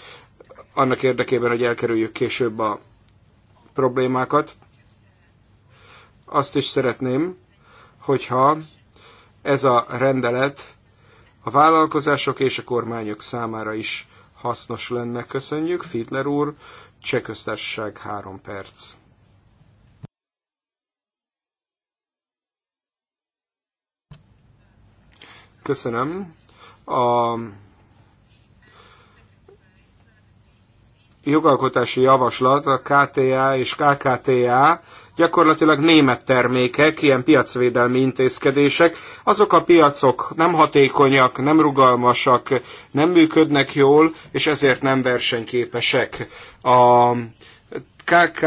annak érdekében, hogy elkerüljük később a problémákat. Azt is szeretném, hogyha ez a rendelet a vállalkozások és a kormányok számára is hasznos lenne. Köszönjük, Fidler úr, Csehköztársaság három perc. Köszönöm. A jogalkotási javaslat a KTA és KKTA gyakorlatilag német termékek, ilyen piacvédelmi intézkedések. Azok a piacok nem hatékonyak, nem rugalmasak, nem működnek jól, és ezért nem versenyképesek. A KK,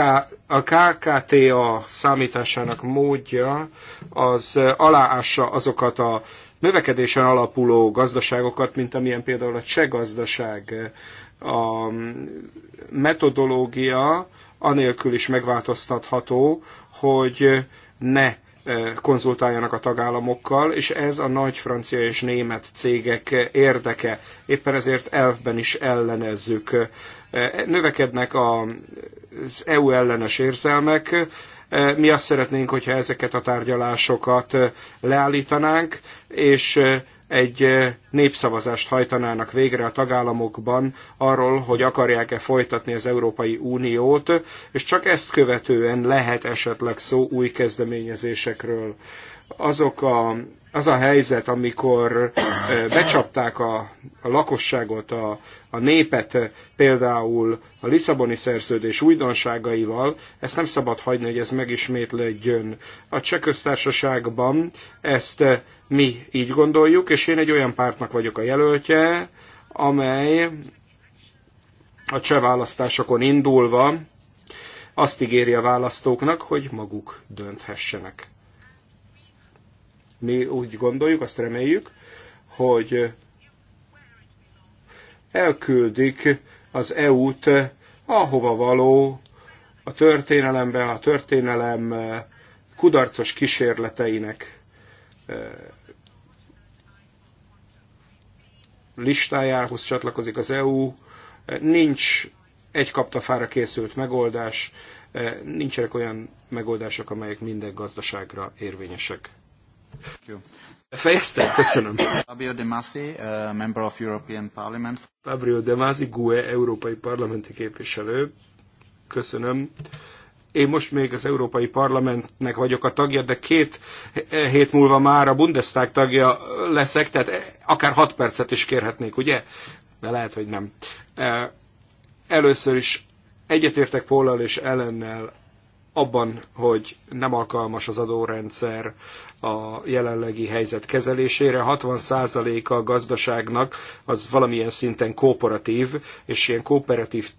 a KKTA számításának módja az aláássa azokat a növekedésen alapuló gazdaságokat, mint amilyen például a cseh gazdaság. A metodológia anélkül is megváltoztatható, hogy ne eh, konzultáljanak a tagállamokkal, és ez a nagy francia és német cégek érdeke. Éppen ezért elfben is ellenezzük. Eh, növekednek az EU ellenes érzelmek, eh, mi azt szeretnénk, hogyha ezeket a tárgyalásokat leállítanánk, és egy népszavazást hajtanának végre a tagállamokban arról, hogy akarják-e folytatni az Európai Uniót, és csak ezt követően lehet esetleg szó új kezdeményezésekről. Azok a az a helyzet, amikor becsapták a, a lakosságot, a, a népet például a Lisszaboni szerződés újdonságaival, ezt nem szabad hagyni, hogy ez megismétlődjön. A cseh köztársaságban ezt mi így gondoljuk, és én egy olyan pártnak vagyok a jelöltje, amely a cseh választásokon indulva azt ígéri a választóknak, hogy maguk dönthessenek mi úgy gondoljuk, azt reméljük, hogy elküldik az EU-t ahova való a történelembe a történelem eh, kudarcos kísérleteinek eh, listájához csatlakozik az EU, nincs egy kaptafára készült megoldás, eh, nincsenek olyan megoldások, amelyek minden gazdaságra érvényesek. Fejeztem, köszönöm. Fabio De Masi, uh, member of European Parliament. Fabio De Masi, GUE, Európai Parlamenti képviselő. Köszönöm. Én most még az Európai Parlamentnek vagyok a tagja, de két hét múlva már a Bundestag tagja leszek, tehát akár hat percet is kérhetnék, ugye? De lehet, hogy nem. Először is egyetértek Póllal és Ellennel abban, hogy nem alkalmas az adórendszer a jelenlegi helyzet kezelésére. 60% a gazdaságnak az valamilyen szinten kooperatív, és ilyen kooperatív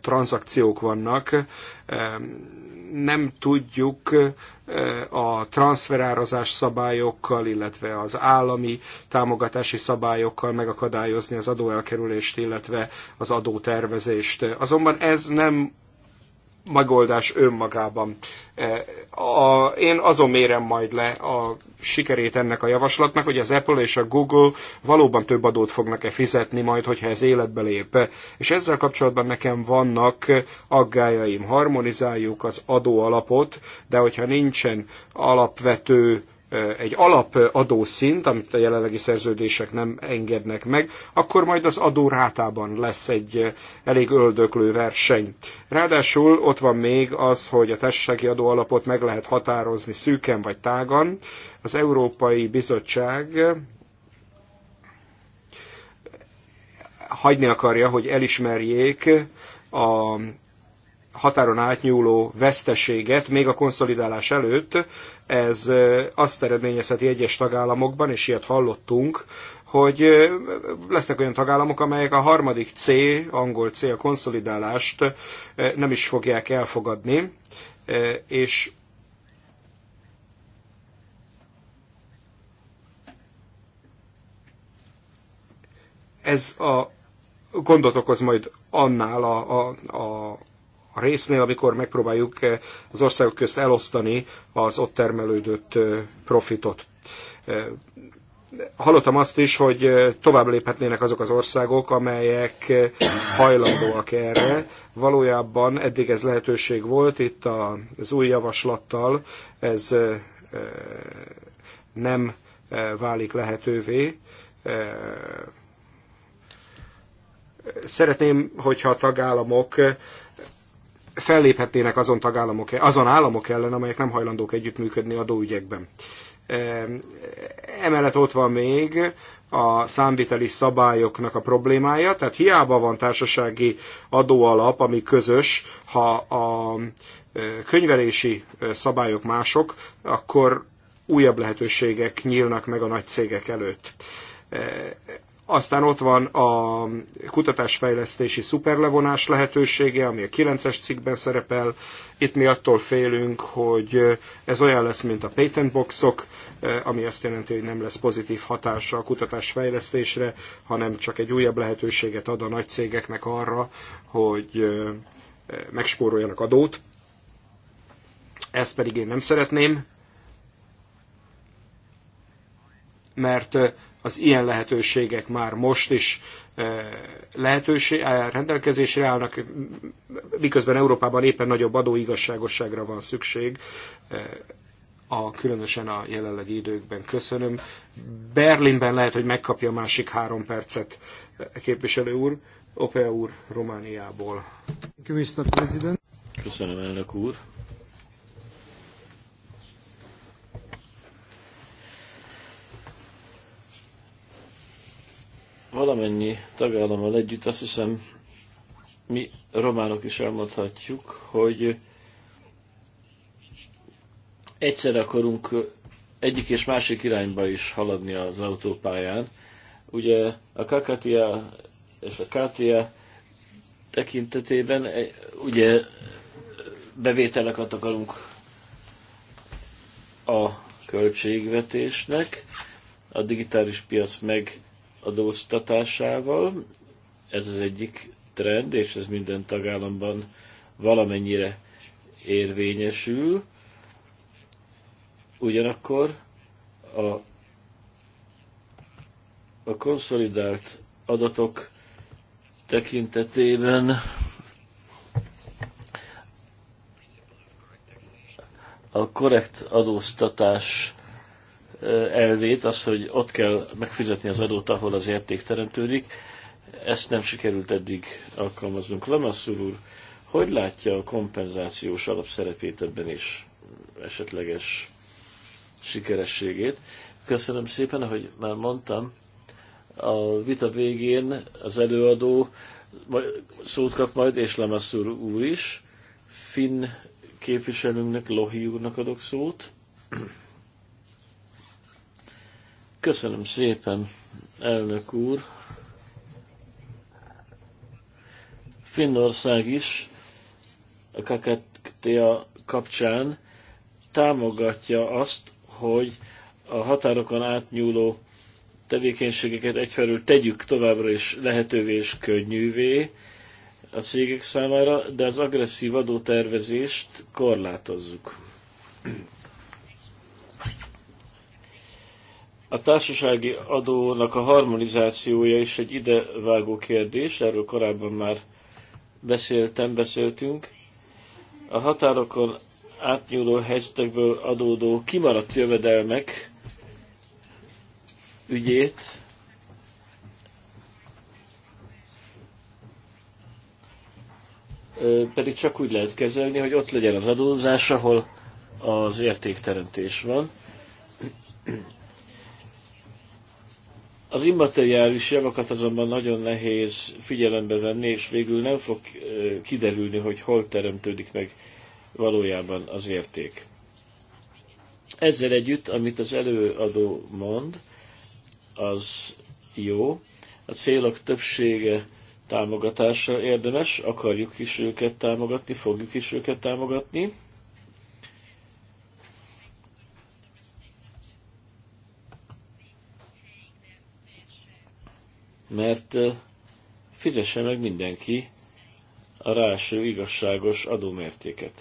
tranzakciók vannak. Nem tudjuk eh, a transferárazás szabályokkal, illetve az állami támogatási szabályokkal megakadályozni az adóelkerülést, illetve az adótervezést. Azonban ez nem megoldás önmagában. E, a, én azon mérem majd le a sikerét ennek a javaslatnak, hogy az Apple és a Google valóban több adót fognak-e fizetni majd, hogyha ez életbe lép. És ezzel kapcsolatban nekem vannak aggájaim. Harmonizáljuk az adóalapot, de hogyha nincsen alapvető egy alapadószint, amit a jelenlegi szerződések nem engednek meg, akkor majd az adórátában lesz egy eh, elég öldöklő verseny. Ráadásul ott van még az, hogy a társasági adóalapot meg lehet határozni szűken vagy tágan. Az Európai Bizottság eh, hagyni akarja, hogy elismerjék a határon átnyúló veszteséget még a konszolidálás előtt, ez azt eredményezheti egyes tagállamokban, és ilyet hallottunk, hogy lesznek olyan tagállamok, amelyek a harmadik C, angol C, a konszolidálást nem is fogják elfogadni, és ez a gondot okoz majd annál a, a, a a résznél, amikor megpróbáljuk eh, az országok közt elosztani az ott termelődött eh, profitot. Eh, hallottam azt is, hogy tovább léphetnének azok az országok, amelyek hajlandóak erre. Valójában eddig ez lehetőség volt, itt az új javaslattal ez nem válik lehetővé. Szeretném, hogyha a tagállamok felléphetnének azon, tagállamok, azon államok ellen, amelyek nem hajlandók együttműködni adóügyekben. Emellett ott van még a számviteli szabályoknak a problémája, tehát hiába van társasági adóalap, ami közös, ha a könyvelési szabályok mások, akkor újabb lehetőségek nyílnak meg a nagy cégek előtt. Aztán ott van a kutatásfejlesztési szuperlevonás lehetősége, ami a 9-es cikkben szerepel. Itt mi attól félünk, hogy ez olyan lesz, mint a patent boxok, ami azt jelenti, hogy nem lesz pozitív hatása a kutatásfejlesztésre, hanem csak egy újabb lehetőséget ad a nagy cégeknek arra, hogy megspóroljanak adót. Ezt pedig én nem szeretném, mert az ilyen lehetőségek már most is eh, lehetőség, eh, rendelkezésre állnak, miközben Európában éppen nagyobb adóigazságosságra van szükség, eh, a, különösen a jelenlegi időkben. Köszönöm. Berlinben lehet, hogy megkapja a másik három percet képviselő úr, Opea úr Romániából. Köszönöm, elnök úr. valamennyi tagállammal együtt azt hiszem mi románok is elmondhatjuk, hogy egyszer akarunk egyik és másik irányba is haladni az autópályán. Ugye a Kakatia és a Kátia tekintetében e, ugye bevételeket akarunk a költségvetésnek, a digitális piac meg adóztatásával. Ez az egyik trend, és ez minden tagállamban valamennyire érvényesül. Ugyanakkor a, a konszolidált adatok tekintetében a korrekt adóztatás elvét, az, hogy ott kell megfizetni az adót, ahol az érték teremtődik, ezt nem sikerült eddig alkalmaznunk. Lamassur úr, hogy látja a kompenzációs alapszerepét ebben is esetleges sikerességét? Köszönöm szépen, ahogy már mondtam, a vita végén az előadó szót kap majd, és Lamassur úr is. Finn képviselőnknek, Lohi úrnak adok szót. Köszönöm szépen, elnök úr. Finnország is a kakettéa kapcsán támogatja azt, hogy a határokon átnyúló tevékenységeket egyfelől tegyük továbbra is lehetővé és könnyűvé a cégek számára, de az agresszív adótervezést korlátozzuk. A társasági adónak a harmonizációja is egy idevágó kérdés, erről korábban már beszéltem, beszéltünk. A határokon átnyúló helyzetekből adódó kimaradt jövedelmek ügyét pedig csak úgy lehet kezelni, hogy ott legyen az adózás, ahol az értékteremtés van. Az immateriális javakat azonban nagyon nehéz figyelembe venni, és végül nem fog kiderülni, hogy hol teremtődik meg valójában az érték. Ezzel együtt, amit az előadó mond, az jó. A célok többsége támogatása érdemes, akarjuk is őket támogatni, fogjuk is őket támogatni. mert fizesse meg mindenki a ráső igazságos adómértéket.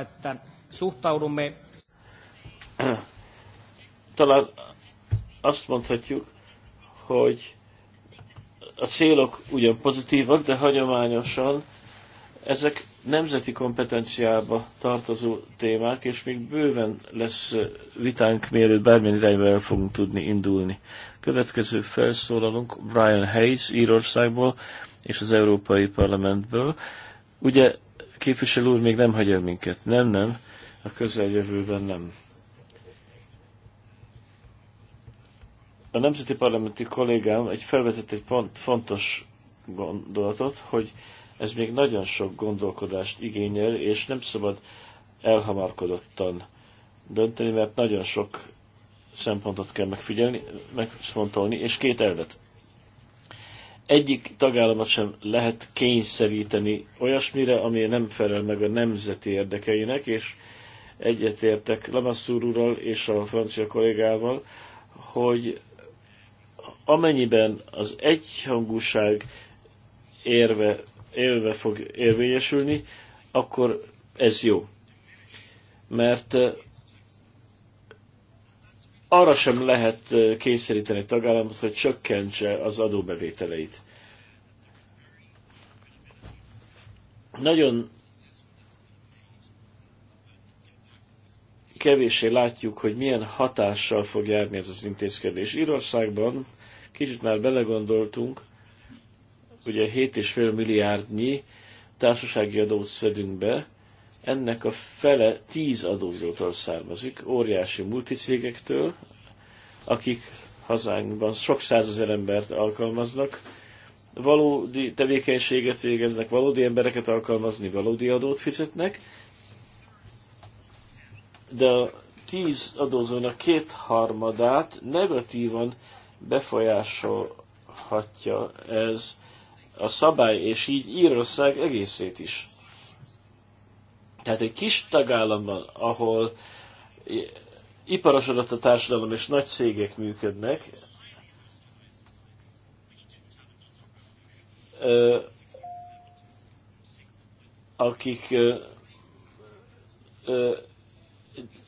että suhtaudumme... Talán azt mondhatjuk, hogy a célok ugyan pozitívak, de hagyományosan ezek nemzeti kompetenciába tartozó témák, és még bőven lesz vitánk, mielőtt bármilyen irányba el fogunk tudni indulni. Következő felszólalunk Brian Hayes Írországból és az Európai Parlamentből. Ugye képviselő úr még nem hagy minket. Nem, nem. A közeljövőben nem. A nemzeti parlamenti kollégám egy felvetett egy pont, fontos gondolatot, hogy ez még nagyon sok gondolkodást igényel, és nem szabad elhamarkodottan dönteni, mert nagyon sok szempontot kell megfigyelni, megfontolni, és két elvet. Egyik tagállamot sem lehet kényszeríteni olyasmire, ami nem felel meg a nemzeti érdekeinek, és egyetértek Lamassur úrral és a francia kollégával, hogy amennyiben az egyhangúság érve, élve fog érvényesülni, akkor ez jó. Mert eh, arra sem lehet eh, kényszeríteni tagállamot, hogy csökkentse az adóbevételeit. Nagyon kevéssé látjuk, hogy milyen hatással fog járni ez az intézkedés. Írországban kicsit már belegondoltunk, ugye 7,5 milliárdnyi társasági adót szedünk be, ennek a fele 10 adózótól származik, óriási multicégektől, akik hazánkban sok százezer embert alkalmaznak, valódi tevékenységet végeznek, valódi embereket alkalmazni, valódi adót fizetnek, de a tíz adózónak kétharmadát negatívan befolyásolhatja ez a szabály, és így Írország egészét is. Tehát egy kis tagállamban, ahol iparosodott a társadalom és nagy cégek működnek, akik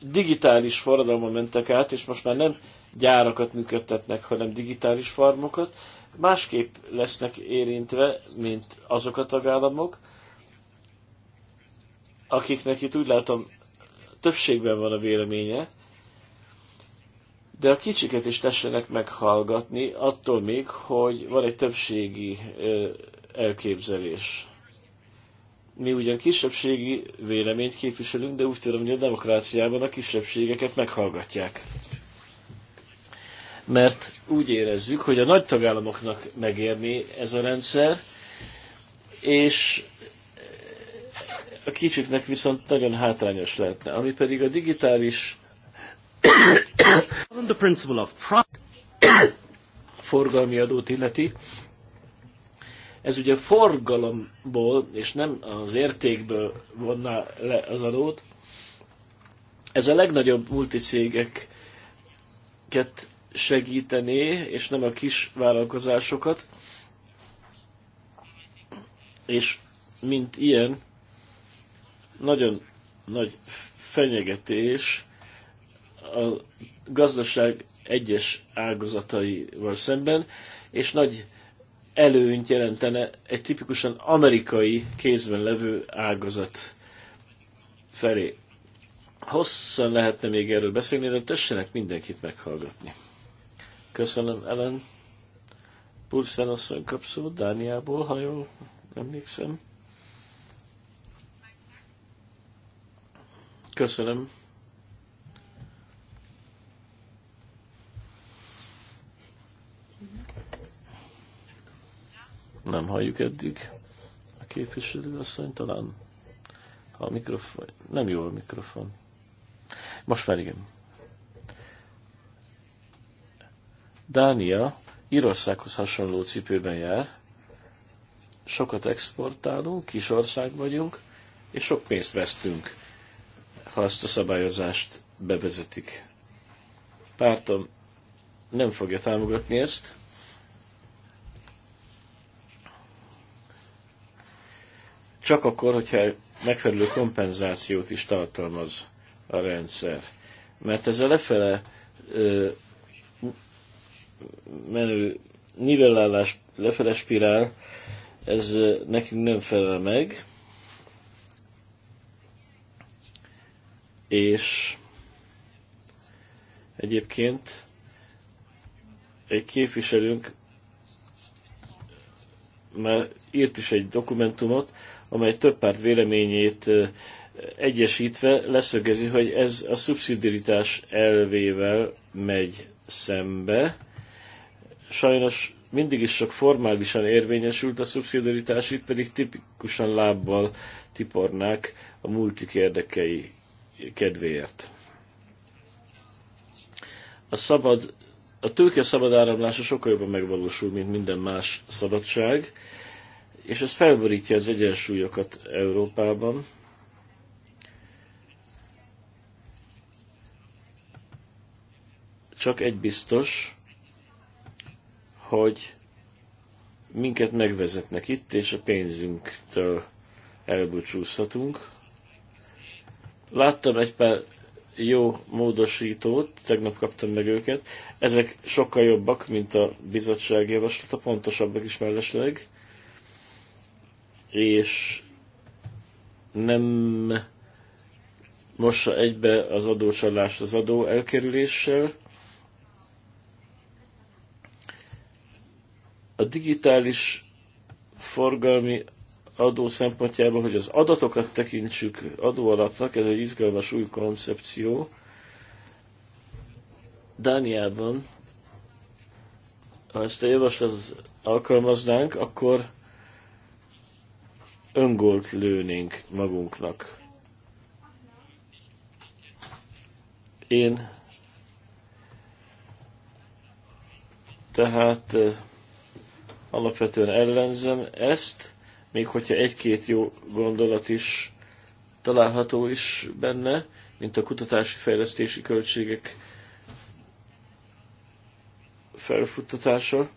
digitális forradalma mentek át, és most már nem gyárakat működtetnek, hanem digitális farmokat, másképp lesznek érintve, mint azok a tagállamok, akiknek itt úgy látom többségben van a véleménye, de a kicsiket is tessenek meghallgatni, attól még, hogy van egy többségi elképzelés. Mi ugyan kisebbségi véleményt képviselünk, de úgy tudom, hogy a demokráciában a kisebbségeket meghallgatják mert úgy érezzük, hogy a nagy tagállamoknak megérni ez a rendszer, és a kicsiknek viszont nagyon hátrányos lehetne, ami pedig a digitális forgalmi adót illeti. Ez ugye forgalomból, és nem az értékből vonná le az adót. Ez a legnagyobb multiszégeket segítené, és nem a kis vállalkozásokat. És mint ilyen, nagyon nagy fenyegetés a gazdaság egyes ágazataival szemben, és nagy előnyt jelentene egy tipikusan amerikai kézben levő ágazat felé. Hosszan lehetne még erről beszélni, de tessenek mindenkit meghallgatni. Köszönöm, Ellen. Pulszen asszony kapszó, Dániából, ha jól emlékszem. Köszönöm. Nem halljuk eddig a képviselő asszony talán. Ha a mikrofon... Nem jó a mikrofon. Most már igen. Dánia Írországhoz hasonló cipőben jár, sokat exportálunk, kis ország vagyunk, és sok pénzt vesztünk, ha ezt a szabályozást bevezetik. Pártom nem fogja támogatni ezt. Csak akkor, hogyha megfelelő kompenzációt is tartalmaz a rendszer. Mert a lefele ö, menő nivellálás, lefele spirál, ez nekünk nem felel meg, és egyébként egy képviselőnk már írt is egy dokumentumot, amely több párt véleményét egyesítve leszögezi, hogy ez a szubszidiaritás elvével megy szembe, sajnos mindig is csak formálisan érvényesült a szubszidiaritás, itt pedig tipikusan lábbal tipornák a multik érdekei kedvéért. A szabad a tőke szabad áramlása sokkal jobban megvalósul, mint minden más szabadság, és ez felborítja az egyensúlyokat Európában. Csak egy biztos, hogy minket megvezetnek itt, és a pénzünktől elbúcsúzhatunk. Láttam egy pár jó módosítót, tegnap kaptam meg őket. Ezek sokkal jobbak, mint a bizottság javaslata, pontosabbak is mellesleg. És nem mossa egybe az adócsalás az adó elkerüléssel, a digitális forgalmi adó szempontjából, hogy az adatokat tekintsük adóalapnak, ez egy izgalmas új koncepció. Dániában, ha ezt a javaslatot alkalmaznánk, akkor öngolt lőnénk magunknak. Én tehát eh, alapvetően ellenzem ezt, még hogyha egy-két jó gondolat is található is benne, mint a kutatási fejlesztési költségek felfuttatása,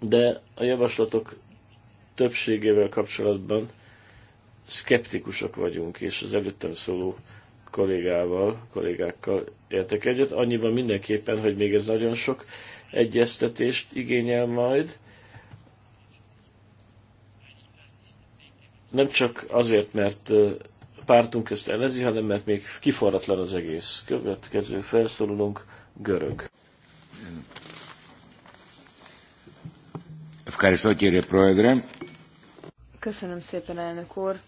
de a javaslatok többségével kapcsolatban szkeptikusak vagyunk, és az előttem szóló kollégával, kollégákkal értek egyet, annyiban mindenképpen, hogy még ez nagyon sok, egyeztetést igényel majd. Nem csak azért, mert pártunk ezt elezi, hanem mert még kiforratlan az egész. Következő felszólulunk, görög. Köszönöm szépen, elnök úr.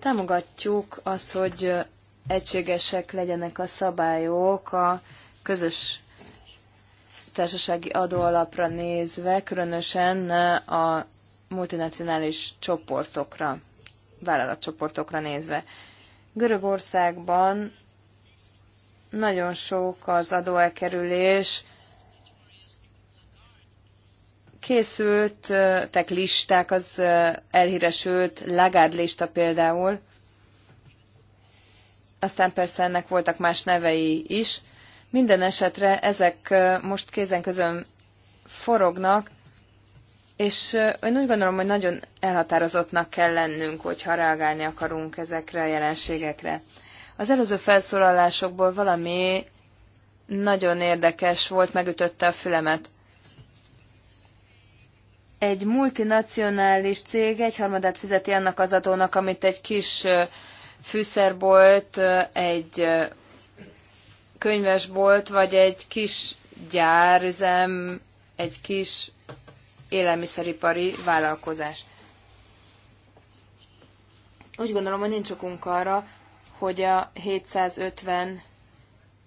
Támogatjuk azt, hogy egységesek legyenek a szabályok a közös társasági adóalapra nézve, különösen a multinacionális csoportokra, vállalatcsoportokra nézve. Görögországban nagyon sok az adóelkerülés, készültek listák, az elhíresült Lagarde lista például, aztán persze ennek voltak más nevei is. Minden esetre ezek most kézen közön forognak, és én úgy gondolom, hogy nagyon elhatározottnak kell lennünk, hogyha reagálni akarunk ezekre a jelenségekre. Az előző felszólalásokból valami nagyon érdekes volt, megütötte a fülemet. Egy multinacionális cég egyharmadát fizeti annak az adónak, amit egy kis fűszerbolt, egy könyvesbolt, vagy egy kis gyárüzem, egy kis élelmiszeripari vállalkozás. Úgy gondolom, hogy nincs okunk arra, hogy a 750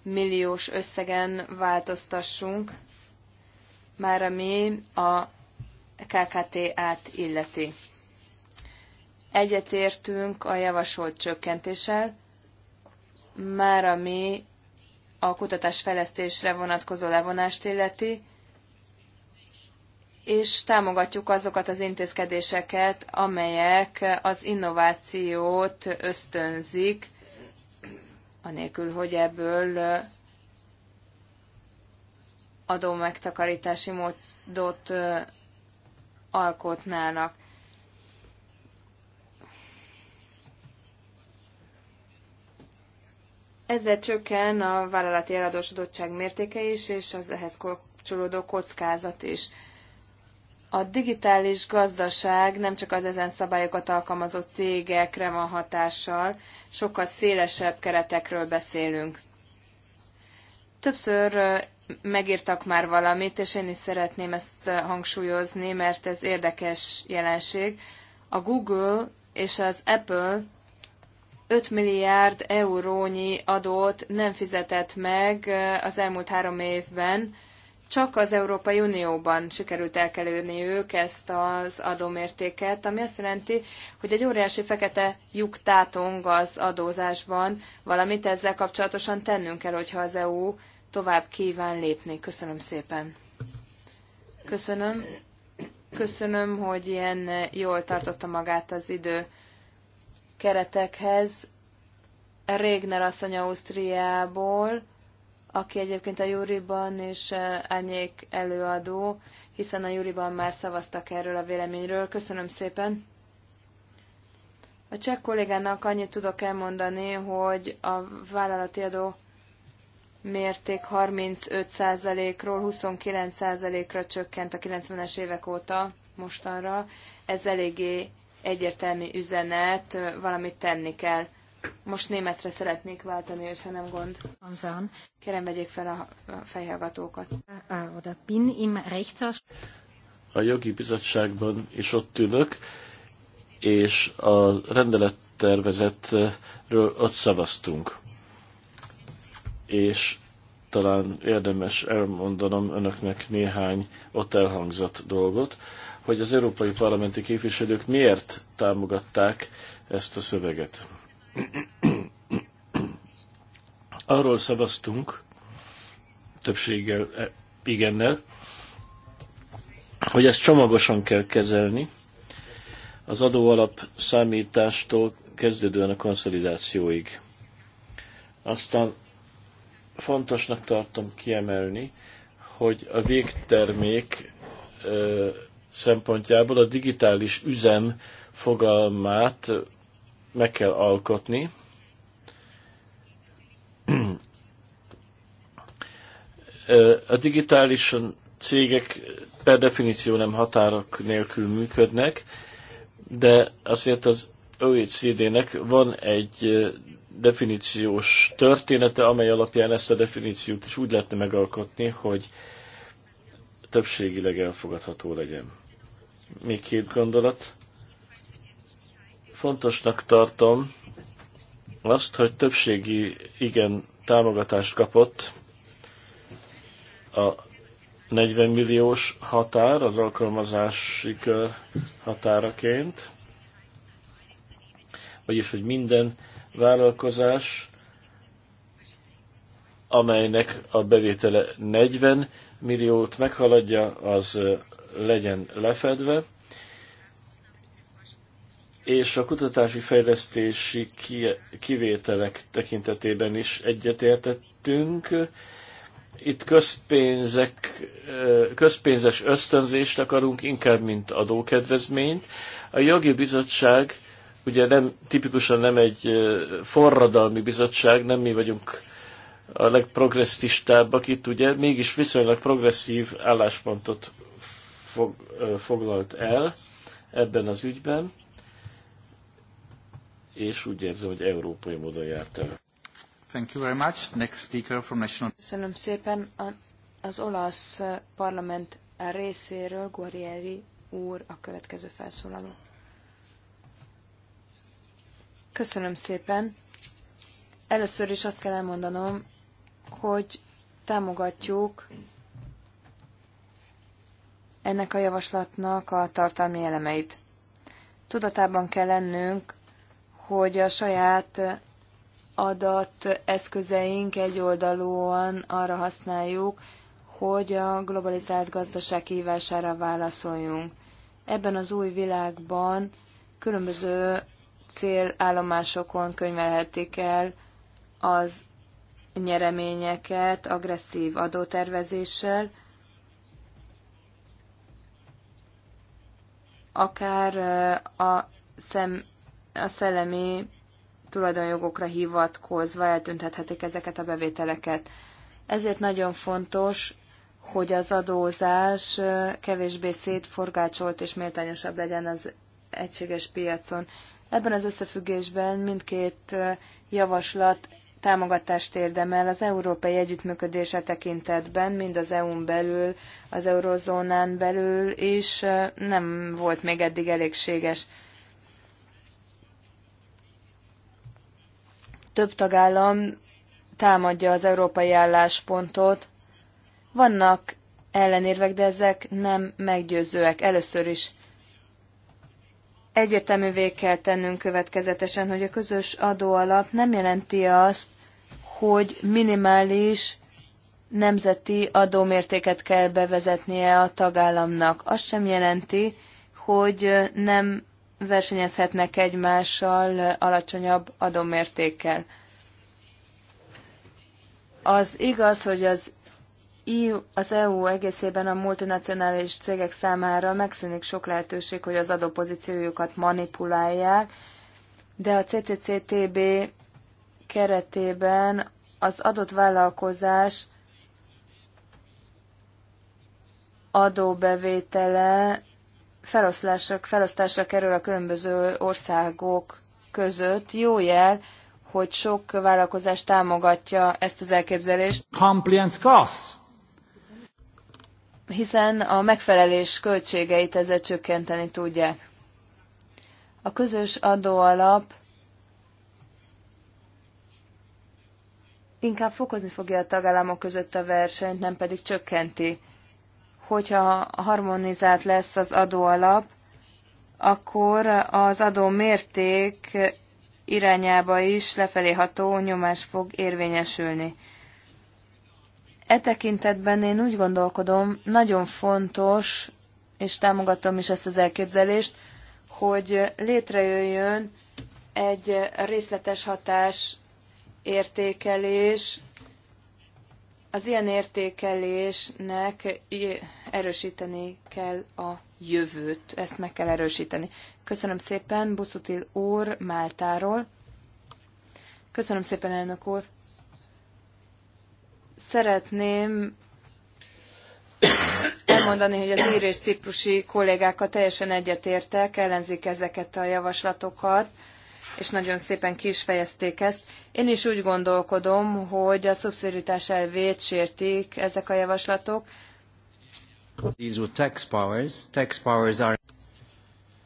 milliós összegen változtassunk, már ami a KKT-át illeti. Egyetértünk a javasolt csökkentéssel, már ami a kutatásfejlesztésre vonatkozó levonást illeti, és támogatjuk azokat az intézkedéseket, amelyek az innovációt ösztönzik, anélkül, hogy ebből adó megtakarítási módot alkotnának. Ezzel csökken a vállalati eladósodottság mértéke is, és az ehhez kapcsolódó kockázat is. A digitális gazdaság nem csak az ezen szabályokat alkalmazó cégekre van hatással, sokkal szélesebb keretekről beszélünk. Többször megírtak már valamit, és én is szeretném ezt hangsúlyozni, mert ez érdekes jelenség. A Google és az Apple 5 milliárd eurónyi adót nem fizetett meg az elmúlt három évben, csak az Európai Unióban sikerült elkelődni ők ezt az adómértéket, ami azt jelenti, hogy egy óriási fekete lyuk tátong az adózásban, valamit ezzel kapcsolatosan tennünk kell, hogyha az EU tovább kíván lépni. Köszönöm szépen. Köszönöm. Köszönöm, hogy ilyen jól tartotta magát az idő keretekhez. Régner asszony Ausztriából, aki egyébként a Júriban is enyék eh, előadó, hiszen a Júriban már szavaztak erről a véleményről. Köszönöm szépen! A cseh kollégának annyit tudok elmondani, hogy a vállalati adó mérték 35%-ról 29%-ra csökkent a 90-es évek óta mostanra. Ez eléggé egyértelmű üzenet, valamit tenni kell. Most németre szeretnék váltani, hogyha nem gond. Kérem, vegyék fel a fejhallgatókat. A jogi bizottságban is ott ülök, és a rendelettervezetről ott szavaztunk. És talán érdemes elmondanom önöknek néhány ott elhangzott dolgot hogy az európai parlamenti képviselők miért támogatták ezt a szöveget. Arról szavaztunk, többséggel, e, igennel, hogy ezt csomagosan kell kezelni, az adóalap számítástól kezdődően a konszolidációig. Aztán fontosnak tartom kiemelni, hogy a végtermék szempontjából a digitális üzem fogalmát meg kell alkotni. A digitális cégek per definíció nem határok nélkül működnek, de azért az OECD-nek van egy definíciós története, amely alapján ezt a definíciót is úgy lehetne megalkotni, hogy többségileg elfogadható legyen. Még két gondolat. Fontosnak tartom azt, hogy többségi igen támogatást kapott a 40 milliós határ az alkalmazási kör határaként, vagyis hogy minden vállalkozás amelynek a bevétele 40 milliót meghaladja, az legyen lefedve, és a kutatási fejlesztési kivételek tekintetében is egyetértettünk. Itt közpénzek, közpénzes ösztönzést akarunk inkább, mint adókedvezményt. A jogi bizottság ugye nem, tipikusan nem egy forradalmi bizottság, nem mi vagyunk a legprogresszistább, itt ugye mégis viszonylag progresszív álláspontot fog, foglalt el ebben az ügyben, és úgy érzem, hogy európai módon járt el. Thank you very much. Next speaker from National... Köszönöm szépen. A, az olasz parlament részéről Guarieri úr a következő felszólaló. Köszönöm szépen. Először is azt kell elmondanom, hogy támogatjuk ennek a javaslatnak a tartalmi elemeit. Tudatában kell lennünk, hogy a saját adat eszközeink egyoldalúan arra használjuk, hogy a globalizált gazdaság hívására válaszoljunk. Ebben az új világban különböző célállomásokon könyvelhetik el az nyereményeket agresszív adótervezéssel, akár a, szem, a szellemi tulajdonjogokra hivatkozva eltüntethetik ezeket a bevételeket. Ezért nagyon fontos, hogy az adózás kevésbé szétforgácsolt és méltányosabb legyen az egységes piacon. Ebben az összefüggésben mindkét javaslat támogatást érdemel az európai együttműködése tekintetben, mind az EU-n belül, az eurozónán belül is nem volt még eddig elégséges. Több tagállam támadja az európai álláspontot. Vannak ellenérvek, de ezek nem meggyőzőek. Először is egyértelművé kell tennünk következetesen, hogy a közös adóalap nem jelenti azt, hogy minimális nemzeti adómértéket kell bevezetnie a tagállamnak. Azt sem jelenti, hogy nem versenyezhetnek egymással alacsonyabb adómértékkel. Az igaz, hogy az az EU egészében a multinacionális cégek számára megszűnik sok lehetőség, hogy az adópozíciójukat manipulálják, de a CCCTB keretében az adott vállalkozás adóbevétele feloszlásra, felosztásra kerül a különböző országok között. Jó jel, hogy sok vállalkozás támogatja ezt az elképzelést. Compliance costs hiszen a megfelelés költségeit ezzel csökkenteni tudják. A közös adóalap inkább fokozni fogja a tagállamok között a versenyt, nem pedig csökkenti. Hogyha harmonizált lesz az adóalap, akkor az adó mérték irányába is lefelé ható nyomás fog érvényesülni. E tekintetben én úgy gondolkodom, nagyon fontos, és támogatom is ezt az elképzelést, hogy létrejöjjön egy részletes hatás értékelés, az ilyen értékelésnek erősíteni kell a jövőt, ezt meg kell erősíteni. Köszönöm szépen Buszutil úr Máltáról. Köszönöm szépen, elnök úr. Szeretném elmondani, hogy az ír és ciprusi kollégákkal teljesen egyetértek, ellenzik ezeket a javaslatokat, és nagyon szépen ki is fejezték ezt. Én is úgy gondolkodom, hogy a szubszidiaritás elvét sértik ezek a javaslatok.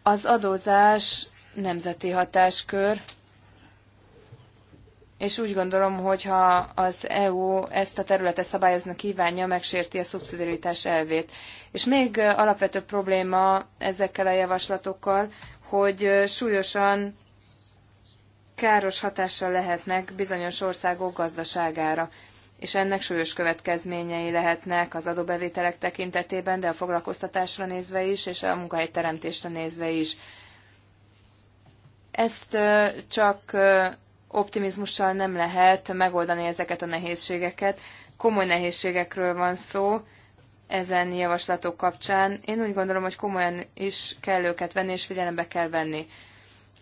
Az adózás nemzeti hatáskör, és úgy gondolom, hogy ha az EU ezt a területet szabályozni kívánja, megsérti a szubszidiaritás elvét. És még alapvető probléma ezekkel a javaslatokkal, hogy súlyosan káros hatással lehetnek bizonyos országok gazdaságára és ennek súlyos következményei lehetnek az adóbevételek tekintetében, de a foglalkoztatásra nézve is, és a munkahelyteremtésre nézve is. Ezt csak optimizmussal nem lehet megoldani ezeket a nehézségeket. Komoly nehézségekről van szó ezen javaslatok kapcsán. Én úgy gondolom, hogy komolyan is kell őket venni, és figyelembe kell venni.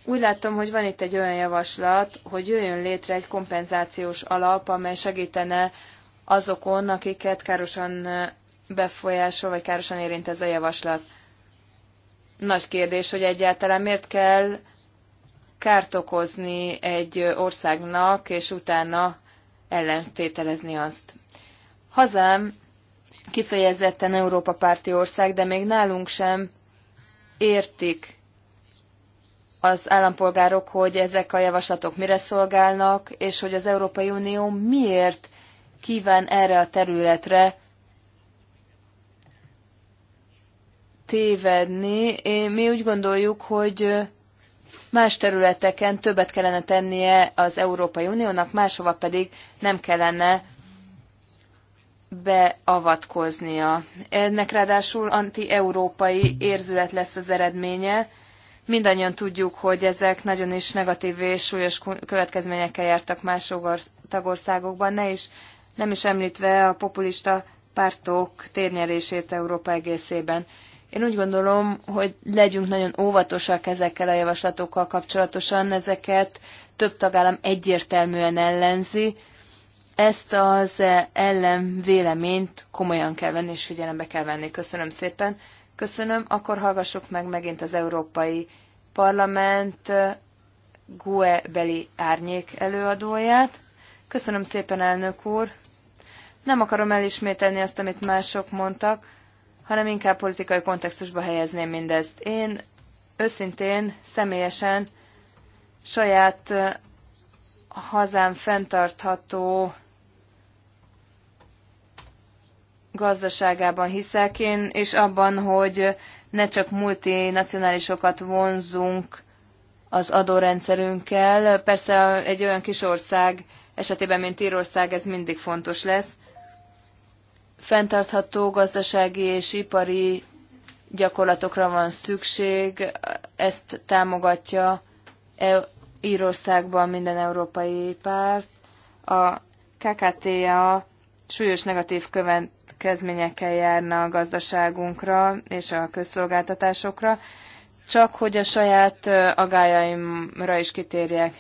Úgy látom, hogy van itt egy olyan javaslat, hogy jöjjön létre egy kompenzációs alap, amely segítene azokon, akiket károsan befolyásol, vagy károsan érint ez a javaslat. Nagy kérdés, hogy egyáltalán miért kell kárt okozni egy országnak, és utána ellentételezni azt. Hazám kifejezetten Európa párti ország, de még nálunk sem értik az állampolgárok, hogy ezek a javaslatok mire szolgálnak, és hogy az Európai Unió miért kíván erre a területre tévedni. Mi úgy gondoljuk, hogy más területeken többet kellene tennie az Európai Uniónak, máshova pedig nem kellene beavatkoznia. Ennek ráadásul anti-európai érzület lesz az eredménye. Mindannyian tudjuk, hogy ezek nagyon is negatív és súlyos következményekkel jártak más tagországokban, ne is, nem is említve a populista pártok térnyerését Európa egészében. Én úgy gondolom, hogy legyünk nagyon óvatosak ezekkel a javaslatokkal kapcsolatosan, ezeket több tagállam egyértelműen ellenzi. Ezt az ellen véleményt komolyan kell venni és figyelembe kell venni. Köszönöm szépen. Köszönöm. Akkor hallgassuk meg megint az Európai Parlament eh, Guebeli árnyék előadóját. Köszönöm szépen, elnök úr. Nem akarom elismételni azt, amit mások mondtak hanem inkább politikai kontextusba helyezném mindezt. Én őszintén, személyesen saját hazám fenntartható gazdaságában hiszek én, és abban, hogy ne csak multinacionálisokat vonzunk az adórendszerünkkel. Persze egy olyan kis ország esetében, mint Írország, ez mindig fontos lesz, fenntartható gazdasági és ipari gyakorlatokra van szükség, ezt támogatja e- Írországban minden európai párt. A KKTA súlyos negatív következményekkel járna a gazdaságunkra és a közszolgáltatásokra, csak hogy a saját agályaimra is kitérjek.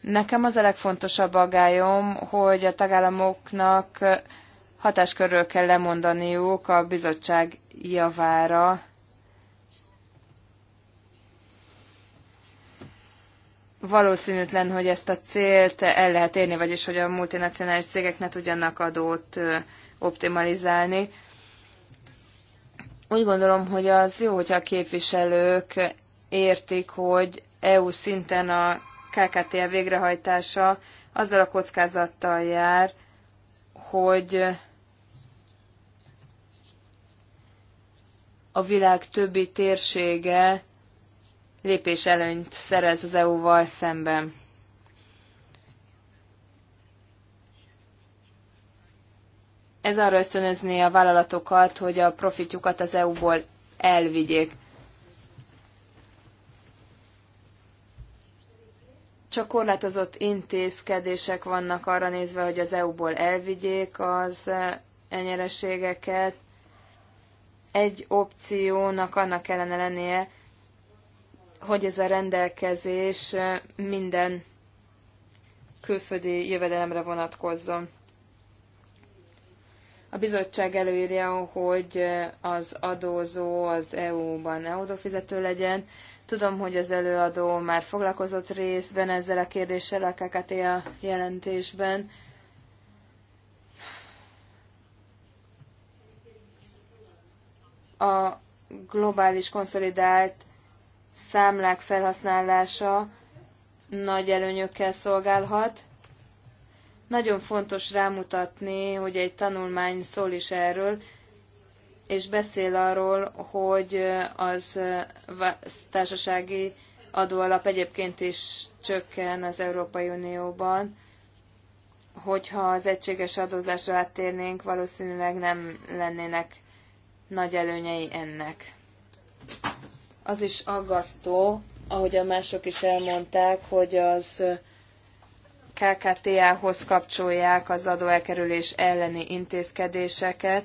Nekem az a legfontosabb agályom, hogy a tagállamoknak hatáskörről kell lemondaniuk a bizottság javára. Valószínűtlen, hogy ezt a célt el lehet érni, vagyis hogy a multinacionális cégek ne tudjanak adót optimalizálni. Úgy gondolom, hogy az jó, hogyha a képviselők értik, hogy EU szinten a KKTL végrehajtása azzal a kockázattal jár, hogy a világ többi térsége lépéselőnyt szerez az EU-val szemben. Ez arra ösztönözni a vállalatokat, hogy a profitjukat az EU-ból elvigyék. csak korlátozott intézkedések vannak arra nézve, hogy az EU-ból elvigyék az e, nyereségeket. Egy opciónak annak kellene lennie, hogy ez a rendelkezés e, minden külföldi jövedelemre vonatkozzon. A bizottság előírja, hogy e, az adózó az EU-ban adófizető legyen, Tudom, hogy az előadó már foglalkozott részben ezzel a kérdéssel a a jelentésben. A globális konszolidált számlák felhasználása nagy előnyökkel szolgálhat. Nagyon fontos rámutatni, hogy egy tanulmány szól is erről, és beszél arról, hogy az társasági adóalap egyébként is csökken az Európai Unióban, hogyha az egységes adózásra áttérnénk, valószínűleg nem lennének nagy előnyei ennek. Az is aggasztó, ahogy a mások is elmondták, hogy az KKTA-hoz kapcsolják az adóelkerülés elleni intézkedéseket,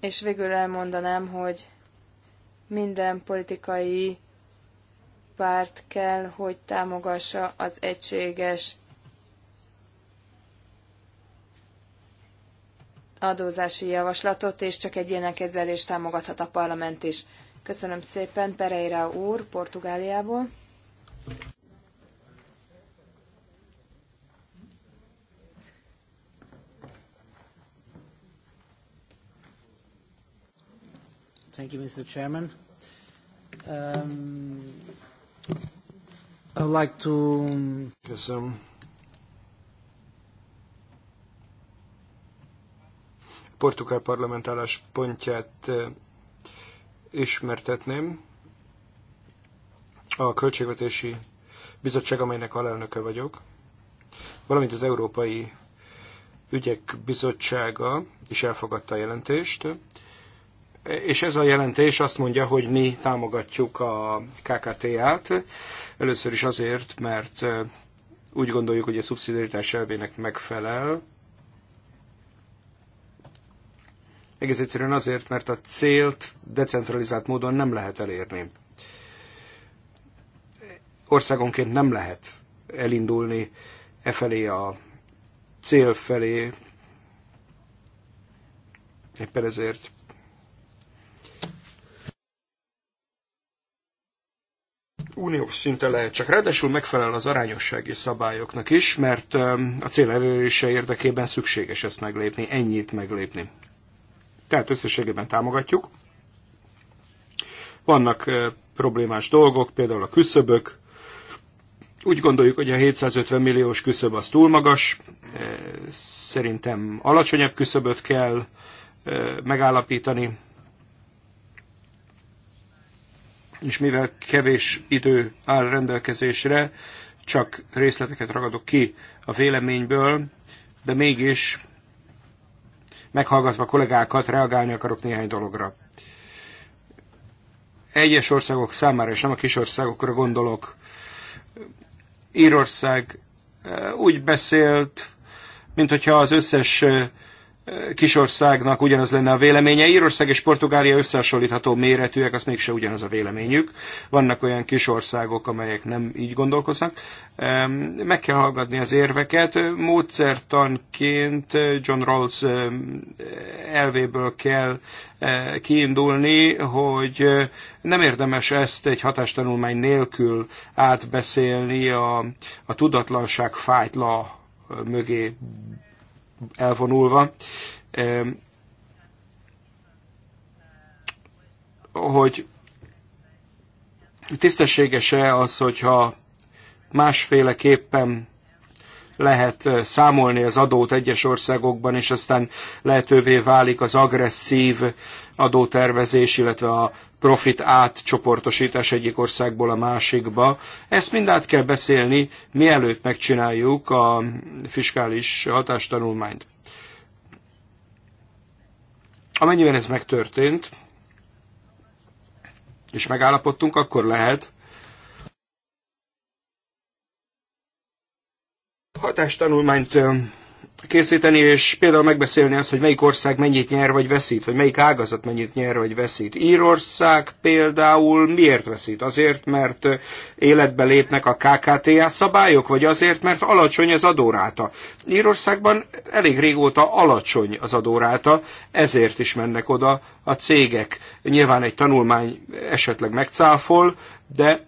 És végül elmondanám, hogy minden politikai párt kell, hogy támogassa az egységes adózási javaslatot, és csak egy ilyen kezelést támogathat a parlament is. Köszönöm szépen, Pereira úr, Portugáliából. Thank you, Mr. Chairman. Um, I would like to... Um, Köszönöm. A portugál parlament álláspontját ismertetném. A Költségvetési Bizottság, amelynek alelnöke vagyok, valamint az Európai Ügyek Bizottsága is elfogadta a jelentést és ez a jelentés azt mondja, hogy mi támogatjuk a KKT-át, először is azért, mert úgy gondoljuk, hogy a szubszidiaritás elvének megfelel, egész egyszerűen azért, mert a célt decentralizált módon nem lehet elérni. Országonként nem lehet elindulni e felé a cél felé, éppen ezért uniós szinten lehet csak. Ráadásul megfelel az arányossági szabályoknak is, mert um, a cél elérése érdekében szükséges ezt meglépni, ennyit meglépni. Tehát összességében támogatjuk. Vannak uh, problémás dolgok, például a küszöbök. Úgy gondoljuk, hogy a 750 milliós küszöb az túl magas. Uh, szerintem alacsonyabb küszöböt kell uh, megállapítani. és mivel kevés idő áll rendelkezésre, csak részleteket ragadok ki a véleményből, de mégis meghallgatva kollégákat reagálni akarok néhány dologra. Egyes országok számára, és nem a kis országokra gondolok, Írország eh, úgy beszélt, mint hogyha az összes eh, kisországnak ugyanaz lenne a véleménye. Írország és Portugália összehasonlítható méretűek, az mégse ugyanaz a véleményük. Vannak olyan kisországok, amelyek nem így gondolkoznak. Meg kell hallgatni az érveket. Módszertanként eh, John Rawls eh, elvéből kell eh, kiindulni, hogy nem érdemes ezt egy hatástanulmány nélkül átbeszélni a, a tudatlanság fájtla mögé elvonulva, hogy tisztességes-e az, hogyha másféleképpen lehet eh, számolni az adót egyes országokban, és aztán lehetővé válik az agresszív adótervezés, illetve a profit átcsoportosítás egyik országból a másikba. Ezt mind át kell beszélni, mielőtt megcsináljuk a fiskális hatástanulmányt. Amennyiben ez megtörtént, és megállapodtunk, akkor lehet hatástanulmányt készíteni, és például megbeszélni azt, hogy melyik ország mennyit nyer vagy veszít, vagy melyik ágazat mennyit nyer vagy veszít. Írország például miért veszít? Azért, mert életbe lépnek a KKTA szabályok, vagy azért, mert alacsony az adóráta. Írországban elég régóta alacsony az adóráta, ezért is mennek oda a cégek. Nyilván egy tanulmány esetleg megcáfol, de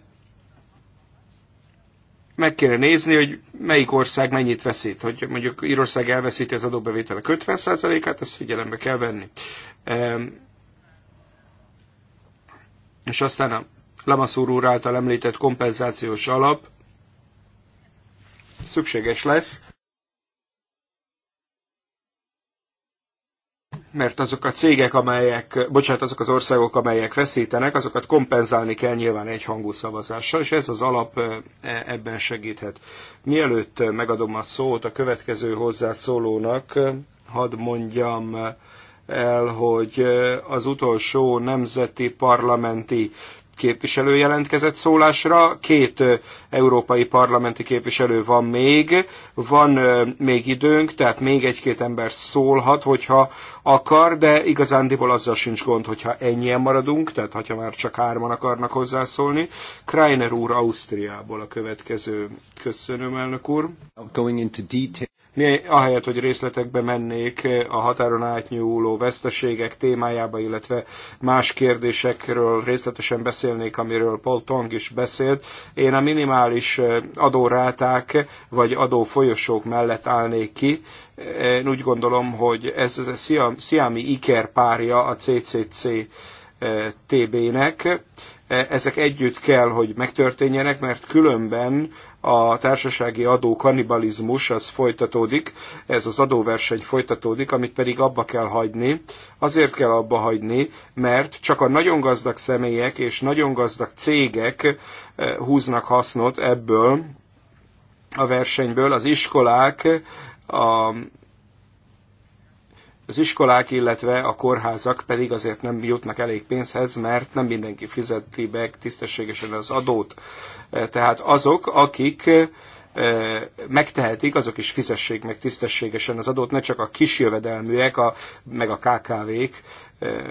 meg kéne nézni, hogy melyik ország mennyit veszít. Hogy mondjuk Írország elveszíti az adóbevételek 50%-át, ezt figyelembe kell venni. És aztán a Lamaszúr úr által említett kompenzációs alap szükséges lesz. mert azok a cégek, amelyek, bocsánat, azok az országok, amelyek veszítenek, azokat kompenzálni kell nyilván egy hangú szavazással, és ez az alap e, ebben segíthet. Mielőtt megadom a szót a következő hozzászólónak, hadd mondjam el, hogy az utolsó nemzeti parlamenti képviselő jelentkezett szólásra, két európai parlamenti képviselő van még, van még időnk, tehát még egy-két ember szólhat, hogyha akar, de igazándiból azzal sincs gond, hogyha ennyien maradunk, tehát ha már csak hárman akarnak hozzászólni. Kreiner úr Ausztriából a következő. Köszönöm, elnök úr. Going into detail mi ahelyett, hogy részletekbe mennék a határon átnyúló veszteségek témájába, illetve más kérdésekről részletesen beszélnék, amiről Paul Tong is beszélt, én a minimális adóráták vagy adófolyosók mellett állnék ki. Én úgy gondolom, hogy ez a Iker párja a CCC TB-nek. E, ezek együtt kell, hogy megtörténjenek, mert különben a társasági adó kanibalizmus az folytatódik, ez az adóverseny folytatódik, amit pedig abba kell hagyni. Azért kell abba hagyni, mert csak a nagyon gazdag személyek és nagyon gazdag cégek e, húznak hasznot ebből a versenyből. Az iskolák, a az iskolák, illetve a kórházak pedig azért nem jutnak elég pénzhez, mert nem mindenki fizeti be tisztességesen az adót. Eh, tehát azok, akik eh, megtehetik, azok is fizessék meg tisztességesen az adót, ne csak a kisjövedelműek, a, meg a KKV-k eh,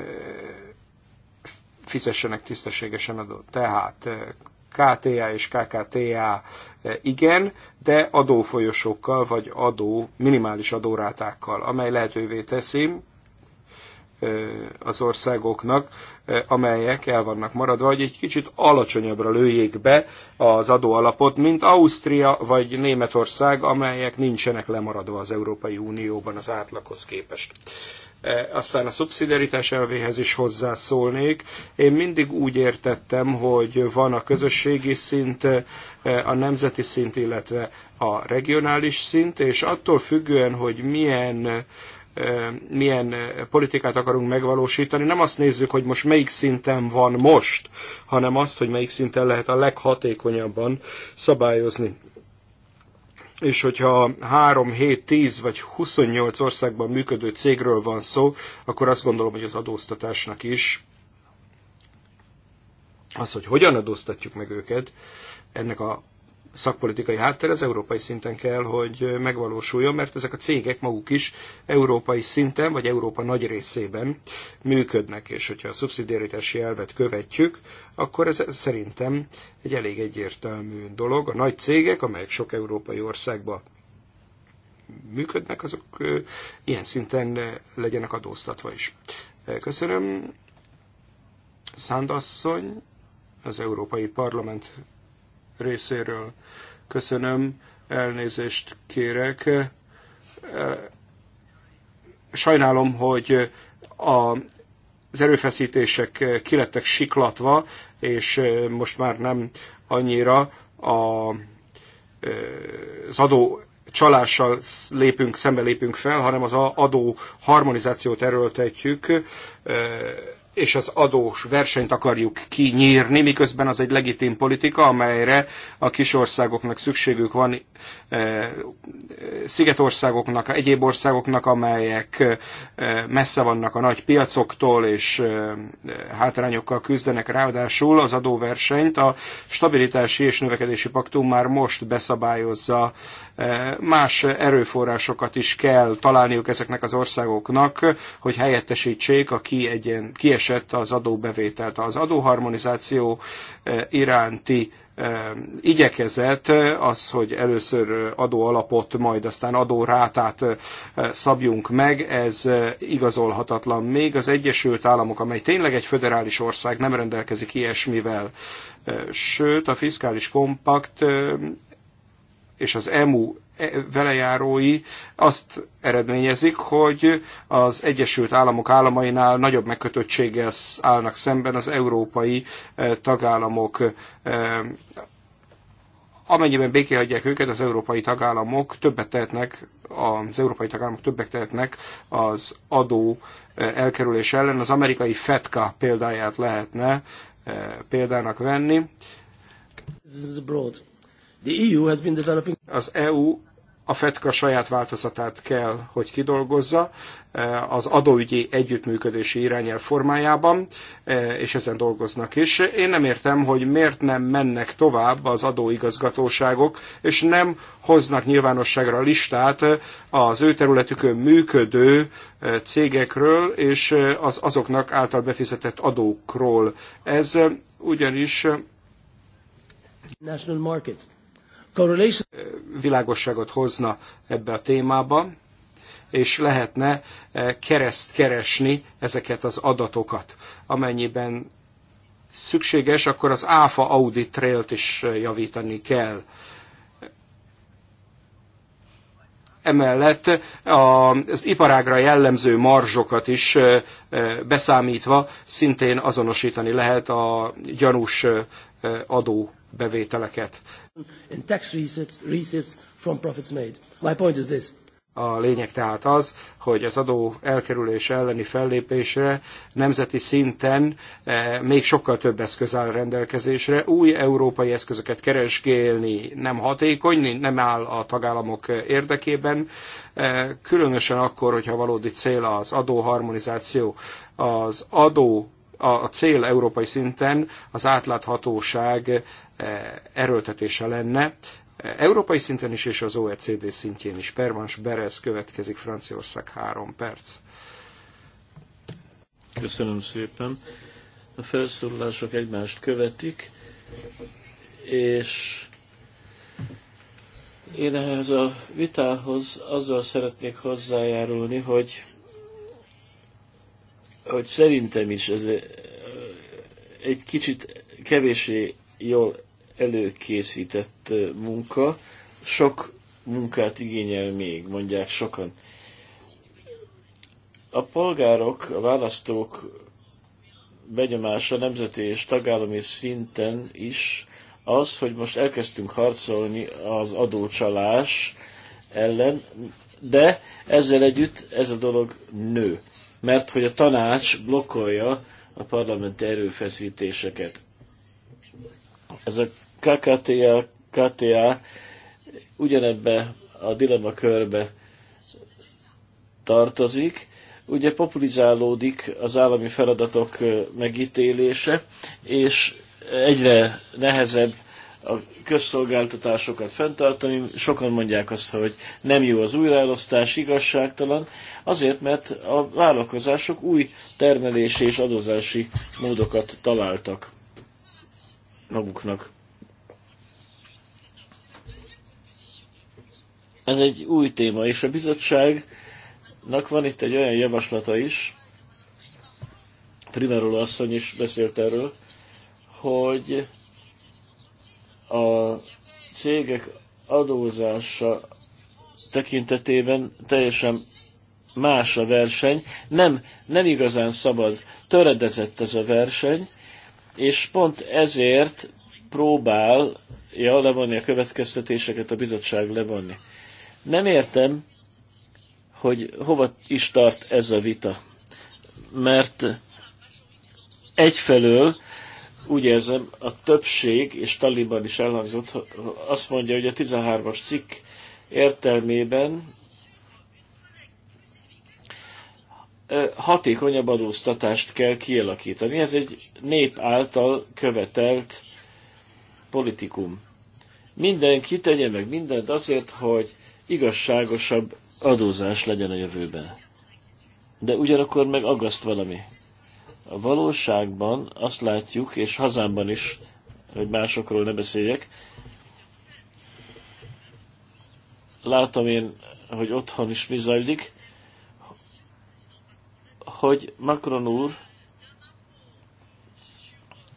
fizessenek tisztességesen adót. Tehát KTA és KKTA eh, igen, de adófolyosokkal vagy adó, minimális adórátákkal, amely lehetővé teszi eh, az országoknak, eh, amelyek el vannak maradva, hogy egy kicsit alacsonyabbra lőjék be az adóalapot, mint Ausztria vagy Németország, amelyek nincsenek lemaradva az Európai Unióban az átlaghoz képest. E, aztán a szubszidiaritás elvéhez is hozzászólnék. Én mindig úgy értettem, hogy van a közösségi szint, e, a nemzeti szint, illetve a regionális szint, és attól függően, hogy milyen e, milyen politikát akarunk megvalósítani. Nem azt nézzük, hogy most melyik szinten van most, hanem azt, hogy melyik szinten lehet a leghatékonyabban szabályozni és hogyha 3, 7, 10 vagy 28 országban működő cégről van szó, akkor azt gondolom, hogy az adóztatásnak is az, hogy hogyan adóztatjuk meg őket, ennek a szakpolitikai háttér, ez európai szinten kell, hogy megvalósuljon, mert ezek a cégek maguk is európai szinten, vagy Európa nagy részében működnek, és hogyha a szubszidiaritási elvet követjük, akkor ez szerintem egy elég egyértelmű dolog. A nagy cégek, amelyek sok európai országba működnek, azok ilyen szinten legyenek adóztatva is. Köszönöm. Szándasszony, az Európai Parlament részéről. Köszönöm, elnézést kérek. Sajnálom, hogy a, az erőfeszítések kilettek siklatva, és most már nem annyira a, az adó csalással lépünk, szembe lépünk fel, hanem az adó harmonizációt erőltetjük és az adós versenyt akarjuk kinyírni, miközben az egy legitim politika, amelyre a kis országoknak szükségük van, eh, szigetországoknak, egyéb országoknak, amelyek eh, messze vannak a nagy piacoktól, és eh, hátrányokkal küzdenek ráadásul. Az adóversenyt a stabilitási és növekedési paktum már most beszabályozza Más erőforrásokat is kell találniuk ezeknek az országoknak, hogy helyettesítsék a kiegyen, kiesett az adóbevételt. Az adóharmonizáció e, iránti e, igyekezett e, az, hogy először adóalapot, majd aztán adórátát szabjunk meg, ez igazolhatatlan. Még az Egyesült Államok, amely tényleg egy föderális ország, nem rendelkezik ilyesmivel. Sőt, a fiskális kompakt és az EMU e, velejárói azt eredményezik, hogy az Egyesült Államok államainál nagyobb megkötöttséggel állnak szemben az európai e, tagállamok. E, amennyiben béké hagyják őket, az európai tagállamok többet tehetnek, az európai tagállamok többet tehetnek az adó elkerülés ellen. Az amerikai FETKA példáját lehetne példának venni. This is broad. The EU has been developing... Az EU a FETKA saját változatát kell, hogy kidolgozza e, az adóügyi együttműködési irányel formájában, e, és ezen dolgoznak is. Én nem értem, hogy miért nem mennek tovább az adóigazgatóságok, és nem hoznak nyilvánosságra listát az ő területükön működő e, cégekről, és az azoknak által befizetett adókról. Ez ugyanis... National markets világosságot hozna ebbe a témába, és lehetne kereszt keresni ezeket az adatokat. Amennyiben szükséges, akkor az ÁFA audit trailt is javítani kell. Emellett az iparágra jellemző marzsokat is beszámítva szintén azonosítani lehet a gyanús adó bevételeket. And tax receipts, receipts from profits made. My point is this. A lényeg tehát az, hogy az adó elkerülése elleni fellépésre nemzeti szinten eh, még sokkal több eszköz áll rendelkezésre. Új európai eszközöket keresgélni nem hatékony, nem áll a tagállamok érdekében, eh, különösen akkor, hogyha valódi cél az adóharmonizáció. Az adó a cél európai szinten az átláthatóság erőltetése lenne, európai szinten is és az OECD szintjén is. Pervans Berez következik, Franciaország három perc. Köszönöm szépen. A felszólalások egymást követik, és én ehhez a vitához azzal szeretnék hozzájárulni, hogy, hogy szerintem is ez egy kicsit kevésé jól előkészített munka. Sok munkát igényel még, mondják sokan. A polgárok, a választók benyomása nemzeti és tagállami szinten is az, hogy most elkezdtünk harcolni az adócsalás ellen, de ezzel együtt ez a dolog nő. Mert hogy a tanács blokkolja a parlamenti erőfeszítéseket. Ez a KKTA, KTA ugyanebbe a dilemma körbe tartozik. Ugye populizálódik az állami feladatok megítélése, és egyre nehezebb a közszolgáltatásokat fenntartani. Sokan mondják azt, hogy nem jó az újraelosztás, igazságtalan, azért, mert a vállalkozások új termelési és adózási módokat találtak maguknak. Ez egy új téma, és a bizottságnak van itt egy olyan javaslata is, Primerul asszony is beszélt erről, hogy a cégek adózása tekintetében teljesen más a verseny, nem, nem igazán szabad, töredezett ez a verseny, és pont ezért próbálja levonni a következtetéseket a bizottság levonni. Nem értem, hogy hova is tart ez a vita. Mert egyfelől úgy érzem, a többség, és Taliban is elhangzott, azt mondja, hogy a 13-as cikk értelmében hatékonyabb adóztatást kell kialakítani. Ez egy nép által követelt politikum. Mindenki tegye meg mindent azért, hogy igazságosabb adózás legyen a jövőben. De ugyanakkor meg aggaszt valami. A valóságban azt látjuk, és hazámban is, hogy másokról ne beszéljek, látom én, hogy otthon is mi zajlik, hogy Macron úr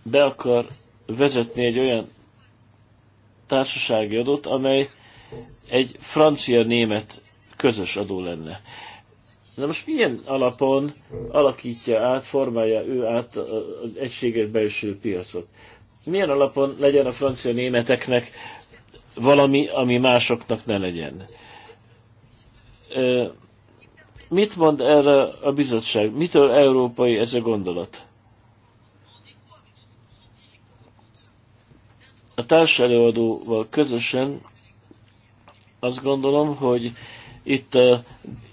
be akar vezetni egy olyan társasági adót, amely egy francia-német közös adó lenne. Na most milyen alapon alakítja át, formálja ő át az egységes belső piacot? Milyen alapon legyen a francia-németeknek valami, ami másoknak ne legyen? Mit mond erre a bizottság? Mitől európai ez a gondolat? A társelőadóval közösen azt gondolom, hogy itt a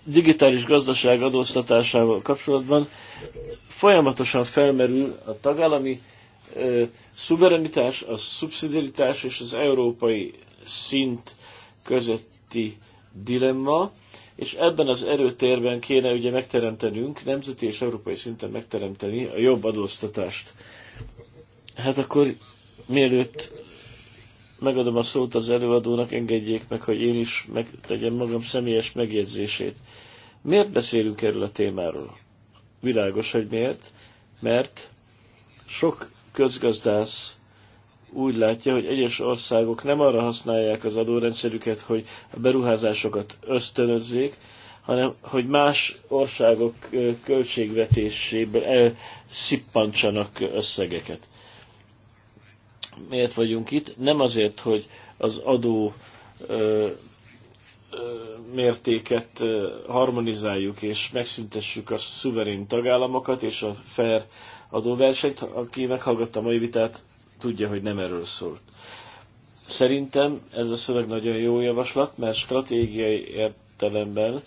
digitális gazdaság adóztatásával kapcsolatban folyamatosan felmerül a tagállami ö, szuverenitás, a szubszidiaritás és az európai szint közötti dilemma, és ebben az erőtérben kéne ugye megteremtenünk, nemzeti és európai szinten megteremteni a jobb adóztatást. Hát akkor mielőtt megadom a szót az előadónak, engedjék meg, hogy én is megtegyem magam személyes megjegyzését. Miért beszélünk erről a témáról? Világos, hogy miért? Mert sok közgazdász úgy látja, hogy egyes országok nem arra használják az adórendszerüket, hogy a beruházásokat ösztönözzék, hanem hogy más országok költségvetéséből elszippantsanak összegeket miért vagyunk itt? Nem azért, hogy az adó ö, ö, mértéket ö, harmonizáljuk és megszüntessük a szuverén tagállamokat és a fair adóversenyt. Aki meghallgatta a mai vitát, tudja, hogy nem erről szólt. Szerintem ez a szöveg nagyon jó javaslat, mert stratégiai értelemben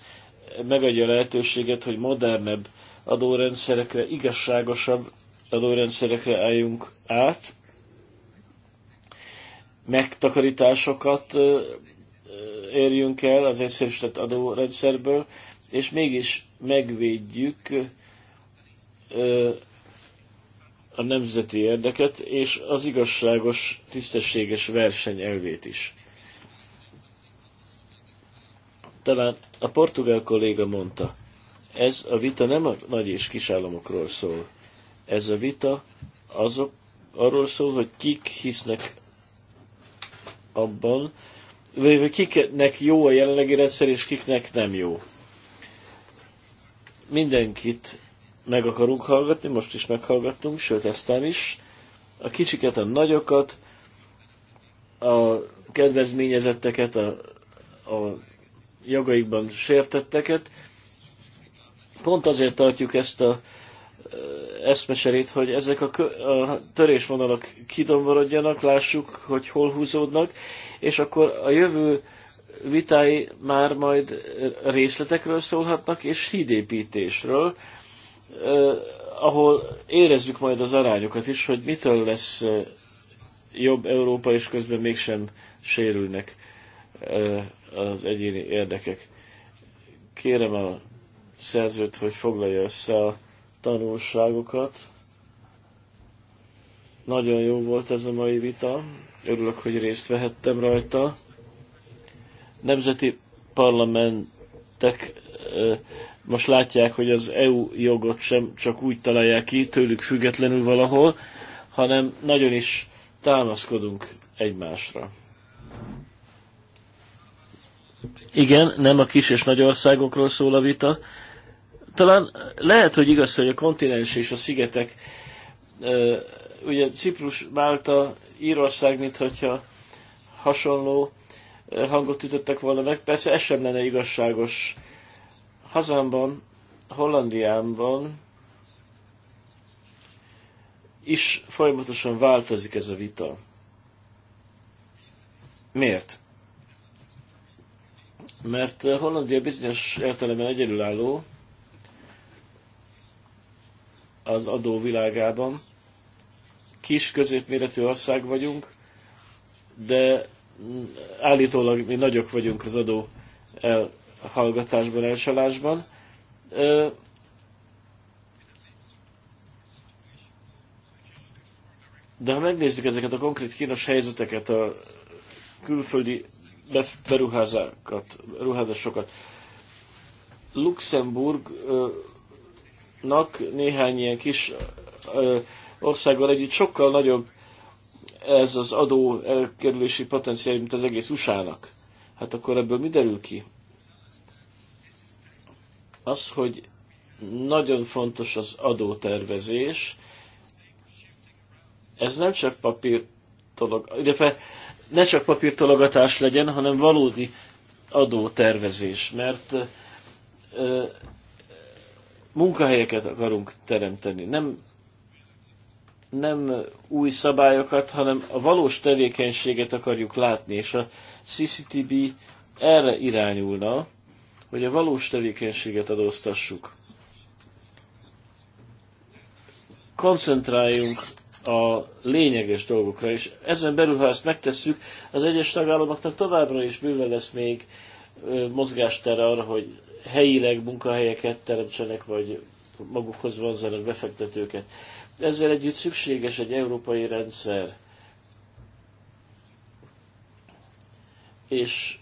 megadja a lehetőséget, hogy modernebb adórendszerekre, igazságosabb adórendszerekre álljunk át, megtakarításokat érjünk el az egyszerűsített adórendszerből, és mégis megvédjük a nemzeti érdeket, és az igazságos, tisztességes verseny elvét is. Talán a portugál kolléga mondta, ez a vita nem a nagy és kis államokról szól. Ez a vita azok arról szól, hogy kik hisznek abban, vagy kiknek jó a jelenlegi rendszer, és kiknek nem jó. Mindenkit meg akarunk hallgatni, most is meghallgattunk, sőt, eztán is. A kicsiket, a nagyokat, a kedvezményezetteket, a, a jogaikban sértetteket. Pont azért tartjuk ezt a eszmeserét, hogy ezek a, a törésvonalak kidomborodjanak, lássuk, hogy hol húzódnak, és akkor a jövő vitái már majd részletekről szólhatnak, és hídépítésről, ahol érezzük majd az arányokat is, hogy mitől lesz jobb Európa, és közben mégsem sérülnek az egyéni érdekek. Kérem a szerzőt, hogy foglalja össze a tanulságokat. Nagyon jó volt ez a mai vita, örülök, hogy részt vehettem rajta. Nemzeti parlamentek most látják, hogy az EU jogot sem csak úgy találják ki, tőlük függetlenül valahol, hanem nagyon is támaszkodunk egymásra. Igen, nem a kis és nagy országokról szól a vita, talán lehet, hogy igaz, hogy a kontinens és a szigetek, ugye Ciprus, Málta, Írország, mintha hasonló hangot ütöttek volna meg. Persze ez sem lenne igazságos. Hazámban, Hollandiámban is folyamatosan változik ez a vita. Miért? Mert Hollandia bizonyos értelemben egyedülálló, az adóvilágában. Kis, középméretű ország vagyunk, de állítólag mi nagyok vagyunk az adó elhallgatásban, elcsalásban. De ha megnézzük ezeket a konkrét kínos helyzeteket, a külföldi beruházásokat, Luxemburg Nak néhány ilyen kis ö, országgal együtt sokkal nagyobb ez az adó elkerülési potenciál, mint az egész USA-nak. Hát akkor ebből mi derül ki? Az, hogy nagyon fontos az adótervezés. Ez nem csak papírtologatás, illetve ne csak papírtologatás legyen, hanem valódi adótervezés, mert munkahelyeket akarunk teremteni, nem, nem új szabályokat, hanem a valós tevékenységet akarjuk látni, és a CCTB erre irányulna, hogy a valós tevékenységet adóztassuk. Koncentráljunk a lényeges dolgokra, és ezen belül, ha ezt megtesszük, az egyes tagállamoknak továbbra is bőve lesz még mozgástere arra, hogy helyileg munkahelyeket teremtsenek, vagy magukhoz vonzanak befektetőket. Ezzel együtt szükséges egy európai rendszer, és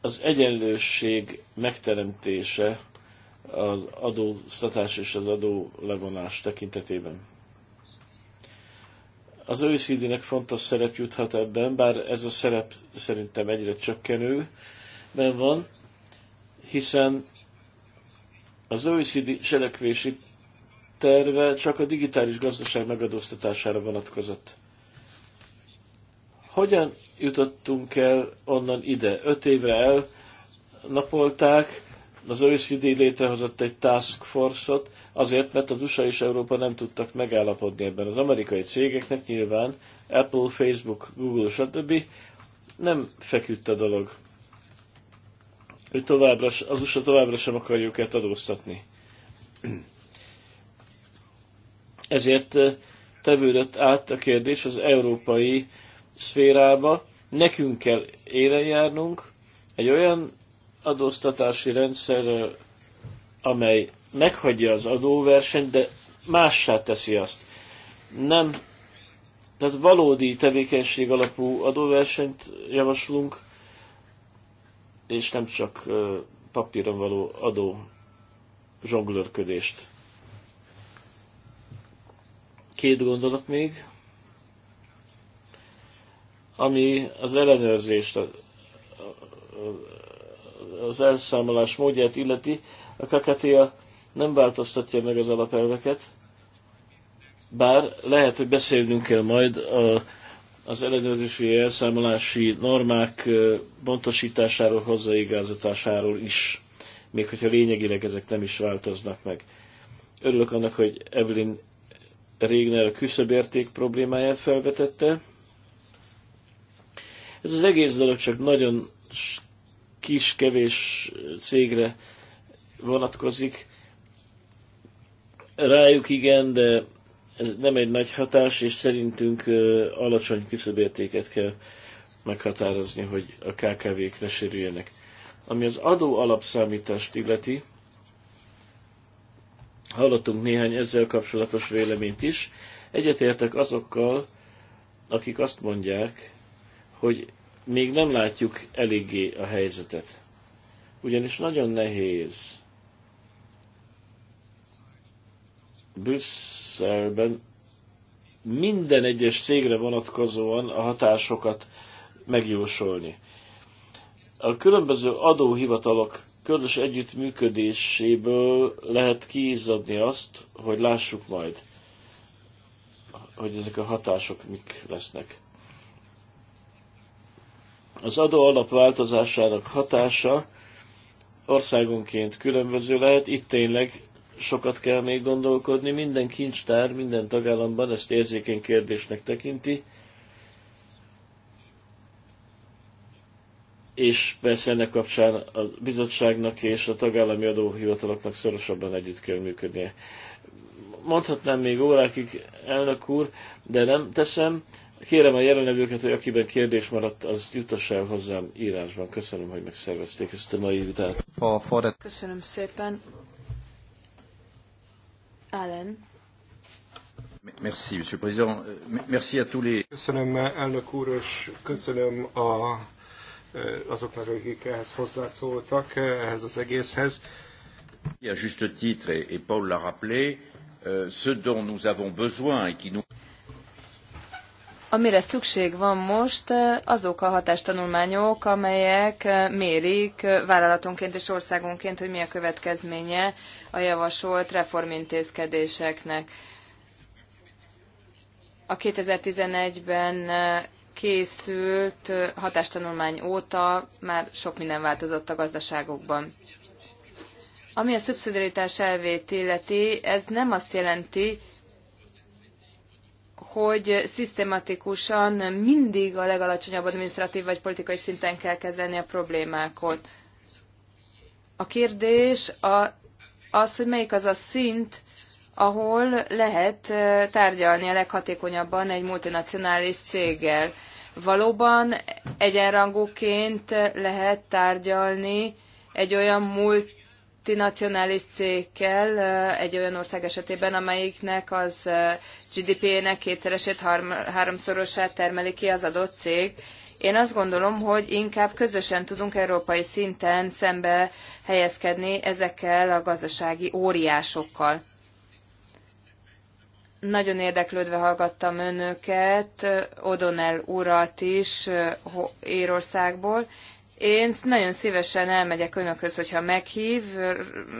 az egyenlőség megteremtése az adóztatás és az adó levonás tekintetében. Az OECD-nek fontos szerep juthat ebben, bár ez a szerep szerintem egyre csökkenőben van, hiszen az OECD cselekvési terve csak a digitális gazdaság megadóztatására vonatkozott. Hogyan jutottunk el onnan ide? Öt évre el napolták, az OECD létrehozott egy task force-ot, azért, mert az USA és Európa nem tudtak megállapodni ebben. Az amerikai cégeknek nyilván Apple, Facebook, Google, stb. nem feküdt a dolog. Ő továbbra, az USA továbbra sem akarja őket adóztatni. Ezért tevődött át a kérdés az európai szférába. Nekünk kell élen járnunk egy olyan adóztatási rendszer, amely meghagyja az adóversenyt, de mássá teszi azt. Nem, tehát valódi tevékenység alapú adóversenyt javaslunk, és nem csak papíron való adó zsonglőrködést. Két gondolat még, ami az ellenőrzést, az elszámolás módját illeti, a kakatéja nem változtatja meg az alapelveket, bár lehet, hogy beszélnünk kell majd a, az ellenőrzési elszámolási normák pontosításáról, hozzáigazításáról is, még hogyha lényegileg ezek nem is változnak meg. Örülök annak, hogy Evelyn Régner a küszöbérték problémáját felvetette. Ez az egész dolog csak nagyon kis, kevés cégre vonatkozik. Rájuk igen, de ez nem egy nagy hatás, és szerintünk alacsony küszöbértéket kell meghatározni, hogy a KKV-k ne sérüljenek. Ami az adó alapszámítást illeti, hallottunk néhány ezzel kapcsolatos véleményt is. Egyetértek azokkal, akik azt mondják, hogy még nem látjuk eléggé a helyzetet. Ugyanis nagyon nehéz Brüsszelben minden egyes szégre vonatkozóan a hatásokat megjósolni. A különböző adóhivatalok közös együttműködéséből lehet kiizzadni azt, hogy lássuk majd, hogy ezek a hatások mik lesznek. Az adóalap változásának hatása országonként különböző lehet, itt tényleg sokat kell még gondolkodni, minden kincstár, minden tagállamban ezt érzékeny kérdésnek tekinti, és persze ennek kapcsán a bizottságnak és a tagállami adóhivataloknak szorosabban együtt kell működnie. Mondhatnám még órákig, elnök úr, de nem teszem. Kérem a jelenlevőket, hogy akiben kérdés maradt, az jutass el hozzám írásban. Köszönöm, hogy megszervezték ezt a mai vitát. Köszönöm szépen. Allen. Merci, Monsieur Président. Euh, merci à tous les... Köszönöm, elnök úr, és köszönöm a, eh, azoknak, akik ehhez hozzászóltak, eh, ehhez az egészhez. À juste titre, et Paul l'a rappelé, euh, ce dont nous avons besoin et qui nous... Amire szükség van most, eh, azok a hatástanulmányok, amelyek eh, mérik eh, vállalatonként és országonként, hogy mi a következménye a javasolt reformintézkedéseknek. A 2011-ben készült hatástanulmány óta már sok minden változott a gazdaságokban. Ami a szubszidiaritás elvét illeti, ez nem azt jelenti, hogy szisztematikusan mindig a legalacsonyabb administratív vagy politikai szinten kell kezelni a problémákat. A kérdés a, az, hogy melyik az a szint, ahol lehet tárgyalni a leghatékonyabban egy multinacionális céggel. Valóban egyenrangúként lehet tárgyalni egy olyan múlt multinacionális cégkel egy olyan ország esetében, amelyiknek az GDP-nek kétszeresét, háromszorosát termeli ki az adott cég. Én azt gondolom, hogy inkább közösen tudunk európai szinten szembe helyezkedni ezekkel a gazdasági óriásokkal. Nagyon érdeklődve hallgattam önöket, Odonel urat is Írországból, én nagyon szívesen elmegyek önökhöz, hogyha meghív,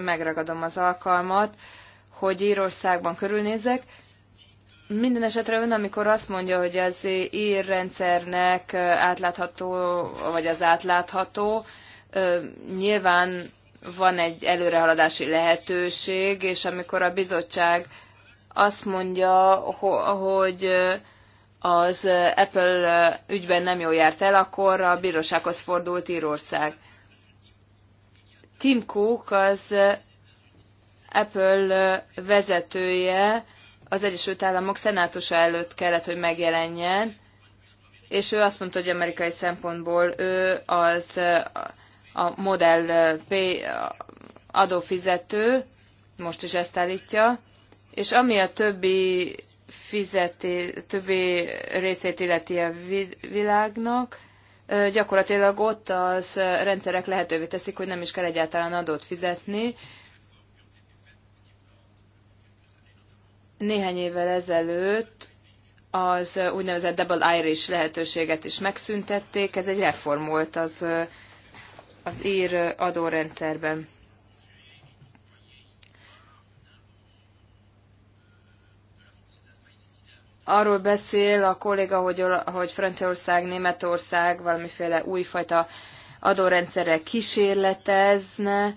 megragadom az alkalmat, hogy Írországban körülnézek. Minden esetre ön, amikor azt mondja, hogy az ír rendszernek átlátható, vagy az átlátható, nyilván van egy előrehaladási lehetőség, és amikor a bizottság azt mondja, hogy az Apple ügyben nem jól járt el, akkor a bírósághoz fordult Írország. Tim Cook az Apple vezetője az Egyesült Államok szenátusa előtt kellett, hogy megjelenjen, és ő azt mondta, hogy amerikai szempontból ő az a modell P adófizető, most is ezt állítja, és ami a többi fizeti, többi részét illeti a világnak, gyakorlatilag ott az rendszerek lehetővé teszik, hogy nem is kell egyáltalán adót fizetni. Néhány évvel ezelőtt az úgynevezett Double Irish lehetőséget is megszüntették, ez egy reform volt az, az ír adórendszerben. arról beszél a kolléga, hogy, hogy Franciaország, Németország valamiféle újfajta adórendszerrel kísérletezne.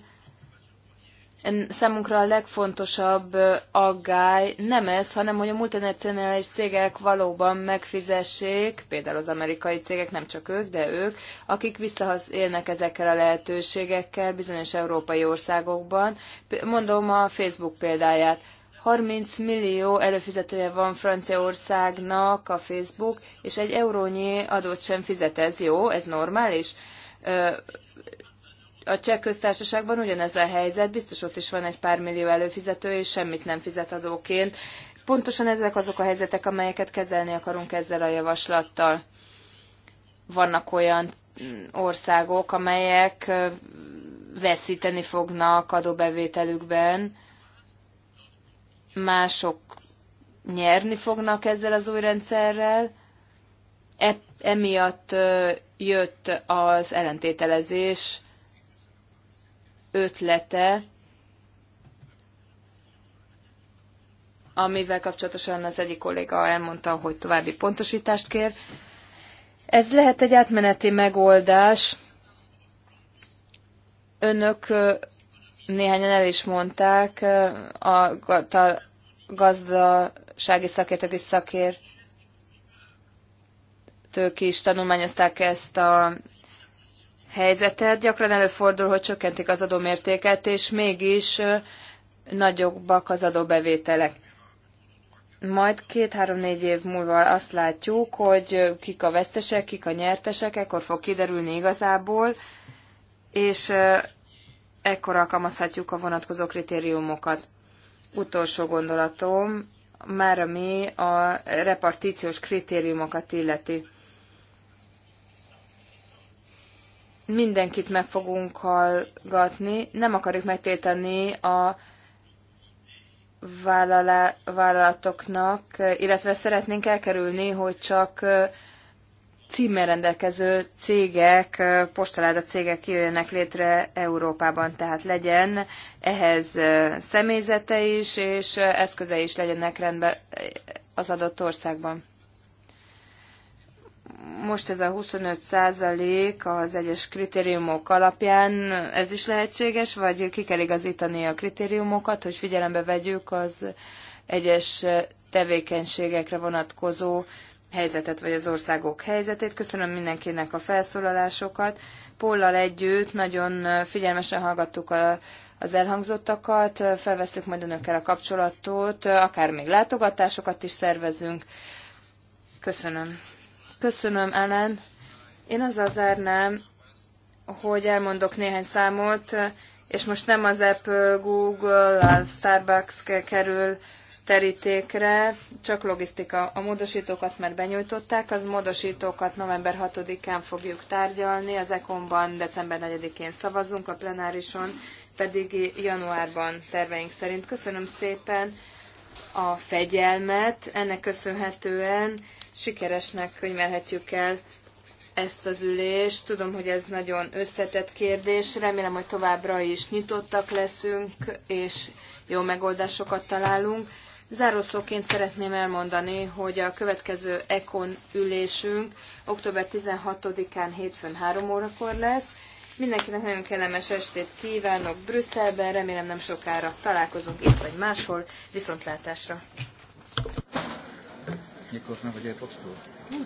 Számunkra a legfontosabb aggály nem ez, hanem hogy a multinacionális cégek valóban megfizessék, például az amerikai cégek, nem csak ők, de ők, akik visszaélnek ezekkel a lehetőségekkel bizonyos európai országokban. Mondom a Facebook példáját 30 millió előfizetője van Franciaországnak a Facebook, és egy eurónyi adót sem fizet. Ez jó, ez normális. A cseh köztársaságban ugyanez a helyzet, biztos ott is van egy pár millió előfizető, és semmit nem fizet adóként. Pontosan ezek azok a helyzetek, amelyeket kezelni akarunk ezzel a javaslattal. Vannak olyan mm, országok, amelyek veszíteni fognak adóbevételükben, mások nyerni fognak ezzel az új rendszerrel, e, emiatt jött az ellentételezés ötlete, amivel kapcsolatosan az egyik kolléga elmondta, hogy további pontosítást kér. Ez lehet egy átmeneti megoldás. Önök Néhányan el is mondták, a, a gazdasági szakértők és szakértők is tanulmányozták ezt a helyzetet. Gyakran előfordul, hogy csökkentik az adómértéket, és mégis nagyobbak az adóbevételek. Majd két-három-négy év múlva azt látjuk, hogy kik a vesztesek, kik a nyertesek, ekkor fog kiderülni igazából, és ekkor alkalmazhatjuk a vonatkozó kritériumokat. Utolsó gondolatom, már ami a repartíciós kritériumokat illeti. Mindenkit meg fogunk hallgatni, nem akarjuk megtéteni a vállalatoknak, illetve szeretnénk elkerülni, hogy csak címmel rendelkező cégek, postaláda cégek kijöjjenek létre Európában, tehát legyen ehhez személyzete is, és eszköze is legyenek rendben az adott országban. Most ez a 25 százalék az egyes kritériumok alapján, ez is lehetséges, vagy ki kell igazítani a kritériumokat, hogy figyelembe vegyük az egyes tevékenységekre vonatkozó helyzetet, vagy az országok helyzetét. Köszönöm mindenkinek a felszólalásokat. Póllal együtt nagyon figyelmesen hallgattuk a, az elhangzottakat, felveszünk majd önökkel a kapcsolatot, akár még látogatásokat is szervezünk. Köszönöm. Köszönöm, Ellen. Én azzal zárnám, hogy elmondok néhány számot, és most nem az Apple, Google, a Starbucks kerül terítékre, csak logisztika. A módosítókat már benyújtották, az módosítókat november 6-án fogjuk tárgyalni, az ekonban december 4-én szavazunk, a plenárison pedig januárban terveink szerint. Köszönöm szépen a fegyelmet, ennek köszönhetően sikeresnek könyvelhetjük el ezt az ülést. Tudom, hogy ez nagyon összetett kérdés, remélem, hogy továbbra is nyitottak leszünk, és jó megoldásokat találunk. Zárószóként szeretném elmondani, hogy a következő ECON ülésünk október 16-án hétfőn 3 órakor lesz. Mindenkinek nagyon kellemes estét kívánok Brüsszelben, remélem nem sokára találkozunk itt vagy máshol. Viszontlátásra! Mikor nem vagy